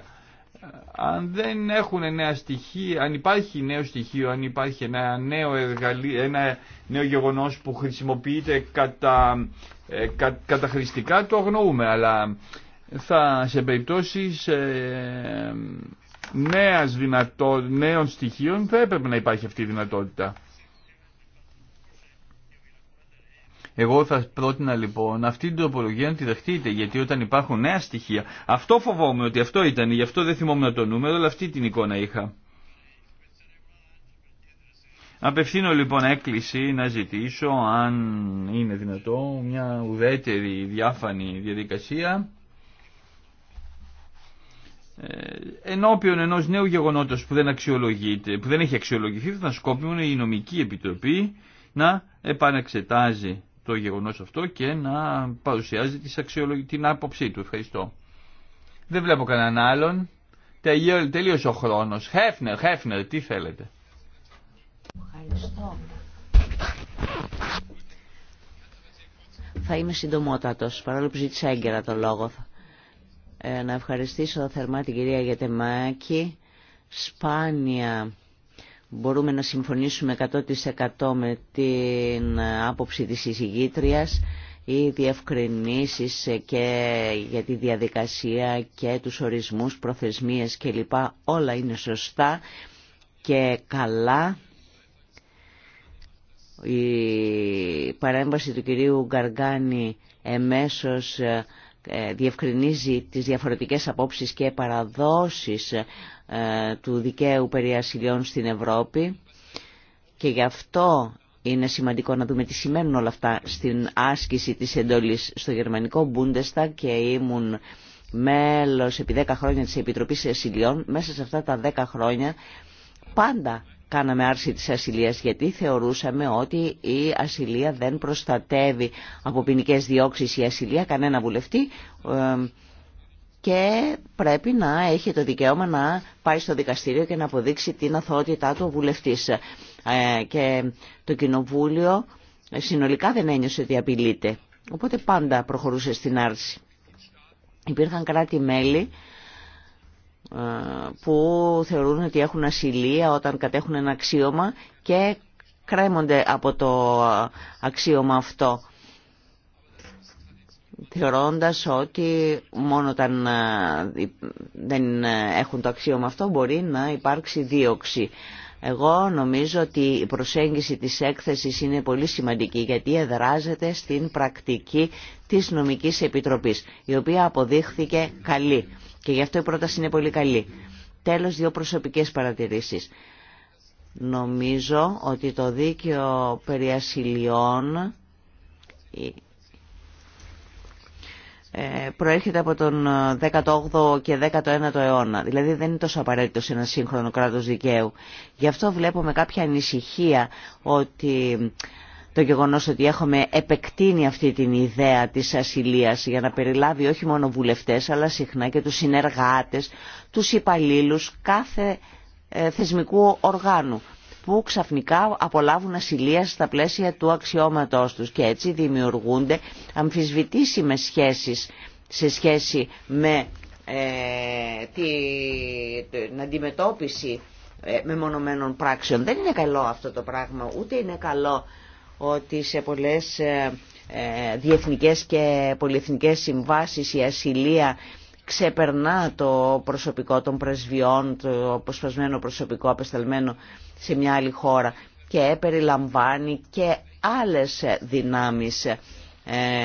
Ε, αν δεν έχουν νέα στοιχεία, αν υπάρχει νέο στοιχείο, αν υπάρχει ένα νέο εργαλείο, ένα νέο γεγονός που χρησιμοποιείται κατά, ε, κα, καταχρηστικά, το αγνοούμε. Αλλά θα σε περιπτώσεις νέας δυνατό, νέων στοιχείων θα έπρεπε να υπάρχει αυτή η δυνατότητα. Εγώ θα πρότεινα λοιπόν αυτή την τροπολογία να τη δεχτείτε, γιατί όταν υπάρχουν νέα στοιχεία, αυτό φοβόμουν ότι αυτό ήταν, γι' αυτό δεν θυμόμουν το νούμερο, αλλά αυτή την εικόνα είχα. Απευθύνω λοιπόν έκκληση να ζητήσω, αν είναι δυνατό, μια ουδέτερη διάφανη διαδικασία ε, ενώπιον ενός νέου γεγονότος που δεν αξιολογείται, που δεν έχει αξιολογηθεί, θα σκόπιμουν η νομική επιτροπή να επανεξετάζει το γεγονός αυτό και να παρουσιάζει την άποψή του. Ευχαριστώ. Δεν βλέπω κανέναν άλλον. Τελείωσε ο χρόνος. Χέφνερ, Χέφνερ, τι θέλετε. Ευχαριστώ. Θα είμαι συντομότατος, παρόλο που ζήτησα έγκαιρα το λόγο. Ε, να ευχαριστήσω θερμά την κυρία Γετεμάκη. Σπάνια μπορούμε να συμφωνήσουμε 100% με την άποψη της εισηγήτριας ή διευκρινήσεις και για τη διαδικασία και τους ορισμούς, προθεσμίες κλπ. Όλα είναι σωστά και καλά. Η παρέμβαση του κυρίου Γκαργκάνη εμέσως ε, διευκρινίζει τις διαφορετικές απόψεις και παραδόσεις ε, του δικαίου περί ασυλιών στην Ευρώπη και γι' αυτό είναι σημαντικό να δούμε τι σημαίνουν όλα αυτά στην άσκηση της εντολής στο γερμανικό Bundestag και ήμουν μέλος επί 10 χρόνια της Επιτροπής Ασυλιών. Μέσα σε αυτά τα 10 χρόνια πάντα κάναμε άρση της ασυλίας γιατί θεωρούσαμε ότι η ασυλία δεν προστατεύει από ποινικέ διώξεις η ασυλία κανένα βουλευτή και πρέπει να έχει το δικαίωμα να πάει στο δικαστήριο και να αποδείξει την αθωότητά του ο βουλευτής. Ε, και το κοινοβούλιο ε, συνολικά δεν ένιωσε ότι απειλείται. Οπότε πάντα προχωρούσε στην άρση. Υπήρχαν κράτη-μέλη ε, που θεωρούν ότι έχουν ασυλία όταν κατέχουν ένα αξίωμα και κρέμονται από το αξίωμα αυτό θεωρώντας ότι μόνο όταν ε, δεν ε, έχουν το αξίωμα αυτό μπορεί να υπάρξει δίωξη. Εγώ νομίζω ότι η προσέγγιση της έκθεσης είναι πολύ σημαντική γιατί εδράζεται στην πρακτική της νομικής επιτροπής η οποία αποδείχθηκε καλή. Και γι' αυτό η πρόταση είναι πολύ καλή. Τέλος, δύο προσωπικές παρατηρήσεις. Νομίζω ότι το δίκαιο περί ασυλιών ε, προέρχεται από τον 18ο ε, και 19ο αιώνα. Δηλαδή δεν είναι τόσο απαραίτητο σε ένα σύγχρονο κράτος δικαίου. Γι' αυτό βλέπω με κάποια ανησυχία ότι το γεγονός ότι έχουμε επεκτείνει αυτή την ιδέα της ασυλίας για να περιλάβει όχι μόνο βουλευτές αλλά συχνά και τους συνεργάτες, τους υπαλλήλους κάθε ε, θεσμικού οργάνου που ξαφνικά απολάβουν ασυλία στα πλαίσια του αξιώματός τους και έτσι δημιουργούνται αμφισβητήσιμες σχέσεις σε σχέση με ε, την αντιμετώπιση ε, μεμονωμένων πράξεων. Δεν είναι καλό αυτό το πράγμα, ούτε είναι καλό ότι σε πολλές ε, ε, διεθνικές και πολυεθνικές συμβάσεις η ασυλία ξεπερνά το προσωπικό των πρεσβειών, το αποσπασμένο προσωπικό απεσταλμένο σε μια άλλη χώρα και περιλαμβάνει και άλλες δυνάμεις, ε,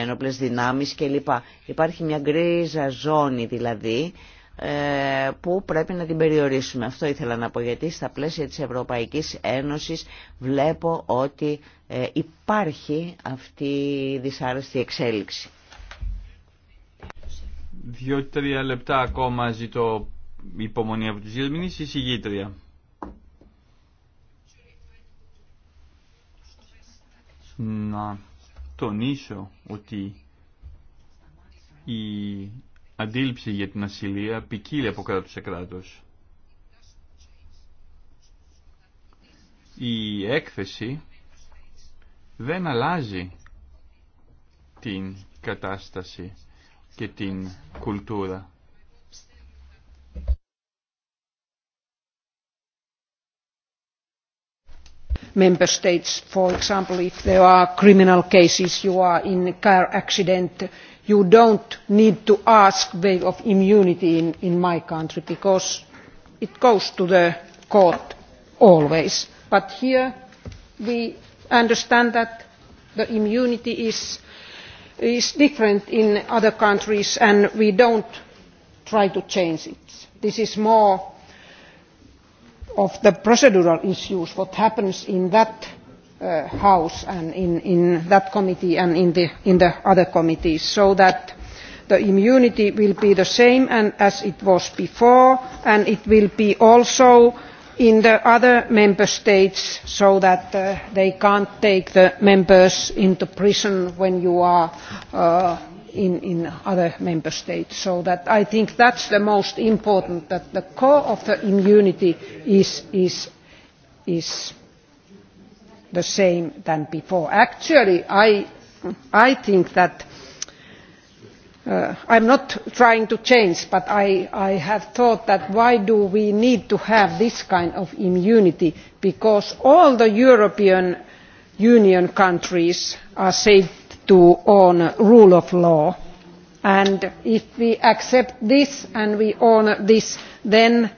ενόπλες δυνάμεις κλπ. Υπάρχει μια γκρίζα ζώνη δηλαδή ε, που πρέπει να την περιορίσουμε. Αυτό ήθελα να πω γιατί στα πλαίσια της Ευρωπαϊκής Ένωσης βλέπω ότι ε, υπάρχει αυτή η δυσάρεστη εξέλιξη. Δύο-τρία λεπτά ακόμα ζητώ υπομονή από τους διασμηνείς, η Να τονίσω ότι η αντίληψη για την ασυλία ποικίλει από κράτος σε κράτος. Η έκθεση δεν αλλάζει την κατάσταση και την κουλτούρα. member states for example if there are criminal cases you are in car accident you do not need to ask waiver of immunity in my country because it goes to the court always. But here we understand that the immunity is different in other countries and we do not try to change it. This is more of the procedural issues, what happens in that House and in that committee and in the other committees, so that the immunity will be the same as it was before, and it will be also in the other member states, so that they can't take the members into prison when you are in other member states. So I think that's the most important, that the core of the immunity is the same than before. Actually, I think that I am not trying to change, but I have thought that why do we need to have this kind of immunity? Because all the European Union countries are said to own rule of law, and if we accept this and we honour this, then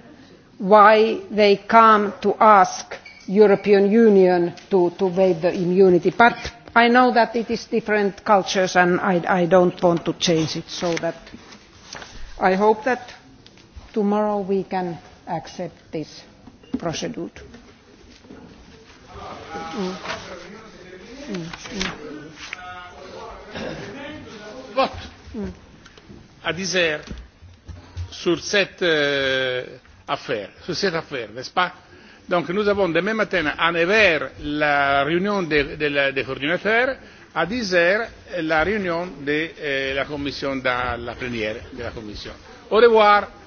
why they come to ask European Union to waive the immunity. But I know that it is different cultures and I don't want to change it. So that I hope that tomorrow we can accept this procedure. Donc nous avons demain matin à 9h la réunion des coordinateurs, à 10h la réunion de la commission dans la plénière de la commission. Au revoir.